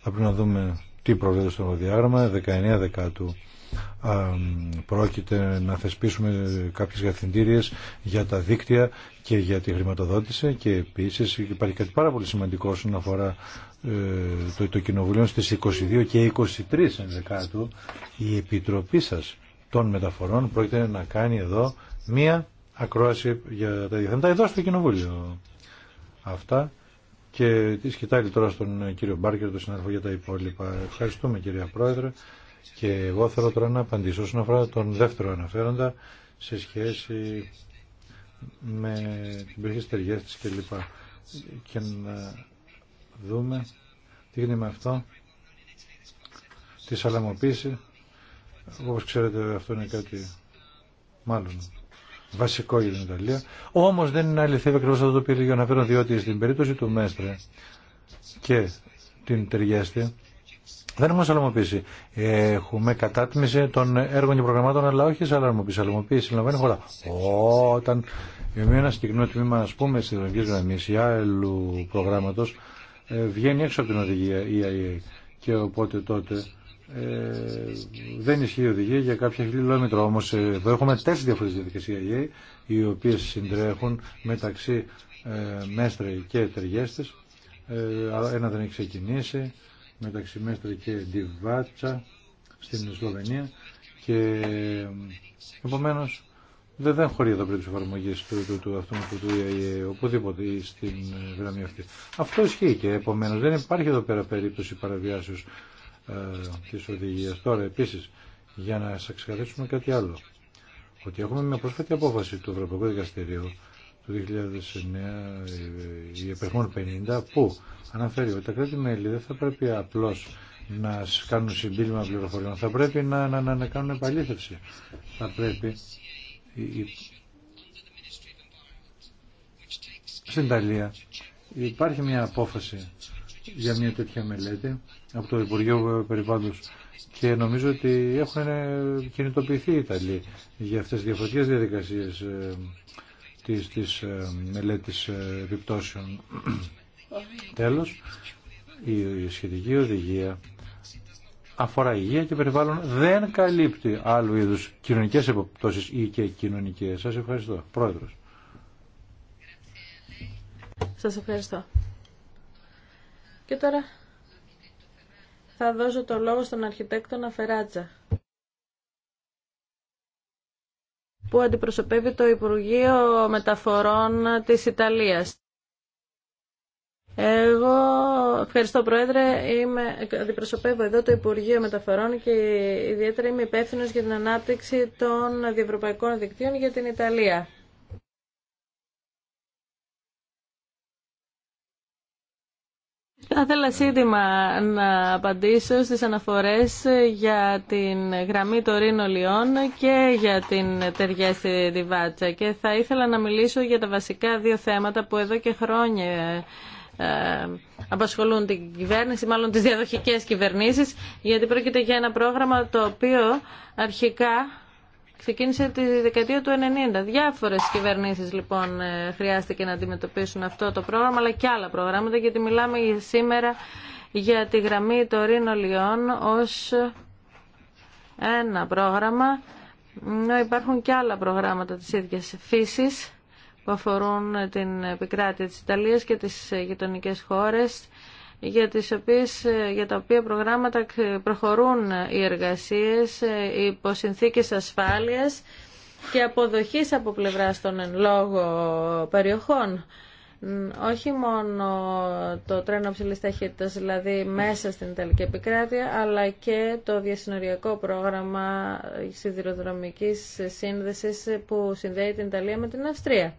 Speaker 1: Θα πρέπει να δούμε τι προβλέπεται στο διάγραμμα 19 Δεκάτου πρόκειται να θεσπίσουμε κάποιες γαθυντήριες για τα δίκτυα και για τη χρηματοδότηση και επίσης υπάρχει κάτι πάρα πολύ σημαντικό όσον αφορά ε, το, το Κοινοβουλίο στις 22 και 23 ενδεκάτου η Επιτροπή σας των Μεταφορών πρόκειται να κάνει εδώ μία ακρόαση για τα τα εδώ στο Κοινοβούλιο. Αυτά και τη σκητάλη τώρα στον κύριο Μπάρκερ, τον συνάδελφο για τα υπόλοιπα. Ευχαριστούμε κυρία Πρόεδρε. Και εγώ θέλω τώρα να απαντήσω όσον αφορά τον δεύτερο αναφέροντα σε σχέση με την περιοχή στεριές της κλπ. Και να δούμε τι γίνεται με αυτό, τη σαλαμοποίηση. Όπως ξέρετε αυτό είναι κάτι μάλλον βασικό για την Ιταλία. Όμως δεν είναι αληθεύει ακριβώς αυτό το οποίο ο διότι στην περίπτωση του Μέστρε και την Ταιριάστη δεν έχουμε σαλαμοποίηση. Έχουμε κατάτμιση των έργων και προγραμμάτων, αλλά όχι σαλαμοποίηση. Σαλαμοποίηση λαμβάνει χώρα. Όταν με ένα συγκεκριμένο τμήμα, α πούμε, στι δομικέ γραμμέ ή άλλου προγράμματο, ε, βγαίνει έξω από την οδηγία η e ΑΕ. Και οπότε τότε ε, δεν ισχύει η οδηγία για κάποια χιλιόμετρα. Όμω εδώ έχουμε τέσσερι διαφορετικέ διαδικασίε e οι οποίε συντρέχουν μεταξύ ε, Μέστρε και τεργέστε. Ε, ένα δεν έχει ξεκινήσει μεταξύ Μέστρη και Ντιβάτσα στην Σλοβενία και επομένως δεν, δεν χωρεί εδώ πριν τη εφαρμογή του, του, αυτού του, του ΙΑΙΕ οπουδήποτε στην γραμμή αυτή. Αυτό ισχύει και επομένω δεν υπάρχει εδώ πέρα περίπτωση παραβιάσεω ε, τη οδηγία. Τώρα επίση για να σα ξεκαθαρίσουμε κάτι άλλο. Ότι έχουμε μια πρόσφατη απόφαση του Ευρωπαϊκού Δικαστηρίου του 2009 η επερχόν 50 που αναφέρει ότι τα κράτη-μέλη δεν θα πρέπει απλώς να κάνουν συμπίλημα πληροφοριών, θα πρέπει να, να, να, να κάνουν επαλήθευση. Θα πρέπει στην Ιταλία υπάρχει μια απόφαση για μια τέτοια μελέτη από το Υπουργείο Περιβάλλοντος και νομίζω ότι έχουν κινητοποιηθεί οι Ιταλοί για αυτές τι διαφορετικέ διαδικασίες ε, αυτής της ε, μελέτης ε, επιπτώσεων. Τέλος, η σχετική οδηγία αφορά υγεία και περιβάλλον δεν καλύπτει άλλου είδους κοινωνικές επιπτώσεις ή και κοινωνικές. Σας ευχαριστώ. Πρόεδρος.
Speaker 3: Σας ευχαριστώ. Και τώρα θα δώσω το λόγο στον αρχιτέκτονα Φεράτσα που αντιπροσωπεύει το Υπουργείο Μεταφορών της Ιταλίας. Εγώ, ευχαριστώ Πρόεδρε, είμαι, αντιπροσωπεύω εδώ το Υπουργείο Μεταφορών και ιδιαίτερα είμαι υπεύθυνο για την ανάπτυξη των διευρωπαϊκών δικτύων για την Ιταλία. Θα ήθελα σύντομα να απαντήσω στις αναφορές για την γραμμή Τωρίνο Λιών και για την ταιριά στη Διβάτσα και θα ήθελα να μιλήσω για τα βασικά δύο θέματα που εδώ και χρόνια ε, απασχολούν την κυβέρνηση, μάλλον τις διαδοχικές κυβερνήσεις γιατί πρόκειται για ένα πρόγραμμα το οποίο αρχικά Ξεκίνησε τη δεκαετία του 90. Διάφορες κυβερνήσεις λοιπόν ε, χρειάστηκε να αντιμετωπίσουν αυτό το πρόγραμμα αλλά και άλλα προγράμματα γιατί μιλάμε σήμερα για τη γραμμή των Λιών ως ένα πρόγραμμα ενώ υπάρχουν και άλλα προγράμματα της ίδιας φύσης που αφορούν την επικράτεια της Ιταλίας και τις γειτονικέ χώρες για, τις οποίες, ε, για τα οποία προγράμματα προχωρούν ε, οι εργασίες ε, υπό συνθήκες ασφάλειας και αποδοχής από πλευράς των εν λόγω περιοχών. Όχι μόνο το τρένο ψηλή ταχύτητα, δηλαδή μέσα στην Ιταλική επικράτεια, αλλά και το διασυνοριακό πρόγραμμα σιδηροδρομικής σύνδεσης που συνδέει την Ιταλία με την Αυστρία.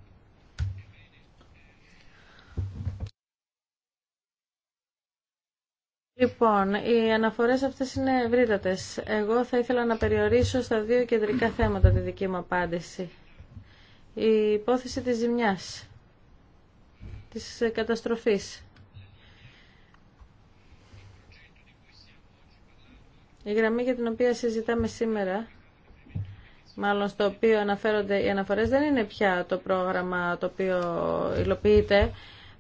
Speaker 3: Λοιπόν, οι αναφορές αυτές είναι ευρύτατες. Εγώ θα ήθελα να περιορίσω στα δύο κεντρικά θέματα τη δική μου απάντηση. Η υπόθεση της ζημιάς, της καταστροφής. Η γραμμή για την οποία συζητάμε σήμερα, μάλλον στο οποίο αναφέρονται οι αναφορές, δεν είναι πια το πρόγραμμα το οποίο υλοποιείται.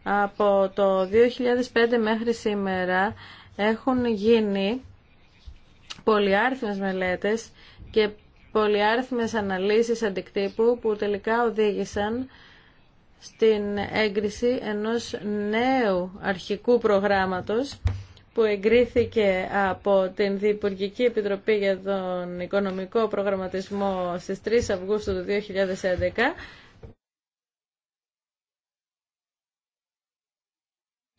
Speaker 3: Από το 2005 μέχρι σήμερα έχουν γίνει πολυάριθμες μελέτες και πολυάριθμες αναλύσεις αντικτύπου που τελικά οδήγησαν στην έγκριση ενός νέου αρχικού προγράμματος που εγκρίθηκε από την Διπουργική Επιτροπή για τον Οικονομικό Προγραμματισμό στις 3 Αυγούστου του 2011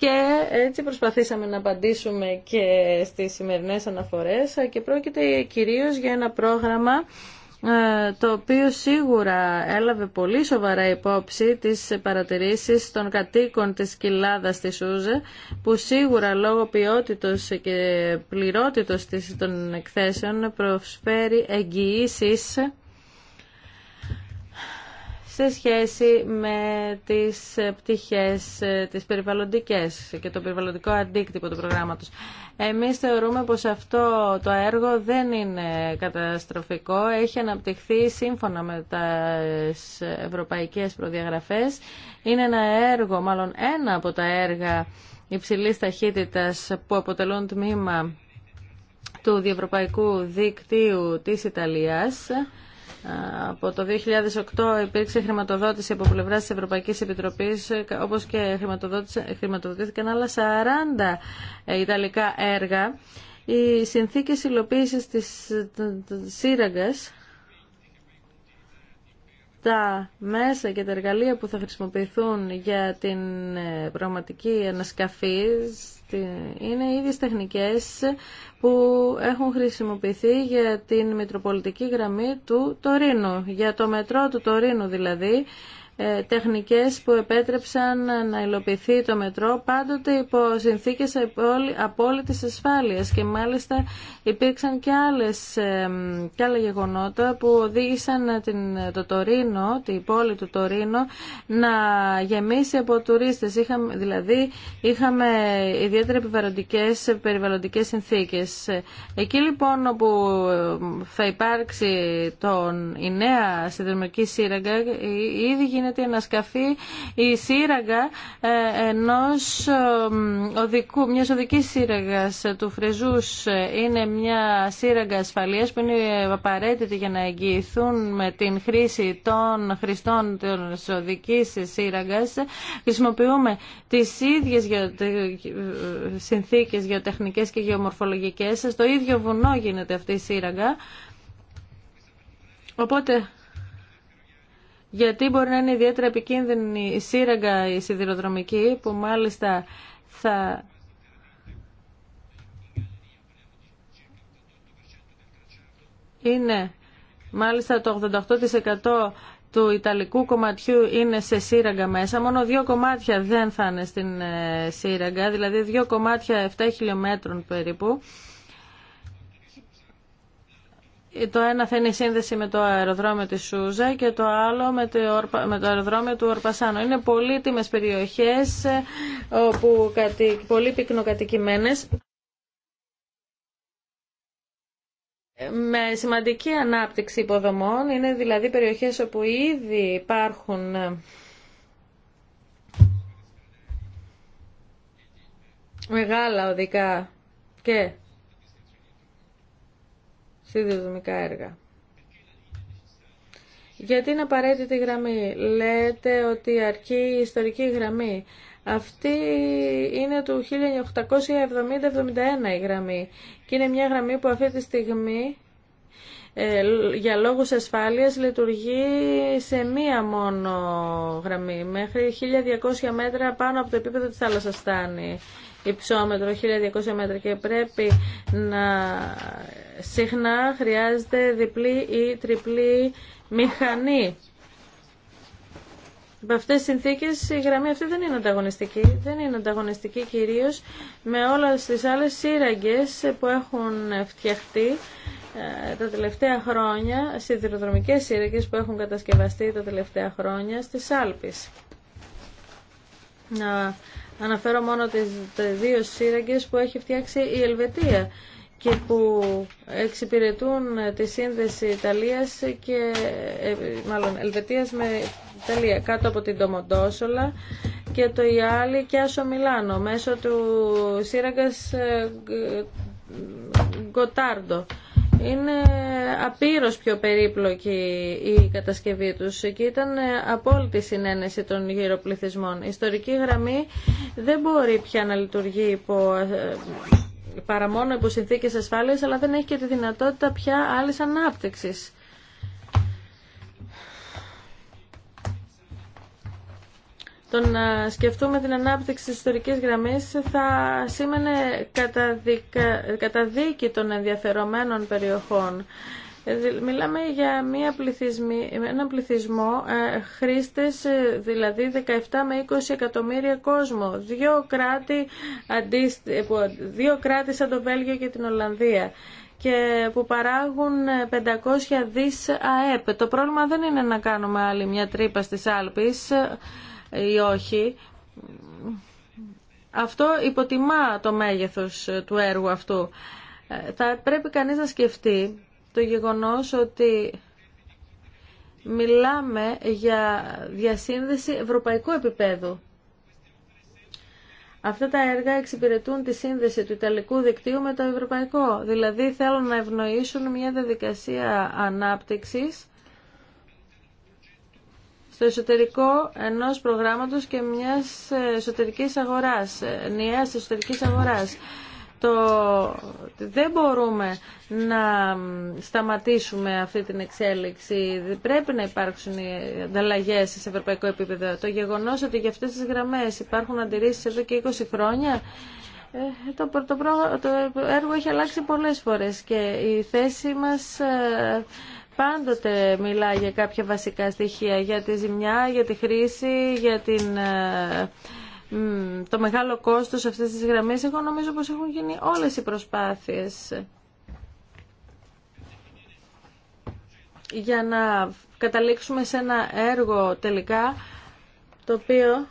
Speaker 3: Και έτσι προσπαθήσαμε να απαντήσουμε και στις σημερινές αναφορές και πρόκειται κυρίως για ένα πρόγραμμα ε, το οποίο σίγουρα έλαβε πολύ σοβαρά υπόψη τις παρατηρήσεις των κατοίκων της κοιλάδας της Ούζε που σίγουρα λόγω ποιότητος και πληρότητος των εκθέσεων προσφέρει εγγυήσεις σε σχέση με τις πτυχές, τις περιβαλλοντικές και το περιβαλλοντικό αντίκτυπο του προγράμματος. Εμείς θεωρούμε πως αυτό το έργο δεν είναι καταστροφικό, έχει αναπτυχθεί σύμφωνα με τις ευρωπαϊκές προδιαγραφές. Είναι ένα έργο, μάλλον ένα από τα έργα υψηλής ταχύτητας που αποτελούν τμήμα του Διευρωπαϊκού Δικτύου της Ιταλίας από το 2008 υπήρξε χρηματοδότηση από πλευρά τη Ευρωπαϊκή Επιτροπή, όπω και χρηματοδοτήθηκαν άλλα 40 ε, ιταλικά έργα. Οι συνθήκε υλοποίηση τη σύραγγα τα μέσα και τα εργαλεία που θα χρησιμοποιηθούν για την ε, πραγματική ανασκαφή είναι οι ίδιες τεχνικές που έχουν χρησιμοποιηθεί για την Μητροπολιτική Γραμμή του Τωρίνου, για το μετρό του Τωρίνου δηλαδή, ε, τεχνικές που επέτρεψαν να υλοποιηθεί το μετρό πάντοτε υπό συνθήκες απόλυτης ασφάλειας και μάλιστα υπήρξαν και, άλλες, ε, και άλλα γεγονότα που οδήγησαν την, το Τωρίνο, την πόλη του Τωρίνο να γεμίσει από τουρίστες. Είχαμε, δηλαδή είχαμε ιδιαίτερα επιβαροντικές περιβαλλοντικές συνθήκες. Εκεί λοιπόν όπου θα υπάρξει τον, η νέα συνδρομική σύραγγα ε, ήδη γίνεται ότι ανασκαφεί η σύραγγα ε, ενός ε, οδικού, μιας οδικής σύραγγας του Φρεζούς. Είναι μια σύραγγα ασφαλείας που είναι απαραίτητη για να εγγυηθούν με την χρήση των χρηστών της οδικής σύραγγας. Χρησιμοποιούμε τις ίδιες συνθήκες γεωτεχνικές και γεωμορφολογικές. Στο ίδιο βουνό γίνεται αυτή η σύραγγα. Οπότε γιατί μπορεί να είναι ιδιαίτερα επικίνδυνη η σύραγγα η σιδηροδρομική που μάλιστα θα είναι μάλιστα το 88% του ιταλικού κομματιού είναι σε σύραγγα μέσα. Μόνο δύο κομμάτια δεν θα είναι στην ε, σύραγγα, δηλαδή δύο κομμάτια 7 χιλιόμετρων περίπου το ένα θα είναι η σύνδεση με το αεροδρόμιο της Σούζα και το άλλο με το, με αεροδρόμιο του Ορπασάνο. Είναι πολύτιμες περιοχές, ε, όπου πολύ πυκνοκατοικημένες, με σημαντική ανάπτυξη υποδομών. Είναι δηλαδή περιοχές όπου ήδη υπάρχουν ε, μεγάλα οδικά και σιδηροδρομικά έργα. Γιατί είναι απαραίτητη η γραμμή. Λέτε ότι αρκεί η ιστορική γραμμή. Αυτή είναι του 1870-71 η γραμμή και είναι μια γραμμή που αυτή τη στιγμή ε, για λόγους ασφάλειας λειτουργεί σε μία μόνο γραμμή. Μέχρι 1200 μέτρα πάνω από το επίπεδο της θάλασσας στάνει υψόμετρο 1200 μέτρα και πρέπει να συχνά χρειάζεται διπλή ή τριπλή μηχανή. Με αυτέ τι συνθήκε η γραμμή αυτή δεν είναι ανταγωνιστική. Δεν είναι ανταγωνιστική κυρίω με όλε τις άλλε σύραγγε που έχουν φτιαχτεί ε, τα τελευταία χρόνια, σιδηροδρομικέ σύραγγε που έχουν κατασκευαστεί τα τελευταία χρόνια στι Άλπεις. Να Αναφέρω μόνο τις, δύο σύραγγες που έχει φτιάξει η Ελβετία και που εξυπηρετούν ε, τη σύνδεση Ιταλίας και ε, μάλλον Ελβετίας με Ιταλία κάτω από την Τομοντόσολα και το ιαλι και Άσο Μιλάνο μέσω του σύραγγας ε, Γκοτάρντο είναι απείρως πιο περίπλοκη η κατασκευή τους και ήταν απόλυτη συνένεση των γύρω πληθυσμών. Η ιστορική γραμμή δεν μπορεί πια να λειτουργεί υπό ε, παρά μόνο υπό συνθήκε ασφάλεια, αλλά δεν έχει και τη δυνατότητα πια άλλη ανάπτυξης. Το να σκεφτούμε την ανάπτυξη της ιστορικής γραμμής θα σήμαινε καταδίκη των ενδιαφερομένων περιοχών. Ε, μιλάμε για μια έναν πληθυσμό ε, χρήστες, ε, δηλαδή 17 με 20 εκατομμύρια κόσμο. Δύο κράτη, ε, δύο κράτη σαν το Βέλγιο και την Ολλανδία και που παράγουν 500 δις ΑΕΠ. Το πρόβλημα δεν είναι να κάνουμε άλλη μια τρύπα στις Άλπεις, ή όχι, αυτό υποτιμά το μέγεθος του έργου αυτού. Ε, θα πρέπει κανείς να σκεφτεί το γεγονός ότι μιλάμε για διασύνδεση ευρωπαϊκού επίπεδου. Αυτά τα έργα εξυπηρετούν τη σύνδεση του Ιταλικού δικτύου με το Ευρωπαϊκό. Δηλαδή θέλουν να ευνοήσουν μια διαδικασία ανάπτυξης στο εσωτερικό ενός προγράμματος και μιας εσωτερικής αγοράς, νέας εσωτερικής αγοράς. Το... Δεν μπορούμε να σταματήσουμε αυτή την εξέλιξη. Πρέπει να υπάρξουν οι ανταλλαγέ σε ευρωπαϊκό επίπεδο. Το γεγονό ότι για αυτές τις γραμμές υπάρχουν αντιρρήσεις εδώ και 20 χρόνια ε, το, το, το έργο έχει αλλάξει πολλές φορές και η θέση μας ε, πάντοτε μιλάει για κάποια βασικά στοιχεία, για τη ζημιά, για τη χρήση, για την, ε, το μεγάλο κόστος αυτής της γραμμής. Εγώ νομίζω πως έχουν γίνει όλες οι προσπάθειες για να καταλήξουμε σε ένα έργο τελικά το οποίο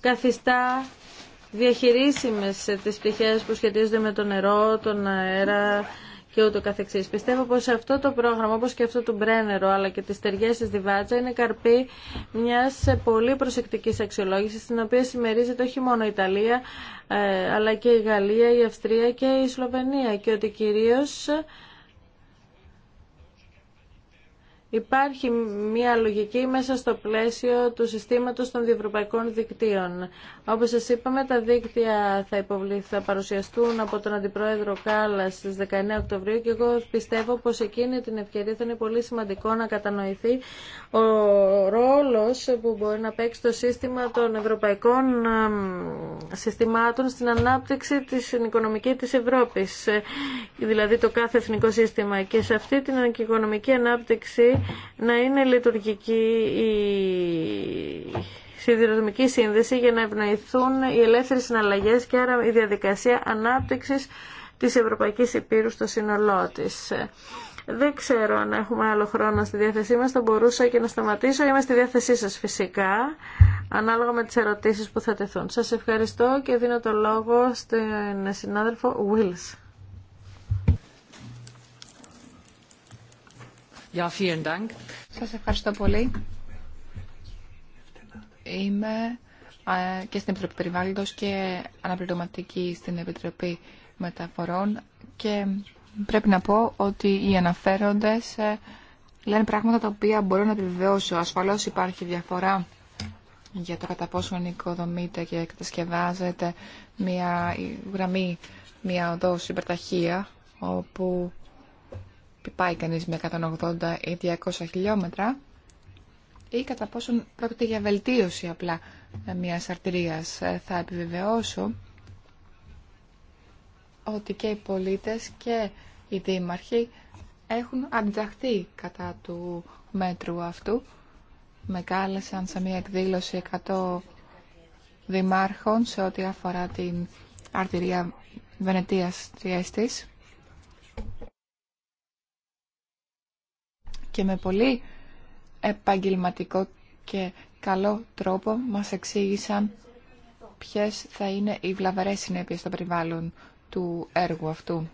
Speaker 3: καθιστά διαχειρίσιμες τις πτυχές που σχετίζονται με το νερό, τον αέρα, και ούτω καθεξής. Πιστεύω πως αυτό το πρόγραμμα, όπως και αυτό του Μπρένερο, αλλά και τις ταιριές της Διβάτσα, είναι καρπή μιας πολύ προσεκτικής αξιολόγησης, στην οποία συμμερίζεται όχι μόνο η Ιταλία, ε, αλλά και η Γαλλία, η Αυστρία και η Σλοβενία και ότι κυρίως Υπάρχει μια λογική μέσα στο πλαίσιο του συστήματος των διευρωπαϊκών δικτύων. Όπως σας είπαμε, τα δίκτυα θα, παρουσιαστούν από τον Αντιπρόεδρο Κάλλα στις 19 Οκτωβρίου και εγώ πιστεύω πως εκείνη την ευκαιρία θα είναι πολύ σημαντικό να κατανοηθεί ο ρόλος που μπορεί να παίξει το σύστημα των ευρωπαϊκών συστημάτων στην ανάπτυξη της οικονομικής της Ευρώπης, δηλαδή το κάθε εθνικό σύστημα. Και σε αυτή την οικονομική ανάπτυξη να είναι λειτουργική η σιδηροδρομική σύνδεση για να ευνοηθούν οι ελεύθερες συναλλαγές και άρα η διαδικασία ανάπτυξης της Ευρωπαϊκής Υπήρου στο σύνολό της. Δεν ξέρω αν έχουμε άλλο χρόνο στη διάθεσή μας, θα μπορούσα και να σταματήσω. Είμαι στη διάθεσή σας φυσικά, ανάλογα με τις ερωτήσεις που θα τεθούν. Σας ευχαριστώ και δίνω το λόγο στον συνάδελφο Wills.
Speaker 5: Σας ευχαριστώ πολύ. Είμαι και στην Επιτροπή Περιβάλλοντος και αναπληρωματική στην Επιτροπή Μεταφορών και πρέπει να πω ότι οι αναφέροντες ε, λένε πράγματα τα οποία μπορώ να επιβεβαιώσω. Ασφαλώς υπάρχει διαφορά για το κατά πόσο νοικοδομείται και κατασκευάζεται μια γραμμή, μια οδός υπερταχεία, όπου πάει κανείς με 180 ή 200 χιλιόμετρα ή κατά πόσον πρόκειται για βελτίωση απλά ε, μιας αρτηρίας. Ε, θα επιβεβαιώσω ότι και οι πολίτες και οι δήμαρχοι έχουν αντιταχθεί κατά του μέτρου αυτού. Με κάλεσαν σε μια εκδήλωση 100 δημάρχων σε ό,τι αφορά την αρτηρία Βενετίας Τριέστης και με πολύ επαγγελματικό και καλό τρόπο μας εξήγησαν ποιες θα είναι οι βλαβερές συνέπειες στο περιβάλλον του έργου αυτού.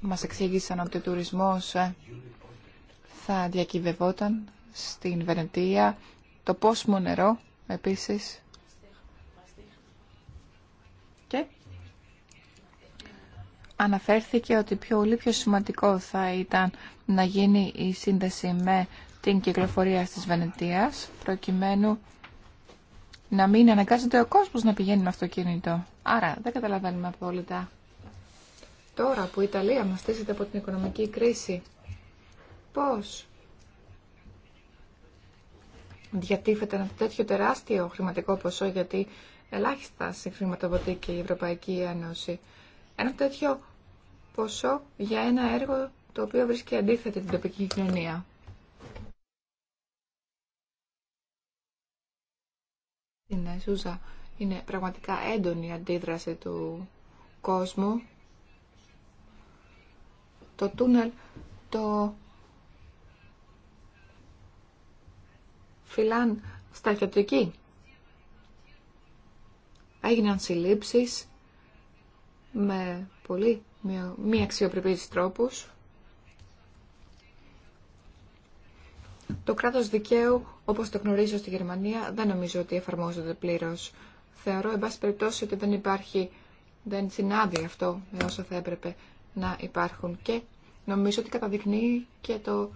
Speaker 5: Μας εξήγησαν ότι ο τουρισμός ε, θα διακυβευόταν στην Βενετία, το πόσμο νερό επίσης αναφέρθηκε ότι πιο πιο σημαντικό θα ήταν να γίνει η σύνδεση με την κυκλοφορία της Βενετίας προκειμένου να μην αναγκάζεται ο κόσμος να πηγαίνει με αυτοκίνητο. Άρα δεν καταλαβαίνουμε απόλυτα. Τώρα που η Ιταλία μας από την οικονομική κρίση, πώς διατίθεται ένα τέτοιο τεράστιο χρηματικό ποσό γιατί ελάχιστα συγχρηματοδοτεί και η Ευρωπαϊκή Ένωση. Ένα τέτοιο ποσό για ένα έργο το οποίο βρίσκει αντίθετη την τοπική κοινωνία. Είναι, Σούζα, είναι πραγματικά έντονη η αντίδραση του κόσμου. Το τούνελ, το φυλάν στρατιωτική. Έγιναν συλλήψεις με πολύ με μη αξιοπρεπείς τρόπους. Το κράτος δικαίου, όπως το γνωρίζω στη Γερμανία, δεν νομίζω ότι εφαρμόζεται πλήρως. Θεωρώ, εν πάση περιπτώσει, ότι δεν υπάρχει, δεν συνάδει αυτό με όσα θα έπρεπε να υπάρχουν. Και νομίζω ότι καταδεικνύει και το,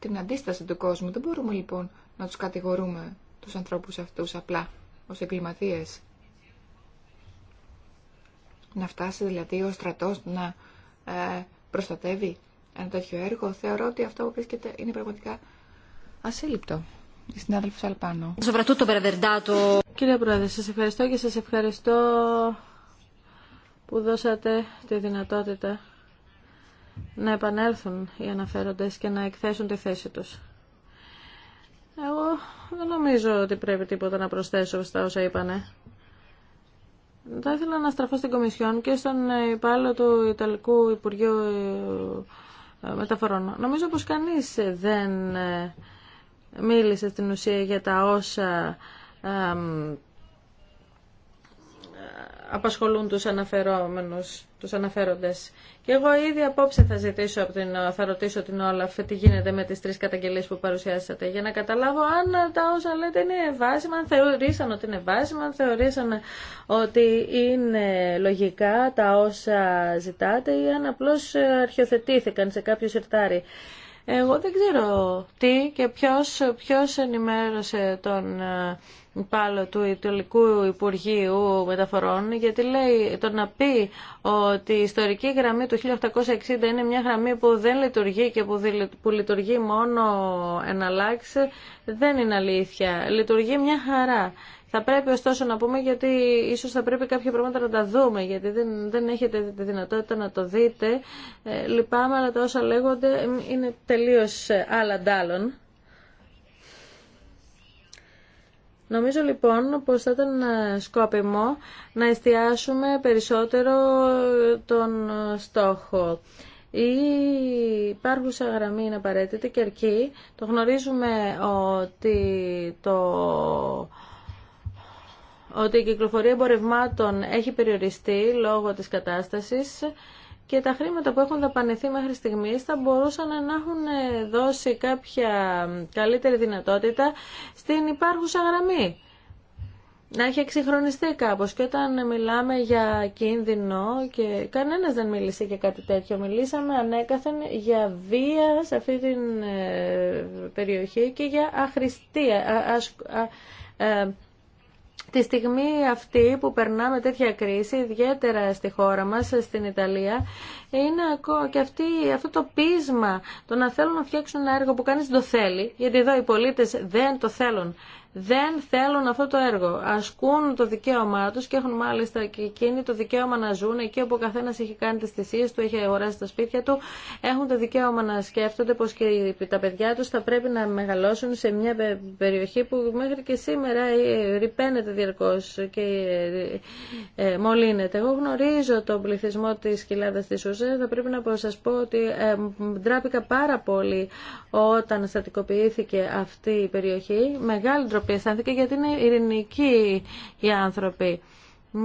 Speaker 5: την αντίσταση του κόσμου. Δεν μπορούμε λοιπόν να τους κατηγορούμε τους ανθρώπους αυτούς απλά ως εγκληματίες να φτάσει δηλαδή ο στρατός να ε, προστατεύει ένα τέτοιο έργο, θεωρώ ότι αυτό που βρίσκεται είναι πραγματικά ασύλληπτο. Η το Αλπάνο. Κύριε Πρόεδρε, σας
Speaker 3: ευχαριστώ και σας ευχαριστώ που δώσατε τη δυνατότητα να επανέλθουν οι αναφέροντες και να εκθέσουν τη θέση τους. Εγώ δεν νομίζω ότι πρέπει τίποτα να προσθέσω στα όσα είπανε. Θα ήθελα να στραφώ στην Κομισιόν και στον υπάλληλο του Ιταλικού Υπουργείου ε, Μεταφορών. Νομίζω πως κανείς δεν ε, μίλησε στην ουσία για τα όσα ε, απασχολούν τους αναφερόμενους, τους αναφέροντες. Και εγώ ήδη απόψε θα, ζητήσω από την, θα ρωτήσω την Όλαφ τι γίνεται με τις τρεις καταγγελίες που παρουσιάσατε για να καταλάβω αν τα όσα λέτε είναι βάσιμα, αν θεωρήσαν ότι είναι βάσιμα, αν θεωρήσαν ότι είναι λογικά τα όσα ζητάτε ή αν απλώς αρχιοθετήθηκαν σε κάποιο σιρτάρι. Εγώ δεν ξέρω τι και ποιος, ποιος ενημέρωσε τον πάλο του Ιταλικού Υπουργείου Μεταφορών γιατί λέει το να πει ότι η ιστορική γραμμή του 1860 είναι μια γραμμή που δεν λειτουργεί και που, λειτουργεί μόνο εναλλάξ δεν είναι αλήθεια. Λειτουργεί μια χαρά. Θα πρέπει ωστόσο να πούμε γιατί ίσως θα πρέπει κάποια πράγματα να τα δούμε γιατί δεν, δεν έχετε τη δυνατότητα να το δείτε. Ε, λυπάμαι αλλά τα όσα λέγονται είναι τελείως άλλα ντάλλον. Νομίζω λοιπόν πως θα ήταν ε, σκόπιμο να εστιάσουμε περισσότερο ε, τον ε, στόχο. Η υπάρχουσα γραμμή είναι απαραίτητη και αρκεί. Το γνωρίζουμε ότι το ότι η κυκλοφορία εμπορευμάτων έχει περιοριστεί λόγω της κατάστασης και τα χρήματα που έχουν δαπανηθεί μέχρι στιγμή θα μπορούσαν να έχουν ε, δώσει κάποια καλύτερη δυνατότητα στην υπάρχουσα γραμμή. Να έχει εξυγχρονιστεί κάπως και όταν μιλάμε για κίνδυνο και κανένας δεν μίλησε για κάτι τέτοιο. Μιλήσαμε ανέκαθεν για βία σε αυτή την ε, περιοχή και για αχρηστία, ε, Τη στιγμή αυτή που περνάμε τέτοια κρίση, ιδιαίτερα στη χώρα μας, στην Ιταλία, είναι και αυτή, αυτό το πείσμα το να θέλουν να φτιάξουν ένα έργο που κανείς δεν το θέλει, γιατί εδώ οι πολίτες δεν το θέλουν δεν θέλουν αυτό το έργο. Ασκούν το δικαίωμά τους και έχουν μάλιστα και εκείνοι το δικαίωμα να ζουν εκεί όπου ο καθένας έχει κάνει τις θυσίες του, έχει αγοράσει τα σπίτια του. Έχουν το δικαίωμα να σκέφτονται πως και τα παιδιά τους θα πρέπει να μεγαλώσουν σε μια περιοχή που μέχρι και σήμερα ε, ρηπαίνεται διαρκώς και ε, ε, μολύνεται. Εγώ γνωρίζω τον πληθυσμό της κοιλάδας της Ουζέ. Θα πρέπει να σας πω ότι ντράπηκα πάρα πολύ όταν στατικοποιήθηκε αυτή η περιοχή. Μεγάλη άνθρωποι. Αισθάνθηκε γιατί είναι ειρηνικοί οι άνθρωποι.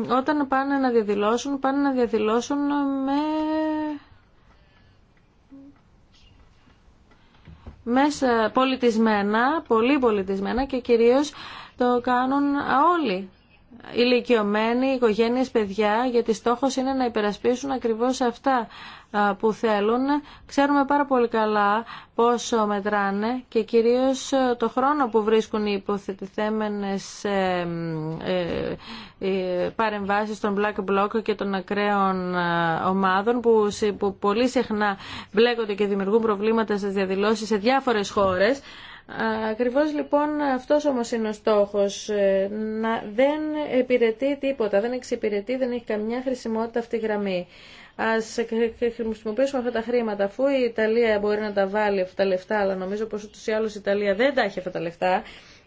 Speaker 3: Όταν πάνε να διαδηλώσουν, πάνε να διαδηλώσουν με... μέσα πολιτισμένα, πολύ πολιτισμένα και κυρίως το κάνουν όλοι ηλικιωμένοι, οικογένειες, παιδιά, γιατί στόχος είναι να υπερασπίσουν ακριβώς αυτά που θέλουν. Ξέρουμε πάρα πολύ καλά πόσο μετράνε και κυρίως το χρόνο που βρίσκουν οι υποθετηθέμενες ε, ε, ε, παρεμβάσεις των Black block και των ακραίων ομάδων που πολύ συχνά μπλέκονται και δημιουργούν προβλήματα στις διαδηλώσεις σε διάφορες χώρες. Ακριβώς λοιπόν αυτός όμως είναι ο στόχος, ε, να δεν επιρετεί τίποτα, δεν εξυπηρετεί, δεν έχει καμιά χρησιμότητα αυτή η γραμμή. Ας χρησιμοποιήσουμε αυτά τα χρήματα, αφού η Ιταλία μπορεί να τα βάλει αυτά τα λεφτά, αλλά νομίζω πως ούτω ή άλλω η αλλω η ιταλια δεν τα έχει αυτά τα λεφτά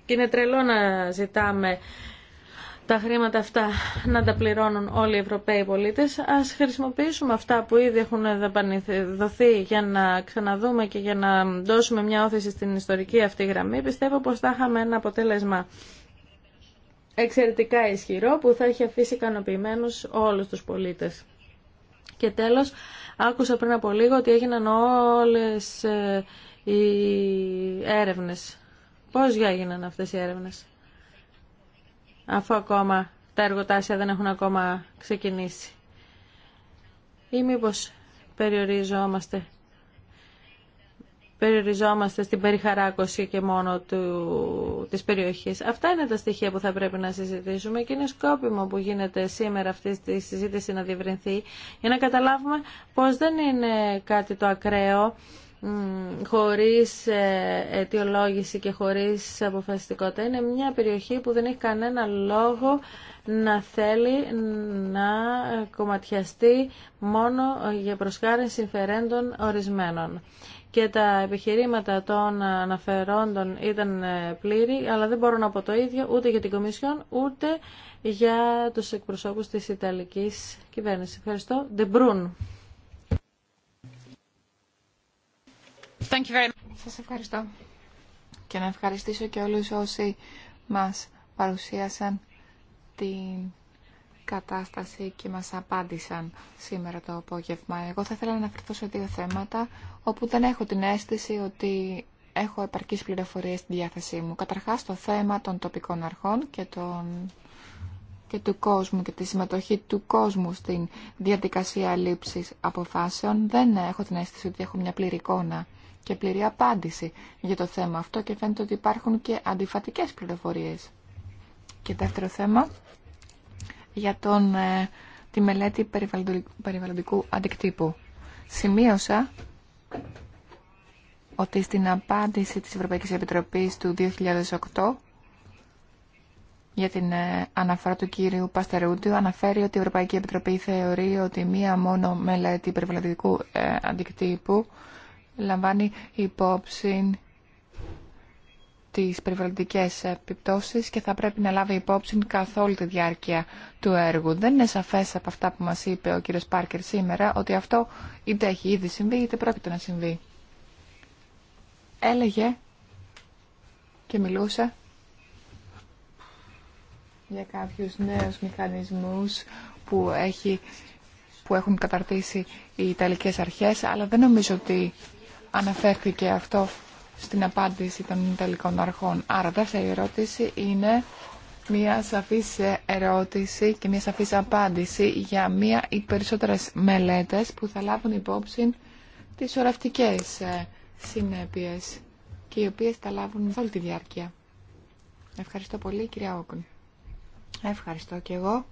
Speaker 3: και είναι τρελό να ζητάμε τα χρήματα αυτά να τα πληρώνουν όλοι οι Ευρωπαίοι πολίτες. Ας χρησιμοποιήσουμε αυτά που ήδη έχουν δοθεί για να ξαναδούμε και για να δώσουμε μια όθηση στην ιστορική αυτή γραμμή. Πιστεύω πως θα είχαμε ένα αποτέλεσμα εξαιρετικά ισχυρό που θα έχει αφήσει ικανοποιημένου όλους τους πολίτες. Και τέλος, άκουσα πριν από λίγο ότι έγιναν όλες ε, οι έρευνες. Πώς έγιναν αυτές οι έρευνες αφού ακόμα τα εργοτάσια δεν έχουν ακόμα ξεκινήσει. Ή μήπω περιοριζόμαστε περιοριζόμαστε στην περιχαράκωση και μόνο του, της περιοχής. Αυτά είναι τα στοιχεία που θα πρέπει να συζητήσουμε και είναι σκόπιμο που γίνεται σήμερα αυτή τη συζήτηση να διευρυνθεί για να καταλάβουμε πως δεν είναι κάτι το ακραίο χωρίς ε, αιτιολόγηση και χωρίς αποφασιστικότητα. Είναι μια περιοχή που δεν έχει κανένα λόγο να θέλει να κομματιαστεί μόνο για προσκάρες συμφερέντων ορισμένων. Και τα επιχειρήματα των αναφερόντων ήταν ε, πλήρη, αλλά δεν μπορώ να πω το ίδιο ούτε για την Κομισιόν, ούτε για τους εκπροσώπους της Ιταλικής κυβέρνησης. Ευχαριστώ.
Speaker 5: Σας ευχαριστώ. Και να ευχαριστήσω και όλους όσοι μας παρουσίασαν την κατάσταση και μας απάντησαν σήμερα το απόγευμα. Εγώ θα ήθελα να αναφερθώ σε δύο θέματα όπου δεν έχω την αίσθηση ότι έχω επαρκείς πληροφορίες στη διάθεσή μου. Καταρχάς το θέμα των τοπικών αρχών και, των... και του κόσμου και τη συμμετοχή του κόσμου στην διαδικασία λήψης αποφάσεων. Δεν έχω την αίσθηση ότι έχω μια πλήρη εικόνα και πλήρη απάντηση για το θέμα αυτό και φαίνεται ότι υπάρχουν και αντιφατικές πληροφορίες. Και δεύτερο θέμα, για τον, ε, τη μελέτη περιβαλλοντικού αντικτύπου. Σημείωσα ότι στην απάντηση της Ευρωπαϊκής Επιτροπής του 2008 για την ε, αναφορά του κύριου Παστερούντιου αναφέρει ότι η Ευρωπαϊκή Επιτροπή θεωρεί ότι μία μόνο μελέτη περιβαλλοντικού ε, αντικτύπου λαμβάνει υπόψη τις περιβαλλοντικές επιπτώσεις και θα πρέπει να λάβει υπόψη καθ' όλη τη διάρκεια του έργου. Δεν είναι σαφές από αυτά που μας είπε ο κύριος Πάρκερ σήμερα ότι αυτό είτε έχει ήδη συμβεί είτε πρόκειται να συμβεί. Έλεγε και μιλούσε για κάποιους νέους μηχανισμούς που, έχει, που έχουν καταρτήσει οι Ιταλικές αρχές, αλλά δεν νομίζω ότι αναφέρθηκε αυτό στην απάντηση των τελικών αρχών. Άρα, δεύτερη ερώτηση είναι μια σαφής ερώτηση και μια σαφής απάντηση για μία ή περισσότερες μελέτες που θα λάβουν υπόψη τις οραυτικές ε, συνέπειες και οι οποίες θα λάβουν όλη τη διάρκεια. Ευχαριστώ πολύ, κυρία Όκουν. Ευχαριστώ και εγώ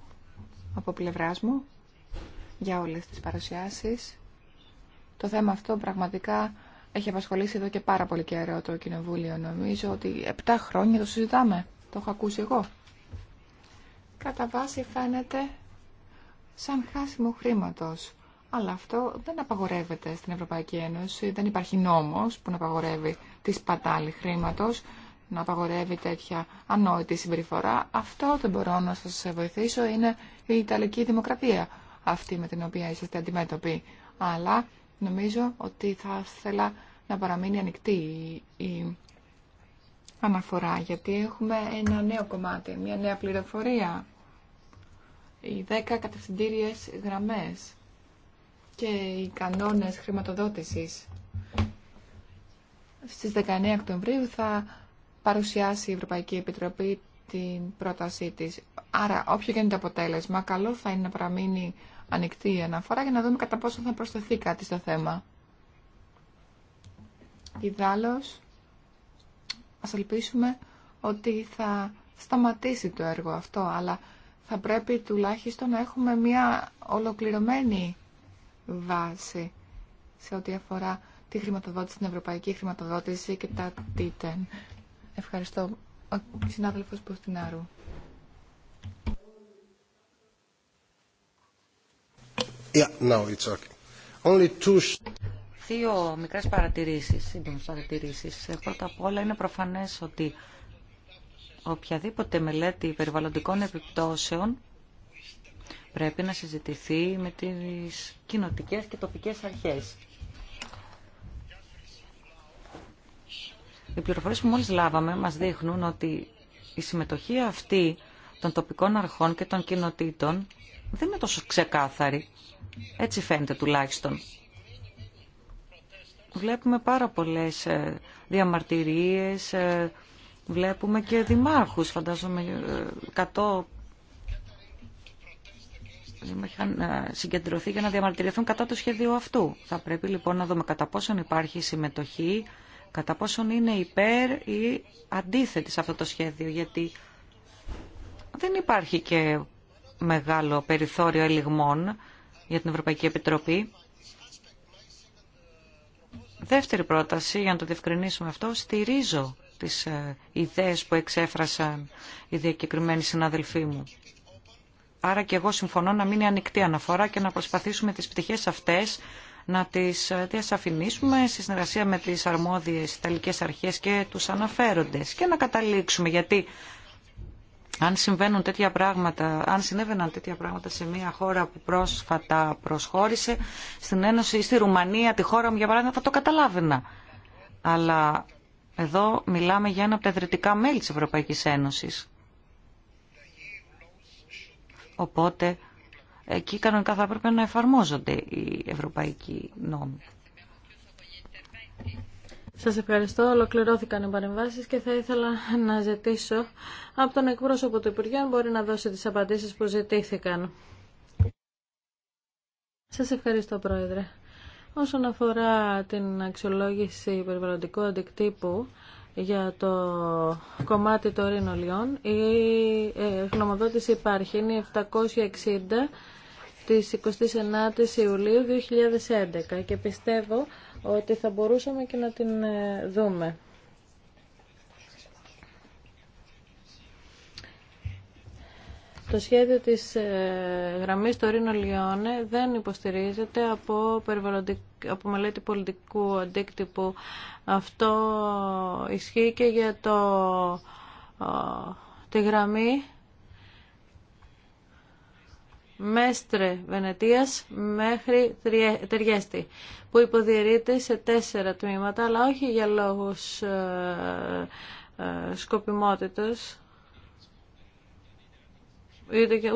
Speaker 5: από πλευράς μου για όλες τις παρουσιάσεις. Το θέμα αυτό πραγματικά έχει απασχολήσει εδώ και πάρα πολύ καιρό το Κοινοβούλιο. Νομίζω ότι 7 χρόνια το συζητάμε. Το έχω ακούσει εγώ. Κατά βάση φαίνεται σαν χάσιμο χρήματος. Αλλά αυτό δεν απαγορεύεται στην Ευρωπαϊκή Ένωση. Δεν υπάρχει νόμος που να απαγορεύει τη σπατάλη χρήματος, να απαγορεύει τέτοια ανόητη συμπεριφορά. Αυτό δεν μπορώ να σας βοηθήσω. Είναι η Ιταλική Δημοκρατία αυτή με την οποία είσαστε αντιμέτωποι. Αλλά Νομίζω ότι θα ήθελα να παραμείνει ανοιχτή η αναφορά, γιατί έχουμε ένα νέο κομμάτι, μια νέα πληροφορία. Οι 10 κατευθυντήριες γραμμές και οι κανόνες χρηματοδότησης. Στις 19 Οκτωβρίου θα παρουσιάσει η Ευρωπαϊκή Επιτροπή την πρότασή της. Άρα, όποιο και είναι το αποτέλεσμα, καλό θα είναι να παραμείνει ανοιχτή η αναφορά για να δούμε κατά πόσο θα προσθεθεί κάτι στο θέμα. Ιδάλλως, ας ελπίσουμε ότι θα σταματήσει το έργο αυτό, αλλά θα πρέπει τουλάχιστον να έχουμε μια ολοκληρωμένη βάση σε ό,τι αφορά τη χρηματοδότηση, την ευρωπαϊκή χρηματοδότηση και τα τίτεν. Ευχαριστώ. Ο συνάδελφος Ποστινάρου.
Speaker 1: Yeah,
Speaker 4: Δύο μικρές παρατηρήσεις, σύντομε παρατηρήσεις. Ε, πρώτα απ' όλα είναι προφανές ότι οποιαδήποτε μελέτη περιβαλλοντικών επιπτώσεων πρέπει να συζητηθεί με τι κοινότικέ και τοπικέ αρχέ. Οι πληροφορίε που μόλι λάβαμε μας δείχνουν ότι η συμμετοχή αυτή των τοπικών αρχών και των κοινοτήτων δεν είναι τόσο ξεκάθαρη. Έτσι φαίνεται τουλάχιστον. Βλέπουμε πάρα πολλές ε, διαμαρτυρίες, ε, βλέπουμε και δημάρχους, φαντάζομαι ε, κάτω είχαν συγκεντρωθεί για να διαμαρτυρηθούν κατά το σχέδιο αυτού. Θα πρέπει λοιπόν να δούμε κατά πόσον υπάρχει συμμετοχή, κατά πόσον είναι υπέρ ή αντίθετη σε αυτό το σχέδιο, γιατί δεν υπάρχει και μεγάλο περιθώριο ελιγμών για την Ευρωπαϊκή Επιτροπή. Δεύτερη πρόταση, για να το διευκρινίσουμε αυτό, στηρίζω τις ε, ιδέες που εξέφρασαν οι διακεκριμένοι συναδελφοί μου. Άρα και εγώ συμφωνώ να μείνει ανοιχτή αναφορά και να προσπαθήσουμε τις πτυχές αυτές να τις ε, διασαφηνίσουμε στη συνεργασία με τις αρμόδιες Ιταλικές Αρχές και τους αναφέροντες και να καταλήξουμε γιατί αν συμβαίνουν τέτοια πράγματα, αν συνέβαιναν τέτοια πράγματα σε μια χώρα που πρόσφατα προσχώρησε στην Ένωση ή στη Ρουμανία, τη χώρα μου για παράδειγμα, θα το καταλάβαινα. Αλλά εδώ μιλάμε για ένα από τα ιδρυτικά μέλη της Ευρωπαϊκής Ένωσης. Οπότε εκεί κανονικά θα έπρεπε να εφαρμόζονται οι ευρωπαϊκοί νόμοι.
Speaker 3: Σας ευχαριστώ. Ολοκληρώθηκαν οι παρεμβάσει και θα ήθελα <laughs> να ζητήσω από τον εκπρόσωπο του Υπουργείου αν μπορεί να δώσει τις απαντήσεις που ζητήθηκαν. Σας ευχαριστώ, Πρόεδρε. Όσον αφορά την αξιολόγηση περιβαλλοντικού αντικτύπου, για το κομμάτι των ρινολιών, Η ε, γνωμοδότηση υπάρχει, είναι 760 της 29 η Ιουλίου 2011 και πιστεύω ότι θα μπορούσαμε και να την ε, δούμε. Το σχέδιο της ε, γραμμής του Ρίνο Λιόνε δεν υποστηρίζεται από, από μελέτη πολιτικού αντίκτυπου. Αυτό ισχύει και για το, ε, τη γραμμή Μέστρε Βενετίας μέχρι Τεριέστη που υποδιαιρείται σε τέσσερα τμήματα αλλά όχι για λόγους ε, ε, σκοπιμότητας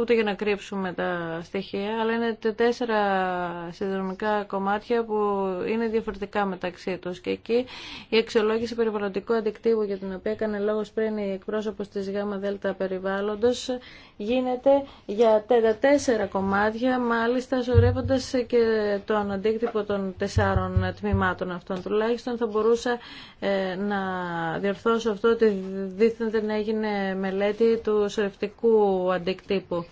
Speaker 3: ούτε για να κρύψουμε τα στοιχεία, αλλά είναι τέσσερα συνδρομικά κομμάτια που είναι διαφορετικά μεταξύ τους. Και εκεί η αξιολόγηση περιβαλλοντικού αντικτύπου για την οποία έκανε λόγος πριν η εκπρόσωπος της ΓΔ περιβάλλοντος γίνεται για τέσσερα κομμάτια, μάλιστα ζωρεύοντας και τον αντίκτυπο των τεσσάρων τμήματων αυτών. Τουλάχιστον θα μπορούσα ε, να διορθώσω αυτό ότι δίθεν δεν έγινε μελέτη του σωρευτικού αντικτύπου.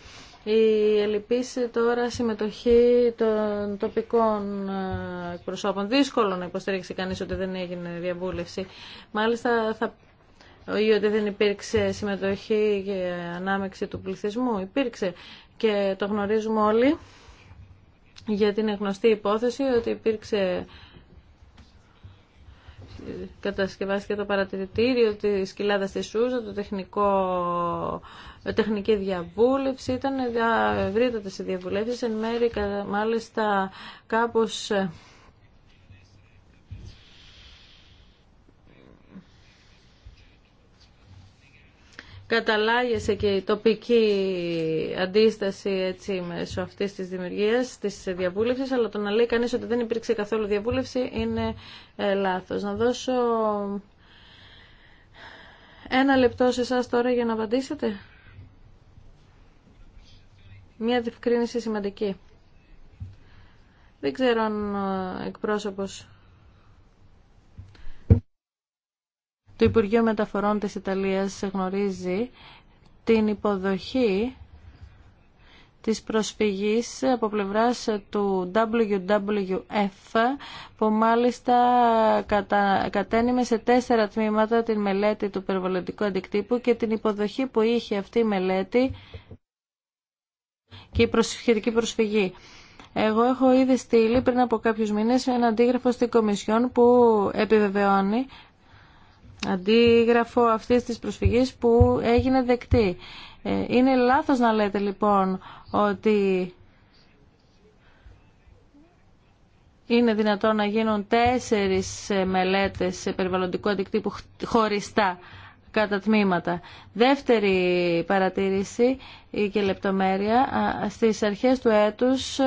Speaker 3: Η ελλειπής τώρα συμμετοχή των τοπικών ε, προσώπων. Δύσκολο να υποστηρίξει κανείς ότι δεν έγινε διαβούλευση. Μάλιστα θα ή ότι δεν υπήρξε συμμετοχή και ανάμεξη του πληθυσμού. Υπήρξε και το γνωρίζουμε όλοι για την γνωστή υπόθεση ότι υπήρξε κατασκευάστηκε το παρατηρητήριο τη Κοιλάδα της Σούζα, το τεχνικό, τεχνική διαβούλευση, ήταν ευρύτατες οι διαβουλεύσεις, εν μέρει μάλιστα κάπως ε, καταλάγεσαι και η τοπική αντίσταση έτσι, μέσω αυτή τη δημιουργίας, της διαβούλευσης, αλλά το να λέει κανείς ότι δεν υπήρξε καθόλου διαβούλευση είναι ε, λάθος. Να δώσω ένα λεπτό σε εσά τώρα για να απαντήσετε. Μια διευκρίνηση σημαντική. Δεν ξέρω αν ο εκπρόσωπος Το Υπουργείο Μεταφορών της Ιταλίας γνωρίζει την υποδοχή της προσφυγής από πλευράς του WWF που μάλιστα κατα... κατένιμε σε τέσσερα τμήματα την μελέτη του περιβαλλοντικού αντικτύπου και την υποδοχή που είχε αυτή η μελέτη και η σχετική προσφυγή. Εγώ έχω ήδη στείλει πριν από κάποιους μήνες ένα αντίγραφο στην Κομισιόν που επιβεβαιώνει αντίγραφο αυτής της προσφυγής που έγινε δεκτή. Ε, είναι λάθος να λέτε λοιπόν ότι είναι δυνατόν να γίνουν τέσσερις ε, μελέτες σε περιβαλλοντικό αντικτύπου χωριστά. Δεύτερη παρατήρηση και λεπτομέρεια. Στις αρχές του έτους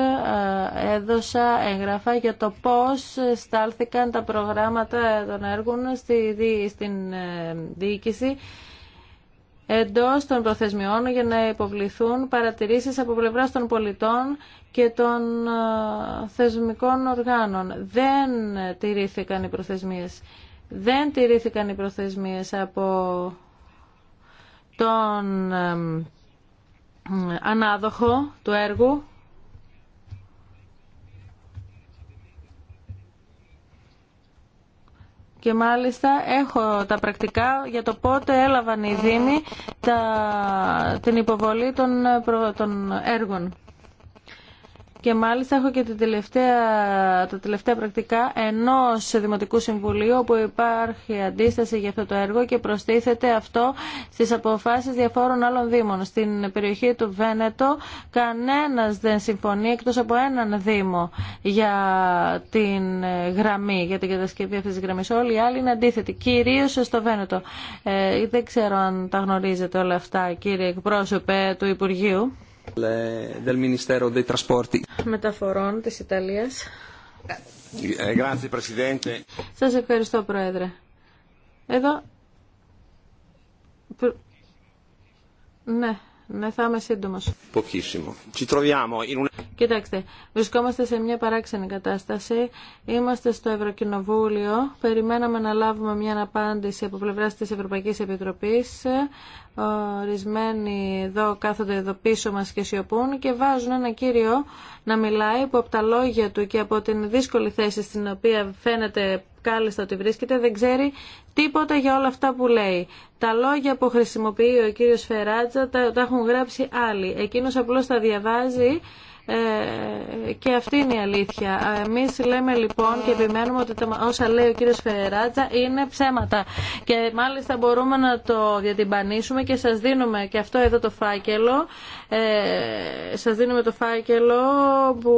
Speaker 3: έδωσα εγγραφά για το πώς στάλθηκαν τα προγράμματα των έργων στη, στην ε, διοίκηση εντός των προθεσμιών για να υποβληθούν παρατηρήσεις από πλευράς των πολιτών και των ε, θεσμικών οργάνων. Δεν τηρήθηκαν οι προθεσμίες δεν τηρήθηκαν οι προθεσμίες από τον ανάδοχο του έργου και μάλιστα έχω τα πρακτικά για το πότε έλαβαν οι Δήμοι την υποβολή των, των έργων. Και μάλιστα έχω και τα τελευταία, τα τελευταία πρακτικά ενό Δημοτικού Συμβουλίου όπου υπάρχει αντίσταση για αυτό το έργο και προστίθεται αυτό στι αποφάσει διαφόρων άλλων Δήμων. Στην περιοχή του Βένετο κανένα δεν συμφωνεί εκτό από έναν Δήμο για την γραμμή, για την κατασκευή αυτή τη γραμμή. Όλοι οι άλλοι είναι αντίθετοι, κυρίω στο Βένετο. Ε, δεν ξέρω αν τα γνωρίζετε όλα αυτά, κύριε εκπρόσωπε του Υπουργείου. Μεταφορών της Ιταλίας.
Speaker 1: Ε,
Speaker 3: Σας ευχαριστώ, Πρόεδρε. Εδώ... Ναι, ναι, θα είμαι σύντομος. Κοιτάξτε, βρισκόμαστε σε μια παράξενη κατάσταση. Είμαστε στο Ευρωκοινοβούλιο. Περιμέναμε να λάβουμε μια απάντηση από πλευρά τη Ευρωπαϊκή Επιτροπή. Ορισμένοι εδώ κάθονται εδώ πίσω μα και σιωπούν και βάζουν ένα κύριο να μιλάει που από τα λόγια του και από την δύσκολη θέση στην οποία φαίνεται κάλλιστα ότι βρίσκεται, δεν ξέρει τίποτα για όλα αυτά που λέει. Τα λόγια που χρησιμοποιεί ο κύριος Φεράτζα τα, έχουν γράψει άλλοι. Εκείνος απλώ τα διαβάζει ε, και αυτή είναι η αλήθεια. Εμεί λέμε λοιπόν και επιμένουμε ότι όσα λέει ο κύριο Φεράτσα είναι ψέματα. Και μάλιστα μπορούμε να το διατυμπανίσουμε και σα δίνουμε και αυτό εδώ το φάκελο. Ε, σας δίνουμε το φάκελο που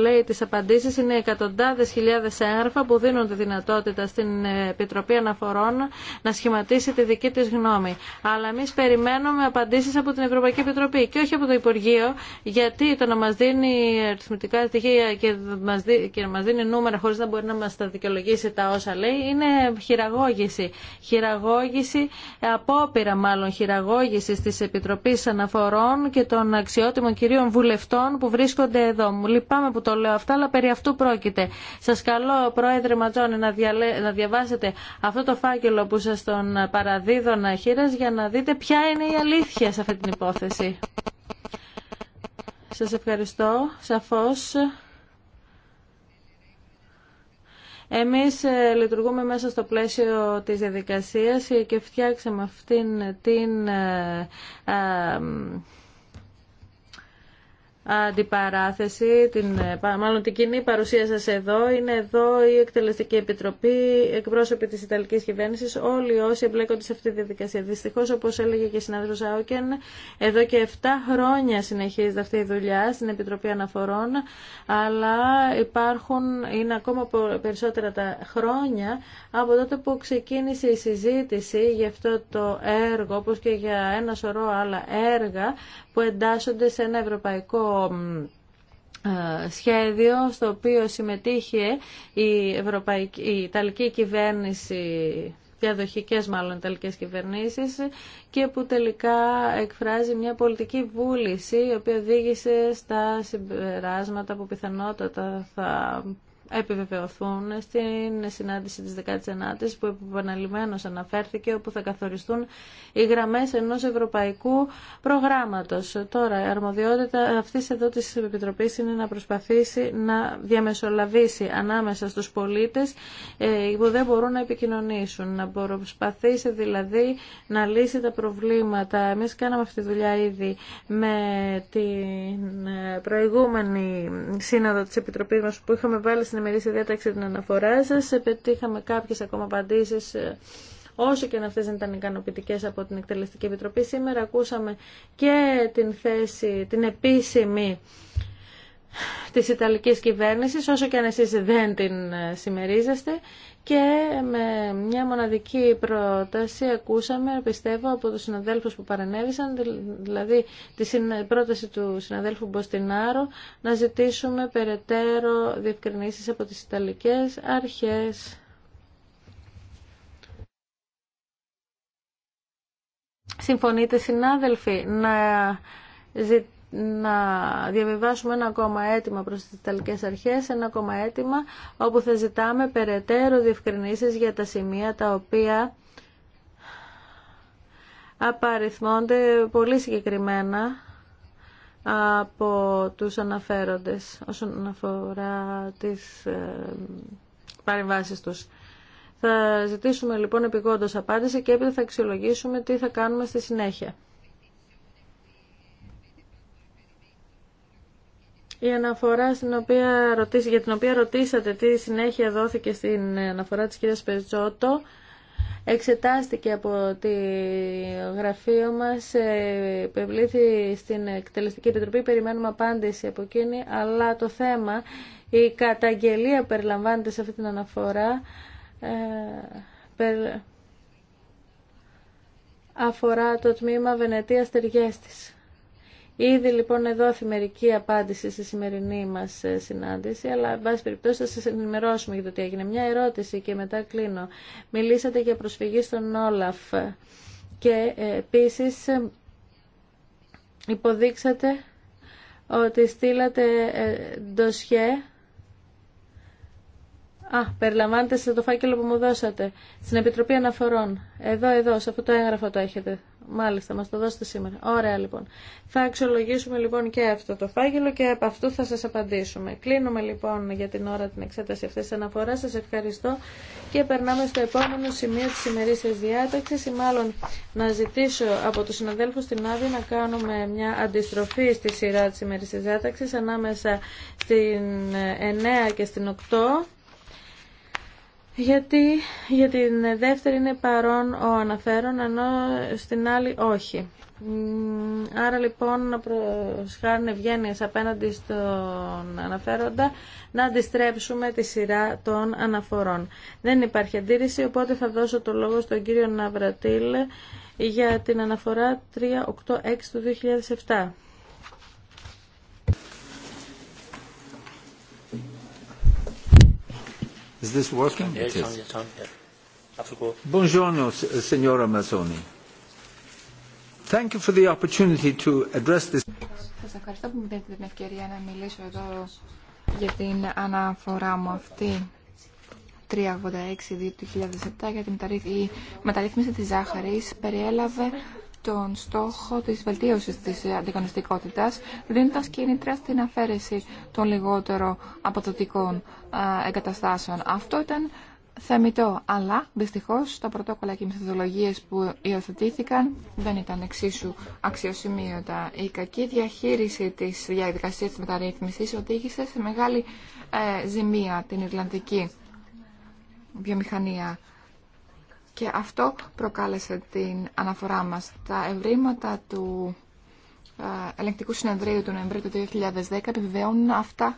Speaker 3: λέει τι απαντήσει Είναι εκατοντάδε. χιλιάδες έγγραφα που δίνουν τη δυνατότητα στην Επιτροπή Αναφορών να σχηματίσει τη δική τη γνώμη. Αλλά εμεί περιμένουμε απαντήσει από την Ευρωπαϊκή Επιτροπή και όχι από το Υπουργείο γιατί το να μας δίνει αριθμητικά στοιχεία και, μας δίνει, μας δίνει νούμερα χωρίς να μπορεί να μας τα δικαιολογήσει τα όσα λέει είναι χειραγώγηση. Χειραγώγηση, απόπειρα μάλλον χειραγώγηση τη επιτροπή Αναφορών και των αξιότιμων κυρίων βουλευτών που βρίσκονται εδώ. Μου λυπάμαι που το λέω αυτά αλλά περί αυτού πρόκειται. Σας καλώ Πρόεδρε Ματζόνη να, διαλέ... να διαβάσετε αυτό το φάκελο που σας τον παραδίδω να χείρας για να δείτε ποια είναι η αλήθεια σε αυτή την υπόθεση. Σας ευχαριστώ. Σαφώς εμείς ε, λειτουργούμε μέσα στο πλαίσιο της διαδικασίας και φτιάξαμε αυτήν την ε, ε, αντιπαράθεση, την, ε, μάλλον την κοινή παρουσία σας εδώ. Είναι εδώ η Εκτελεστική Επιτροπή, εκπρόσωποι της Ιταλικής κυβέρνηση, όλοι όσοι εμπλέκονται σε αυτή τη διαδικασία. Δυστυχώς, όπως έλεγε και η συνάδελφος Άουκεν, εδώ και 7 χρόνια συνεχίζεται αυτή η δουλειά στην Επιτροπή Αναφορών, αλλά υπάρχουν, είναι ακόμα περισσότερα τα χρόνια από τότε που ξεκίνησε η συζήτηση για αυτό το έργο, όπως και για ένα σωρό άλλα έργα που εντάσσονται σε ένα ευρωπαϊκό ε, σχέδιο στο οποίο συμμετείχε η, ευρωπαϊκή, Ιταλική κυβέρνηση διαδοχικές μάλλον ιταλικές κυβερνήσεις και που τελικά εκφράζει μια πολιτική βούληση η οποία οδήγησε στα συμπεράσματα που πιθανότατα θα επιβεβαιωθούν στην συνάντηση της 19ης που επαναλημμένως αναφέρθηκε όπου θα καθοριστούν οι γραμμές ενός ευρωπαϊκού προγράμματος. Τώρα η αρμοδιότητα αυτής εδώ της Επιτροπής είναι να προσπαθήσει να διαμεσολαβήσει ανάμεσα στους πολίτες ε, που δεν μπορούν να επικοινωνήσουν, να προσπαθήσει δηλαδή να λύσει τα προβλήματα. Εμείς κάναμε αυτή τη δουλειά ήδη με την προηγούμενη σύνοδο της Επιτροπής μας που είχαμε βάλει στην ημερήσια διάταξη την αναφορά σα. Επετύχαμε κάποιε ακόμα απαντήσει ε, όσο και αν αυτές δεν ήταν ικανοποιητικέ από την Εκτελεστική Επιτροπή. Σήμερα ακούσαμε και την θέση, την επίσημη της Ιταλικής κυβέρνησης, όσο και αν εσεί δεν την ε, συμμερίζεστε και με μια μοναδική πρόταση ακούσαμε, πιστεύω, από τους συναδέλφους που παρενέβησαν, δηλαδή τη πρόταση του συναδέλφου Μποστινάρο, να ζητήσουμε περαιτέρω διευκρινήσεις από τις Ιταλικές αρχές. Συμφωνείτε, συνάδελφοι, να ζητήσουμε να διαβιβάσουμε ένα ακόμα αίτημα προς τις Ιταλικές Αρχές, ένα ακόμα αίτημα όπου θα ζητάμε περαιτέρω διευκρινήσεις για τα σημεία τα οποία απαριθμώνται πολύ συγκεκριμένα από τους αναφέροντες όσον αφορά τις ε, παρεμβάσεις τους. Θα ζητήσουμε λοιπόν επικόντως απάντηση και έπειτα θα αξιολογήσουμε τι θα κάνουμε στη συνέχεια. Η αναφορά στην οποία για την οποία ρωτήσατε τι συνέχεια δόθηκε στην αναφορά της κυρίας Πεζότο εξετάστηκε από τη γραφείο μας, ε, ευλήθη στην Εκτελεστική Επιτροπή, περιμένουμε απάντηση από εκείνη, αλλά το θέμα, η καταγγελία που περιλαμβάνεται σε αυτή την αναφορά, ε, αφορά το τμήμα Βενετίας Τεργέστης. Ήδη λοιπόν εδώ μερική απάντηση στη σημερινή μας ε, συνάντηση, αλλά εν πάση περιπτώσει θα σας ενημερώσουμε για το τι έγινε. Μια ερώτηση και μετά κλείνω. Μιλήσατε για προσφυγή στον Όλαφ και ε, επίσης ε, υποδείξατε ότι στείλατε ντοσιέ Α, περιλαμβάνεται σε το φάκελο που μου δώσατε. Στην Επιτροπή Αναφορών. Εδώ, εδώ, σε αυτό το έγγραφο το έχετε. Μάλιστα, μας το δώσετε σήμερα. Ωραία, λοιπόν. Θα αξιολογήσουμε λοιπόν και αυτό το φάκελο και από αυτού θα σας απαντήσουμε. Κλείνουμε λοιπόν για την ώρα την εξέταση αυτής της αναφοράς. Σας ευχαριστώ και περνάμε στο επόμενο σημείο της ημερήσιας διάταξης ή μάλλον να ζητήσω από τους συναδέλφους στην άδεια να κάνουμε μια αντιστροφή στη σειρά τη ημερήσιας διάταξη ανάμεσα στην 9 και στην 8 γιατί για την δεύτερη είναι παρόν ο αναφέρον, ενώ στην άλλη όχι. Άρα λοιπόν να προσχάρουν ευγένειες απέναντι στον αναφέροντα να αντιστρέψουμε τη σειρά των αναφορών. Δεν υπάρχει αντίρρηση, οπότε θα δώσω το λόγο στον κύριο Ναυρατήλ για την αναφορά 386 του 2007.
Speaker 1: Is this working? It is. Buongiorno, Signora Mazzoni. Thank you for the opportunity to address this. Σας
Speaker 5: ευχαριστώ που μου δίνετε την ευκαιρία να μιλήσω εδώ για την αναφορά μου αυτή. 386-2007 για την μεταρρύθμιση της ζάχαρης περιέλαβε τον στόχο της βελτίωσης της αντικονιστικότητας, δίνοντας κίνητρα στην αφαίρεση των λιγότερο αποδοτικών εγκαταστάσεων. Αυτό ήταν θεμητό, αλλά δυστυχώς τα πρωτόκολλα και οι μεθοδολογίες που υιοθετήθηκαν δεν ήταν εξίσου αξιοσημείωτα. Η κακή διαχείριση της διαδικασίας της μεταρρύθμισης οδήγησε σε μεγάλη ε, ζημία την Ιρλανδική βιομηχανία και αυτό προκάλεσε την αναφορά μας. Τα ευρήματα του ε, ελεγκτικού συνεδρίου του Νοεμβρίου του 2010 επιβεβαιώνουν αυτά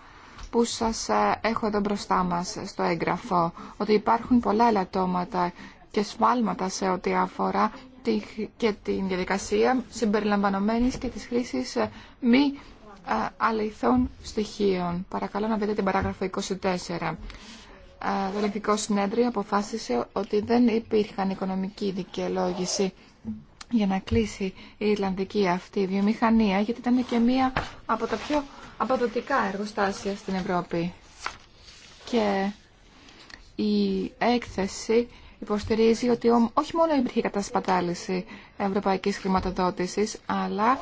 Speaker 5: που σας ε, έχω εδώ μπροστά μας στο έγγραφο, ότι υπάρχουν πολλά ελαττώματα και σφάλματα σε ό,τι αφορά και την διαδικασία συμπεριλαμβανομένης και της χρήσης ε, μη αληθών στοιχείων. Παρακαλώ να δείτε την παράγραφο 24 το Ελληνικό Συνέδριο αποφάσισε ότι δεν υπήρχαν οικονομική δικαιολόγηση για να κλείσει η Ιρλανδική αυτή η βιομηχανία, γιατί ήταν και μία από τα πιο αποδοτικά εργοστάσια στην Ευρώπη. Και η έκθεση υποστηρίζει ότι όχι μόνο υπήρχε κατασπατάληση ευρωπαϊκής χρηματοδότησης, αλλά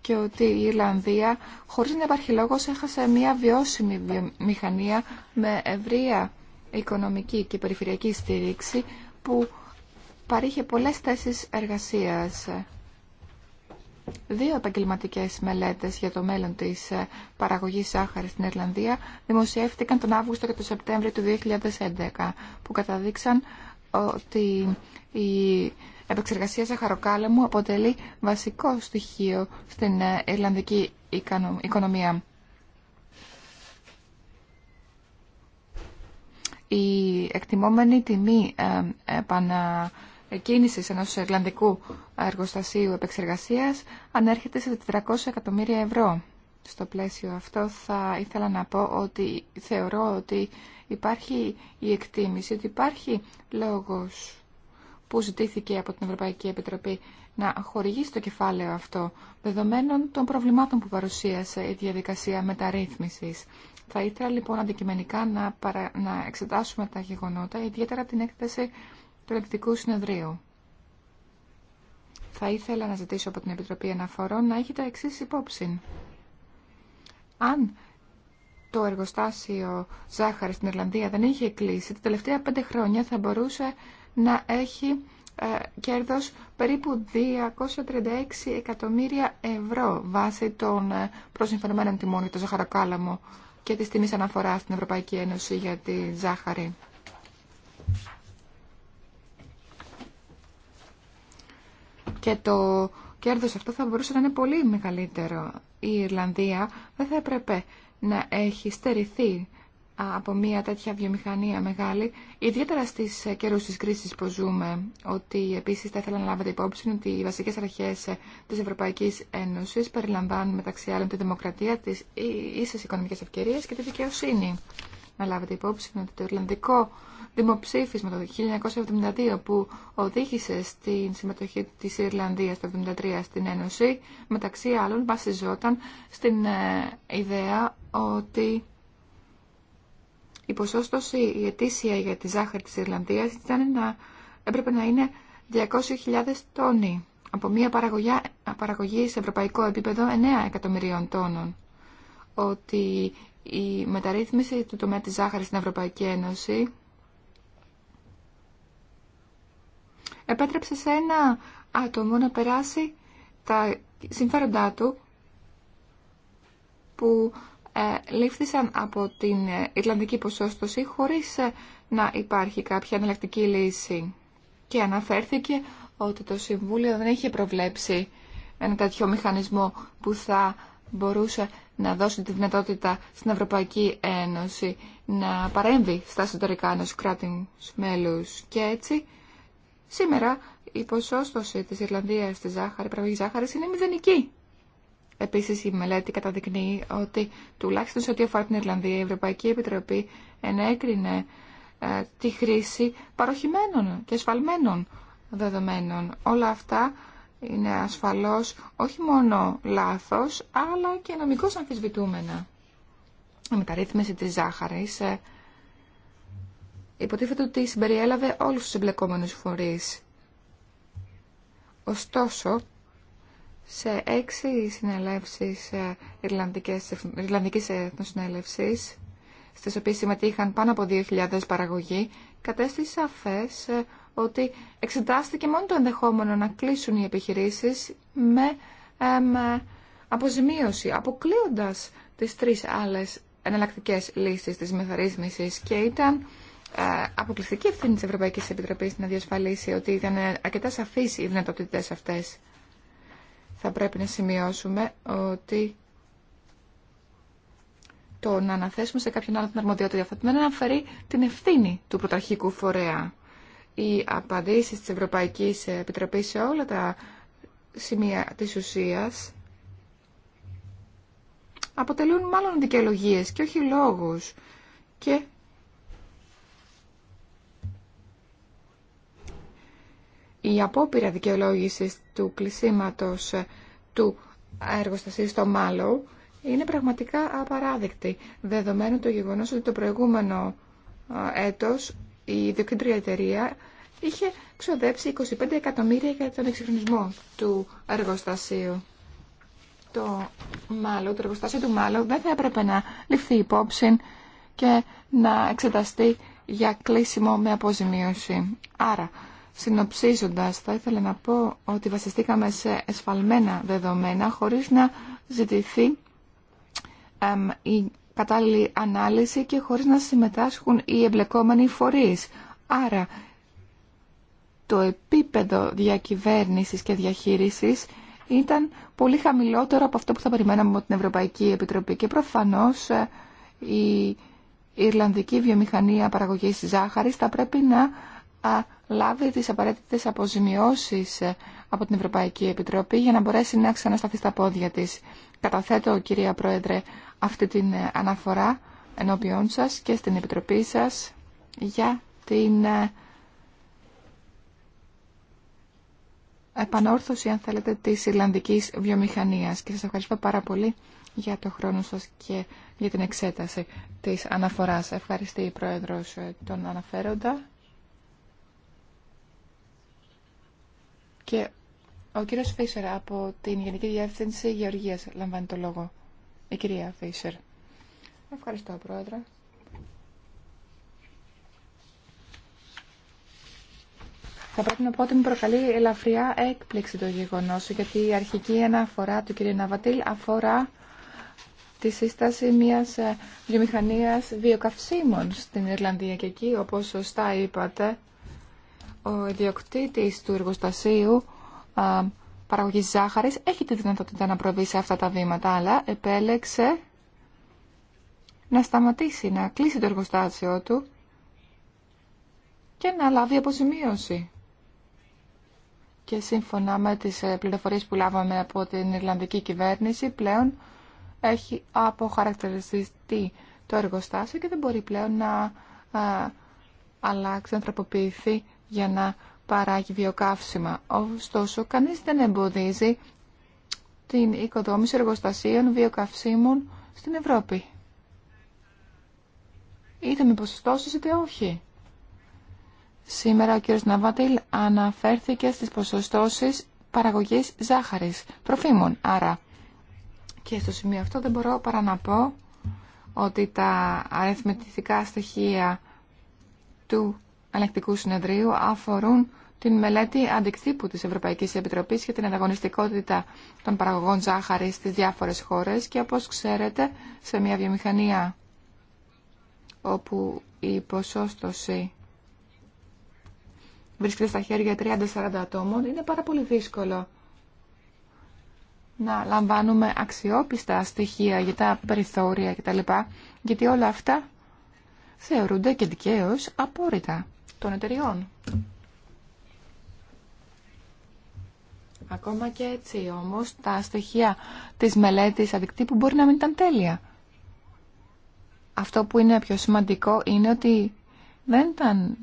Speaker 5: και ότι η Ιρλανδία, χωρίς να υπάρχει λόγος, έχασε μια βιώσιμη βιομηχανία με ευρεία οικονομική και περιφερειακή στήριξη που παρήχε πολλές θέσεις εργασίας. Δύο επαγγελματικέ μελέτες για το μέλλον της ε, παραγωγής σάχαρης στην Ιρλανδία δημοσιεύτηκαν τον Αύγουστο και τον Σεπτέμβριο του 2011 που καταδείξαν ότι η επεξεργασία σαχαροκάλαμου αποτελεί βασικό στοιχείο στην ε, Ιρλανδική οικονομία. η εκτιμόμενη τιμή επανακίνησης ενός Ιρλανδικού εργοστασίου επεξεργασίας ανέρχεται σε 400 εκατομμύρια ευρώ. Στο πλαίσιο αυτό θα ήθελα να πω ότι θεωρώ ότι υπάρχει η εκτίμηση, ότι υπάρχει λόγος που ζητήθηκε από την Ευρωπαϊκή Επιτροπή να χορηγήσει το κεφάλαιο αυτό, δεδομένων των προβλημάτων που παρουσίασε η διαδικασία μεταρρύθμισης. Θα ήθελα λοιπόν αντικειμενικά να, να εξετάσουμε τα γεγονότα, ιδιαίτερα την έκθεση του Ελεκτικού Συνεδρίου. Θα ήθελα να ζητήσω από την Επιτροπή Αναφορών να έχει τα εξή υπόψη. Αν το εργοστάσιο ζάχαρη στην Ιρλανδία δεν είχε κλείσει, τα τελευταία πέντε χρόνια θα μπορούσε να έχει ε, κέρδος περίπου 236 εκατομμύρια ευρώ βάσει των ε, προσυμφερμένων τιμών για το ζαχαροκάλαμο και της τιμής αναφοράς στην Ευρωπαϊκή Ένωση για τη ζάχαρη. Και το κέρδος αυτό θα μπορούσε να είναι πολύ μεγαλύτερο. Η Ιρλανδία δεν θα έπρεπε να έχει στερηθεί από μια τέτοια βιομηχανία μεγάλη, ιδιαίτερα στι καιρού τη κρίση που ζούμε, ότι επίση θα ήθελα να λάβετε υπόψη ότι οι βασικέ αρχέ τη Ευρωπαϊκή Ένωση περιλαμβάνουν μεταξύ άλλων τη δημοκρατία, τι ίσε οικονομικέ ευκαιρίε και τη δικαιοσύνη. Να λάβετε υπόψη ότι το Ιρλανδικό δημοψήφισμα το 1972 που οδήγησε στην συμμετοχή τη Ιρλανδίας το 1973 στην Ένωση, μεταξύ άλλων βασιζόταν στην ε, ιδέα ότι η ποσόστοση η ετήσια για τη ζάχαρη της Ιρλανδίας ήταν να, έπρεπε να είναι 200.000 τόνοι από μια παραγωγή σε ευρωπαϊκό επίπεδο 9 εκατομμυρίων τόνων. Ότι η μεταρρύθμιση του τομέα της ζάχαρης στην Ευρωπαϊκή Ένωση επέτρεψε σε ένα άτομο να περάσει τα συμφέροντά του που λήφθησαν από την Ιρλανδική ποσόστοση χωρίς ε, να υπάρχει κάποια εναλλακτική λύση. Και αναφέρθηκε ότι το Συμβούλιο δεν είχε προβλέψει ένα τέτοιο μηχανισμό που θα μπορούσε να δώσει τη δυνατότητα στην Ευρωπαϊκή Ένωση να παρέμβει στα εσωτερικά ενός κράτους μέλους. Και έτσι, σήμερα η ποσόστοση της Ιρλανδίας στη ζάχαρη, η ζάχαρης είναι μηδενική. Επίση η μελέτη καταδεικνύει ότι τουλάχιστον σε ό,τι αφορά την Ιρλανδία η Ευρωπαϊκή Επιτροπή ενέκρινε ε, τη χρήση παροχημένων και ασφαλμένων δεδομένων. Όλα αυτά είναι ασφαλώς όχι μόνο λάθος αλλά και νομικώς αμφισβητούμενα. Η μεταρρύθμιση της ζάχαρης ε, υποτίθεται ότι συμπεριέλαβε όλους τους εμπλεκόμενου φορείς. Ωστόσο, σε έξι συνελεύσεις ε, Ιρλανδικής, Ιρλανδικής Εθνοσυνέλευσης, στις οποίες συμμετείχαν πάνω από 2.000 παραγωγοί, κατέστησε σαφές ότι εξετάστηκε μόνο το ενδεχόμενο να κλείσουν οι επιχειρήσεις με ε, αποζημίωση, αποκλείοντας τις τρεις άλλες εναλλακτικές λύσεις της μεθαρρύθμισης και ήταν ε, αποκλειστική ευθύνη της Ευρωπαϊκής Επιτροπής να διασφαλίσει ότι ήταν αρκετά σαφείς οι δυνατότητες αυτές θα πρέπει να σημειώσουμε ότι το να αναθέσουμε σε κάποιον άλλο την αρμοδιότητα για αυτά δεν αναφέρει την ευθύνη του πρωταρχικού φορέα. Οι απαντήσεις της ευρωπαϊκή Επιτροπής σε όλα τα σημεία της ουσίας αποτελούν μάλλον δικαιολογίε και όχι λόγους και η απόπειρα δικαιολόγηση του κλεισίματος του εργοστασίου στο Μάλο είναι πραγματικά απαράδεκτη, δεδομένου το γεγονό ότι το προηγούμενο έτος η ιδιοκτήτρια εταιρεία είχε ξοδέψει 25 εκατομμύρια για τον εξυγχρονισμό του εργοστασίου. Το, μάλλον, το εργοστάσιο του μάλλον δεν θα έπρεπε να ληφθεί υπόψη και να εξεταστεί για κλείσιμο με αποζημίωση. Άρα, Συνοψίζοντας, θα ήθελα να πω ότι βασιστήκαμε σε εσφαλμένα δεδομένα χωρίς να ζητηθεί η κατάλληλη ανάλυση και χωρίς να συμμετάσχουν οι εμπλεκόμενοι φορείς. Άρα, το επίπεδο διακυβέρνησης και διαχείρισης ήταν πολύ χαμηλότερο από αυτό που θα περιμέναμε από την Ευρωπαϊκή Επιτροπή και προφανώς ε, η Ιρλανδική βιομηχανία παραγωγής ζάχαρης θα πρέπει να λάβει τις απαραίτητες αποζημιώσεις ε, από την Ευρωπαϊκή Επιτροπή για να μπορέσει να ξανασταθεί στα πόδια της. Καταθέτω, κυρία Πρόεδρε, αυτή την ε, αναφορά ενώπιόν σας και στην Επιτροπή σας για την ε, επανόρθωση, αν θέλετε, της Ιρλανδικής βιομηχανίας. Και σας ευχαριστώ πάρα πολύ για το χρόνο σας και για την εξέταση της αναφοράς. Ευχαριστεί η Πρόεδρος τον αναφέροντα. Και ο κύριος Φίσερ από την Γενική Διεύθυνση Γεωργίας λαμβάνει το λόγο. Η κυρία Φίσερ. Ευχαριστώ, Πρόεδρε. Θα πρέπει να πω ότι μου προκαλεί ελαφριά έκπληξη το γεγονός, γιατί η αρχική αναφορά του κύριου Ναβατήλ αφορά τη σύσταση μιας ε, βιομηχανίας βιοκαυσίμων στην Ιρλανδία και εκεί, όπως σωστά είπατε, ο ιδιοκτήτης του εργοστασίου α, παραγωγής ζάχαρης έχει τη δυνατότητα να προβεί σε αυτά τα βήματα, αλλά επέλεξε να σταματήσει, να κλείσει το εργοστάσιο του και να λάβει αποζημίωση. Και σύμφωνα με τις ε, πληροφορίες που λάβαμε από την Ιρλανδική κυβέρνηση, πλέον έχει αποχαρακτηριστεί το εργοστάσιο και δεν μπορεί πλέον να αλλάξει, να για να παράγει βιοκαύσιμα. Ωστόσο, κανείς δεν εμποδίζει την οικοδόμηση εργοστασίων βιοκαυσίμων στην Ευρώπη. Είτε με ποσοστώσεις είτε όχι. Σήμερα ο κ. Ναβάτιλ αναφέρθηκε στις ποσοστώσεις παραγωγής ζάχαρης, προφήμων. Άρα και στο σημείο αυτό δεν μπορώ παρά να πω ότι τα αριθμητικά στοιχεία του Ελεκτικού Συνεδρίου αφορούν την μελέτη αντικτύπου της Ευρωπαϊκής Επιτροπής για την ανταγωνιστικότητα των παραγωγών ζάχαρης στις διάφορες χώρες και όπως ξέρετε σε μια βιομηχανία όπου η ποσόστοση βρίσκεται στα χέρια 30-40 ατόμων είναι πάρα πολύ δύσκολο να λαμβάνουμε αξιόπιστα στοιχεία για τα περιθώρια κτλ. Γιατί όλα αυτά θεωρούνται και δικαίως απόρριτα των εταιριών. Ακόμα και έτσι όμως τα στοιχεία της μελέτης αντικτύπου μπορεί να μην ήταν τέλεια. Αυτό που είναι πιο σημαντικό είναι ότι δεν ήταν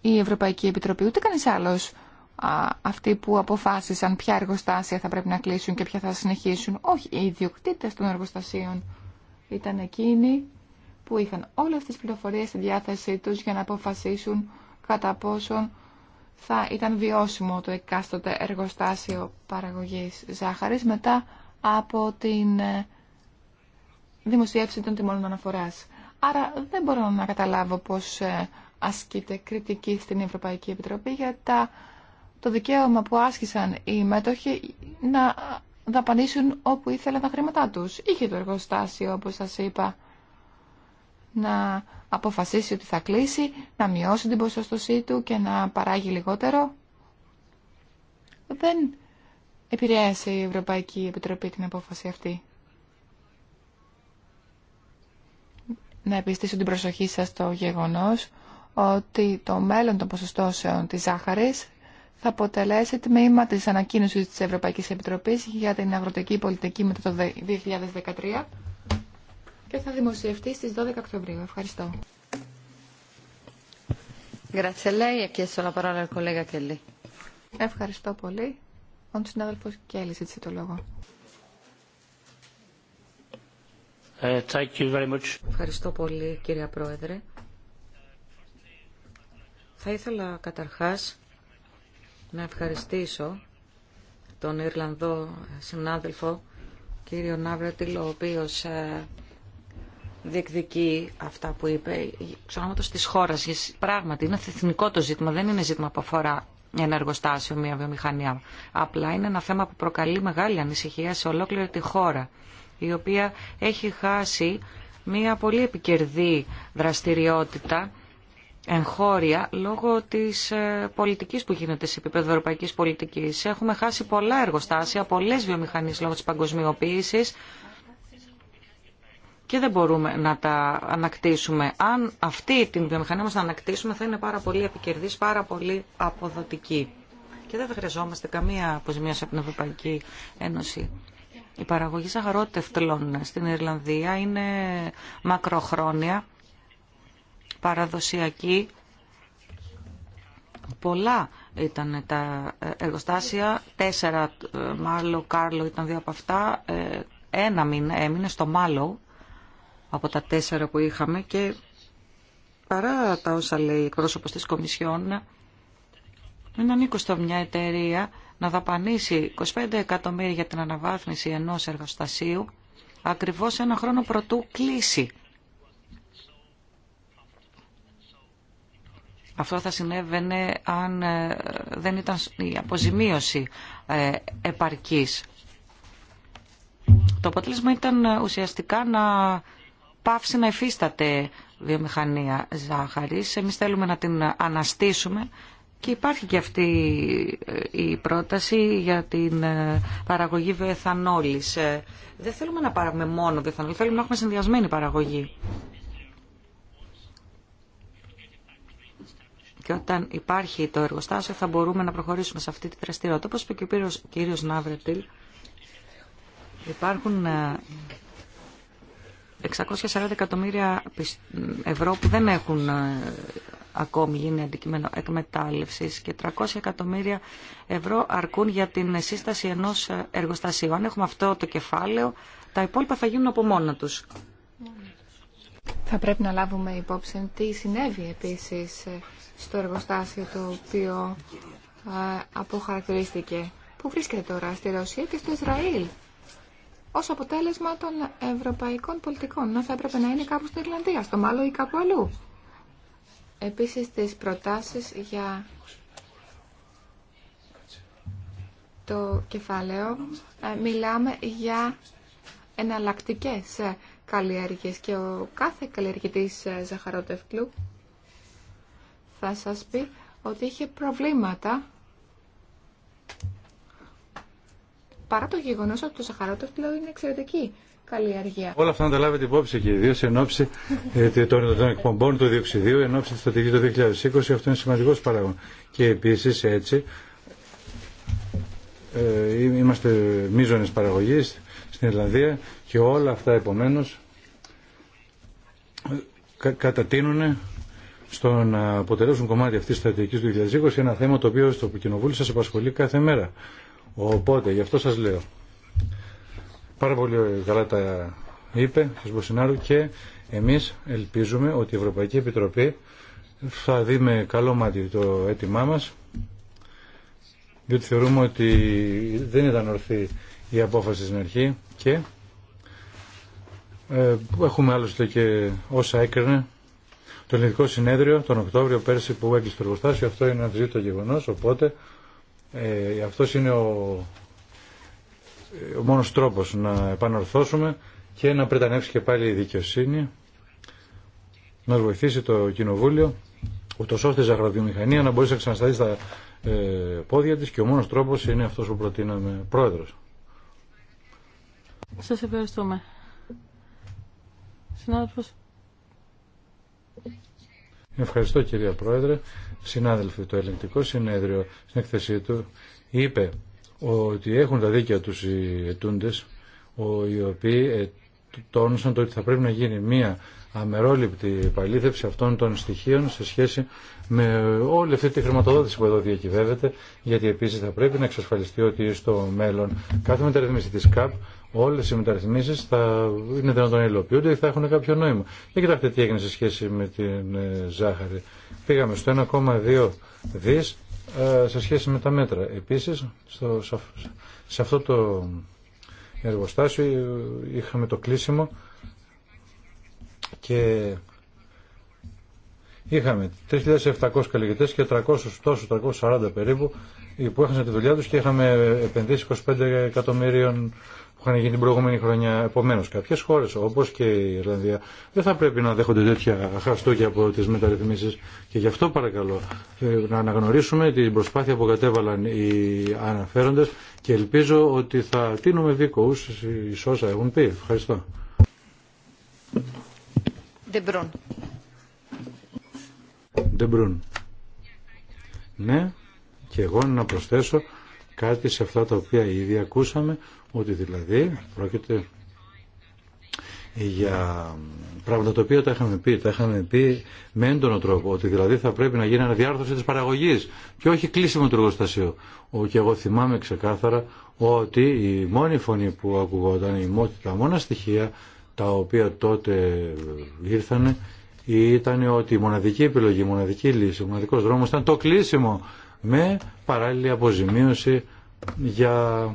Speaker 5: η Ευρωπαϊκή Επιτροπή ούτε κανείς άλλος α, αυτοί που αποφάσισαν ποια εργοστάσια θα πρέπει να κλείσουν και ποια θα συνεχίσουν. Όχι, οι ιδιοκτήτες των εργοστασίων ήταν εκείνοι που είχαν όλες τις πληροφορίες στη διάθεσή τους για να αποφασίσουν κατά πόσον θα ήταν βιώσιμο το εκάστοτε εργοστάσιο παραγωγής ζάχαρης μετά από την ε, δημοσίευση των τιμών αναφοράς. Άρα δεν μπορώ να καταλάβω πώς ε, ασκείται κριτική στην Ευρωπαϊκή Επιτροπή για το δικαίωμα που άσκησαν οι μέτοχοι να δαπανίσουν όπου ήθελαν τα χρήματά τους. Είχε το εργοστάσιο, όπως σας είπα, να αποφασίσει ότι θα κλείσει, να μειώσει την ποσοστοσή του και να παράγει λιγότερο. Δεν επηρέασε η Ευρωπαϊκή Επιτροπή την απόφαση αυτή. Να επιστήσω την προσοχή σας στο γεγονός ότι το μέλλον των ποσοστώσεων της ζάχαρης θα αποτελέσει τμήμα της ανακοίνωσης της Ευρωπαϊκής Επιτροπής για την αγροτική πολιτική μετά το 2013 και θα δημοσιευτεί στις 12 Οκτωβρίου. Ευχαριστώ. Ευχαριστώ πολύ. Ο συνάδελφος ζήτησε το λόγο.
Speaker 1: Ε,
Speaker 4: Ευχαριστώ πολύ κυρία Πρόεδρε. Θα ήθελα καταρχάς να ευχαριστήσω τον Ιρλανδό συνάδελφο κύριο Ναύρατιλ, ο οποίος ε, διεκδικεί αυτά που είπε εξ τη χώρα. χώρας. Πράγματι, είναι εθνικό το ζήτημα, δεν είναι ζήτημα που αφορά ένα εργοστάσιο, μια βιομηχανία. Απλά είναι ένα θέμα που προκαλεί μεγάλη ανησυχία σε ολόκληρη τη χώρα, η οποία έχει χάσει μια πολύ επικερδή δραστηριότητα εγχώρια λόγω της ε, πολιτικής που γίνεται σε επίπεδο ευρωπαϊκής πολιτικής. Έχουμε χάσει πολλά εργοστάσια, πολλές βιομηχανίες λόγω της παγκοσμιοποίησης και δεν μπορούμε να τα ανακτήσουμε. Αν αυτή την βιομηχανία μας να ανακτήσουμε θα είναι πάρα πολύ επικερδής, πάρα πολύ αποδοτική. Και δεν θα χρειαζόμαστε καμία αποζημίωση από την Ευρωπαϊκή Ένωση. Η παραγωγή σαχαρότευτλων στην Ιρλανδία είναι μακροχρόνια, παραδοσιακή. Πολλά ήταν τα εργοστάσια, τέσσερα ε, μάλλον, Κάρλο ήταν δύο από αυτά, ε, ένα μήνα έμεινε στο Μάλλο από τα τέσσερα που είχαμε και παρά τα όσα λέει εκπρόσωπος της Κομισιόν, δεν στο μια εταιρεία να δαπανίσει 25 εκατομμύρια για την αναβάθμιση ενός εργοστασίου ακριβώς ένα χρόνο πρωτού κλείσει. Αυτό θα συνέβαινε αν ε, δεν ήταν η αποζημίωση ε, επαρκής. Το αποτέλεσμα ήταν ουσιαστικά να πάυση να εφίσταται βιομηχανία ζάχαρης. Εμείς θέλουμε να την αναστήσουμε και υπάρχει και αυτή ε, η πρόταση για την ε, παραγωγή βεθανόλης. Ε, δεν θέλουμε να παράγουμε μόνο βεθανόλη. θέλουμε να έχουμε συνδυασμένη παραγωγή. Και όταν υπάρχει το εργοστάσιο θα μπορούμε να προχωρήσουμε σε αυτή τη δραστηριότητα. Όπως είπε και ο κύριος Ναύρετιλ, υπάρχουν 640 εκατομμύρια ευρώ που δεν έχουν ε, ακόμη γίνει αντικείμενο εκμετάλλευσης και 300 εκατομμύρια ευρώ αρκούν για την σύσταση ενός ε, εργοστασίου. Αν έχουμε αυτό το κεφάλαιο, τα υπόλοιπα θα γίνουν από μόνα τους.
Speaker 5: Θα πρέπει να λάβουμε υπόψη τι συνέβη επίσης ε, στο εργοστάσιο το οποίο αποχαρακτηρίστηκε. Πού βρίσκεται τώρα, στη Ρωσία και στο Ισραήλ. Ω αποτέλεσμα των ευρωπαϊκών πολιτικών. Να θα έπρεπε να είναι κάπου στην Ιρλανδία, στο μάλλον ή κάπου αλλού. Επίσης τι προτάσεις για το κεφάλαιο ε, μιλάμε για εναλλακτικέ καλλιέργειε και ο κάθε καλλιεργητής ε, Ζαχαρότευκλου θα σας πει ότι είχε προβλήματα παρά το γεγονός ότι το σαχαρότευλο είναι εξαιρετική καλλιεργία.
Speaker 1: Όλα αυτά να τα λάβετε υπόψη και ιδίω εν ώψη ε, των εκπομπών του διοξιδίου, εν ώψη τη στρατηγική του 2020, αυτό είναι σημαντικό παράγον. Και επίση έτσι ε, είμαστε μείζονε παραγωγή στην Ιρλανδία και όλα αυτά επομένω ε, κα, κατατείνουν στο να αποτελέσουν κομμάτι αυτή τη στρατηγική του 2020 ένα θέμα το οποίο στο Κοινοβούλιο σα απασχολεί κάθε μέρα. Οπότε, γι' αυτό σας λέω. Πάρα πολύ καλά τα είπε ο Μποσινάρου και εμείς ελπίζουμε ότι η Ευρωπαϊκή Επιτροπή θα δει με καλό μάτι το αίτημά μας διότι θεωρούμε ότι δεν ήταν ορθή η απόφαση στην αρχή και ε, έχουμε άλλωστε και όσα έκρινε το ελληνικό συνέδριο τον Οκτώβριο πέρσι που έκλεισε το εργοστάσιο αυτό είναι ένα γεγονός οπότε ε, αυτός είναι ο, ο μόνος τρόπος να επαναρθώσουμε και να πρετανεύσει και πάλι η δικαιοσύνη, να βοηθήσει το Κοινοβούλιο, ούτως ώστε η ζαχαροβιομηχανία να μπορεί να ξανασταθεί στα ε, πόδια της και ο μόνος τρόπος είναι αυτός που προτείναμε πρόεδρος.
Speaker 3: Σας ευχαριστούμε.
Speaker 2: Συνάδελφος.
Speaker 1: Ευχαριστώ κυρία Πρόεδρε. Συνάδελφοι, το ελεγκτικό συνέδριο στην εκθεσή του είπε ότι έχουν τα δίκαια τους οι ετούντες, οι οποίοι ε, τόνισαν το ότι θα πρέπει να γίνει μία αμερόληπτη επαλήθευση αυτών των στοιχείων σε σχέση με όλη αυτή τη χρηματοδότηση που εδώ διακυβεύεται, γιατί επίσης θα πρέπει να εξασφαλιστεί ότι στο μέλλον κάθε μεταρρυθμίση της ΚΑΠ όλες οι μεταρρυθμίσεις θα είναι δυνατόν να υλοποιούνται ή θα έχουν κάποιο νόημα. Για κοιτάξτε τι έγινε σε σχέση με την ε, ζάχαρη. Πήγαμε στο 1,2 δις ε, σε σχέση με τα μέτρα. Επίσης, σε αυτό το εργοστάσιο ε, είχαμε το κλείσιμο και είχαμε 3.700 καλλιεργητές και 300 τόσο 340 περίπου που έχασαν τη δουλειά τους και είχαμε επενδύσει 25 εκατομμύριων είχαν γίνει την προηγούμενη χρονιά. Επομένω, κάποιε χώρε όπω και η Ιρλανδία δεν θα πρέπει να δέχονται τέτοια χαστούκια από τι μεταρρυθμίσει και γι' αυτό παρακαλώ ε, να αναγνωρίσουμε την προσπάθεια που κατέβαλαν οι αναφέροντε και ελπίζω ότι θα τίνουμε δίκο σε όσα έχουν πει. Ευχαριστώ. Δεμπρούν. Ναι, και εγώ να προσθέσω κάτι σε αυτά τα οποία ήδη ακούσαμε, ότι δηλαδή πρόκειται για πράγματα τα οποία τα είχαμε πει, τα είχαμε πει με έντονο τρόπο, ότι δηλαδή θα πρέπει να γίνει αναδιάρθρωση της παραγωγής και όχι κλείσιμο του εργοστασίου. Και εγώ θυμάμαι ξεκάθαρα ότι η μόνη φωνή που ακουγόταν, η μόνη, τα μόνα στοιχεία τα οποία τότε ήρθανε ήταν ότι η μοναδική επιλογή, η μοναδική λύση, ο μοναδικός δρόμος ήταν το κλείσιμο με παράλληλη αποζημίωση για,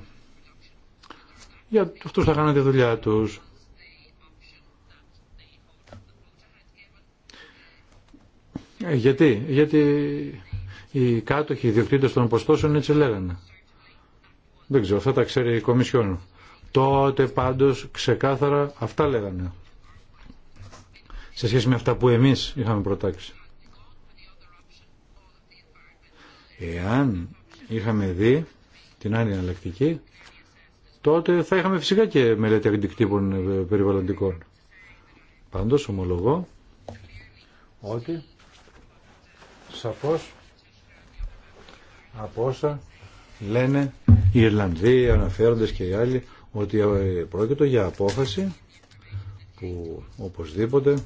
Speaker 1: για αυτούς θα κάνουν τη δουλειά τους. Γιατί, γιατί οι κάτοχοι, οι διοκτήτες των ποστόσεων έτσι λέγανε. Δεν ξέρω, αυτά τα ξέρει η Κομισιόν. Τότε πάντως ξεκάθαρα αυτά λέγανε. Σε σχέση με αυτά που εμείς είχαμε προτάξει. Εάν είχαμε δει την άλλη εναλλακτική, τότε θα είχαμε φυσικά και μελέτη αντικτύπων ε, περιβαλλοντικών. Πάντως ομολογώ ότι σαφώς από όσα λένε οι Ιρλανδοί, οι αναφέροντες και οι άλλοι ότι ε, πρόκειται για απόφαση που οπωσδήποτε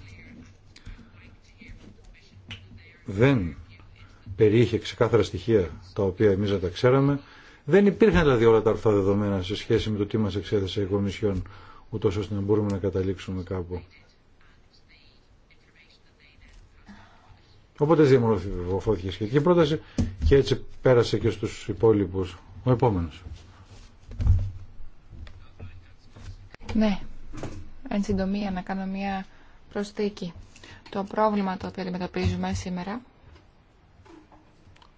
Speaker 1: δεν περιείχε ξεκάθαρα στοιχεία τα οποία εμείς δεν τα ξέραμε. Δεν υπήρχαν δηλαδή όλα τα ορθά δεδομένα σε σχέση με το τι μας εξέθεσε η Κομισιόν, ούτω ώστε να μπορούμε να καταλήξουμε κάπου. Οπότε διαμορφώθηκε η σχετική πρόταση και έτσι πέρασε και στους υπόλοιπους ο επόμενος.
Speaker 5: Ναι, εν συντομία να κάνω μια προσθήκη. Το πρόβλημα το οποίο αντιμετωπίζουμε σήμερα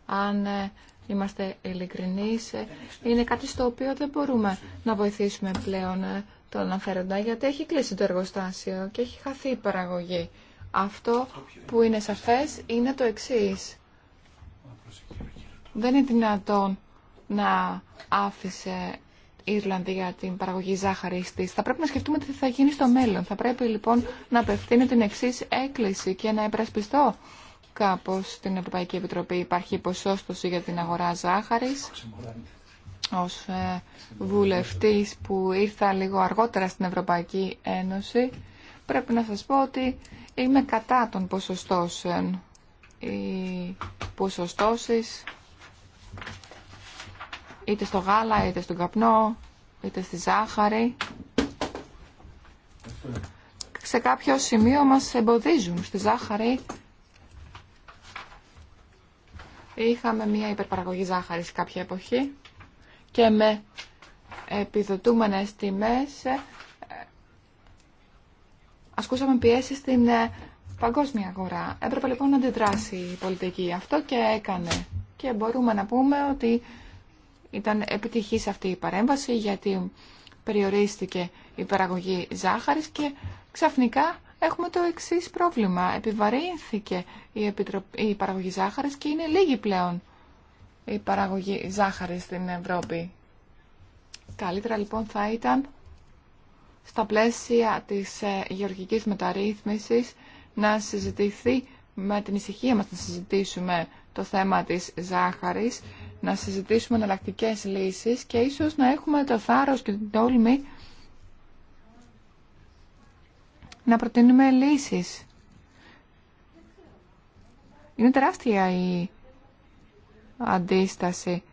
Speaker 5: αν ε, είμαστε ειλικρινεί, ε, είναι κάτι στο οποίο δεν μπορούμε να βοηθήσουμε πλέον ε, τον αναφέροντα, γιατί έχει κλείσει το εργοστάσιο και έχει χαθεί η παραγωγή. Αυτό που είναι σαφές είναι το εξής. Δεν είναι δυνατόν να άφησε η Ιρλανδία την παραγωγή ζάχαρης της. Θα πρέπει να σκεφτούμε τι θα γίνει στο μέλλον. Θα πρέπει λοιπόν να απευθύνω την εξής έκκληση και να επρασπιστώ κάπως στην Ευρωπαϊκή Επιτροπή υπάρχει ποσόστοση για την αγορά ζάχαρης. Ως ε, βουλευτής που ήρθα λίγο αργότερα στην Ευρωπαϊκή Ένωση, πρέπει να σας πω ότι είμαι κατά των ποσοστώσεων. Οι ποσοστώσεις είτε στο γάλα, είτε στον καπνό, είτε στη ζάχαρη. Σε κάποιο σημείο μας εμποδίζουν στη ζάχαρη είχαμε μια υπερπαραγωγή ζάχαρης κάποια εποχή και με επιδοτούμενες τιμές ε, ασκούσαμε πιέσεις στην ε, παγκόσμια αγορά. Έπρεπε λοιπόν να αντιδράσει η πολιτική αυτό και έκανε. Και μπορούμε να πούμε ότι ήταν επιτυχής αυτή η παρέμβαση γιατί περιορίστηκε η παραγωγή ζάχαρης και ξαφνικά έχουμε το εξή πρόβλημα. Επιβαρύνθηκε η, η παραγωγή ζάχαρης και είναι λίγη πλέον η παραγωγή ζάχαρης στην Ευρώπη. Καλύτερα λοιπόν θα ήταν στα πλαίσια της ε, γεωργικής μεταρρύθμισης να συζητηθεί με την ησυχία μας να συζητήσουμε το θέμα της ζάχαρης, να συζητήσουμε εναλλακτικέ λύσεις και ίσως να έχουμε το θάρρος και την τόλμη να προτείνουμε λύσεις. Είναι τεράστια η αντίσταση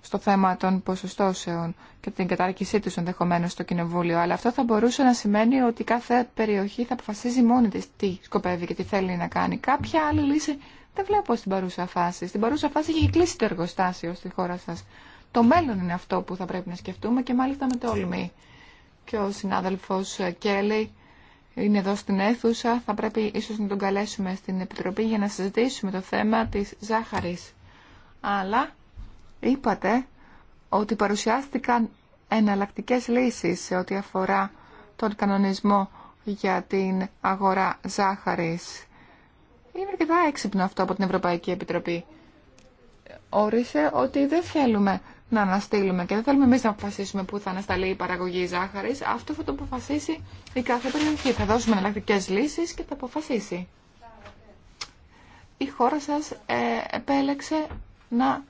Speaker 5: στο θέμα των ποσοστώσεων και την κατάρκησή τους ενδεχομένως στο Κοινοβούλιο. Αλλά αυτό θα μπορούσε να σημαίνει ότι κάθε περιοχή θα αποφασίζει μόνη της τι σκοπεύει και τι θέλει να κάνει. Κάποια άλλη λύση δεν βλέπω στην παρούσα φάση. Στην παρούσα φάση έχει κλείσει το εργοστάσιο στη χώρα σας. Το μέλλον είναι αυτό που θα πρέπει να σκεφτούμε και μάλιστα με το ολμή και ο συνάδελφος Κέλλη είναι εδώ στην αίθουσα. Θα πρέπει ίσως να τον καλέσουμε στην Επιτροπή για να συζητήσουμε το θέμα της ζάχαρης. Αλλά είπατε ότι παρουσιάστηκαν εναλλακτικές λύσεις σε ό,τι αφορά τον κανονισμό για την αγορά ζάχαρης. Είναι αρκετά έξυπνο αυτό από την Ευρωπαϊκή Επιτροπή. Όρισε ότι δεν θέλουμε να αναστείλουμε και δεν θέλουμε εμεί να αποφασίσουμε πού θα ανασταλεί η παραγωγή ζάχαρη. Αυτό θα το αποφασίσει η κάθε περιοχή. Θα δώσουμε εναλλακτικέ λύσει και θα αποφασίσει. Η χώρα σα ε, επέλεξε να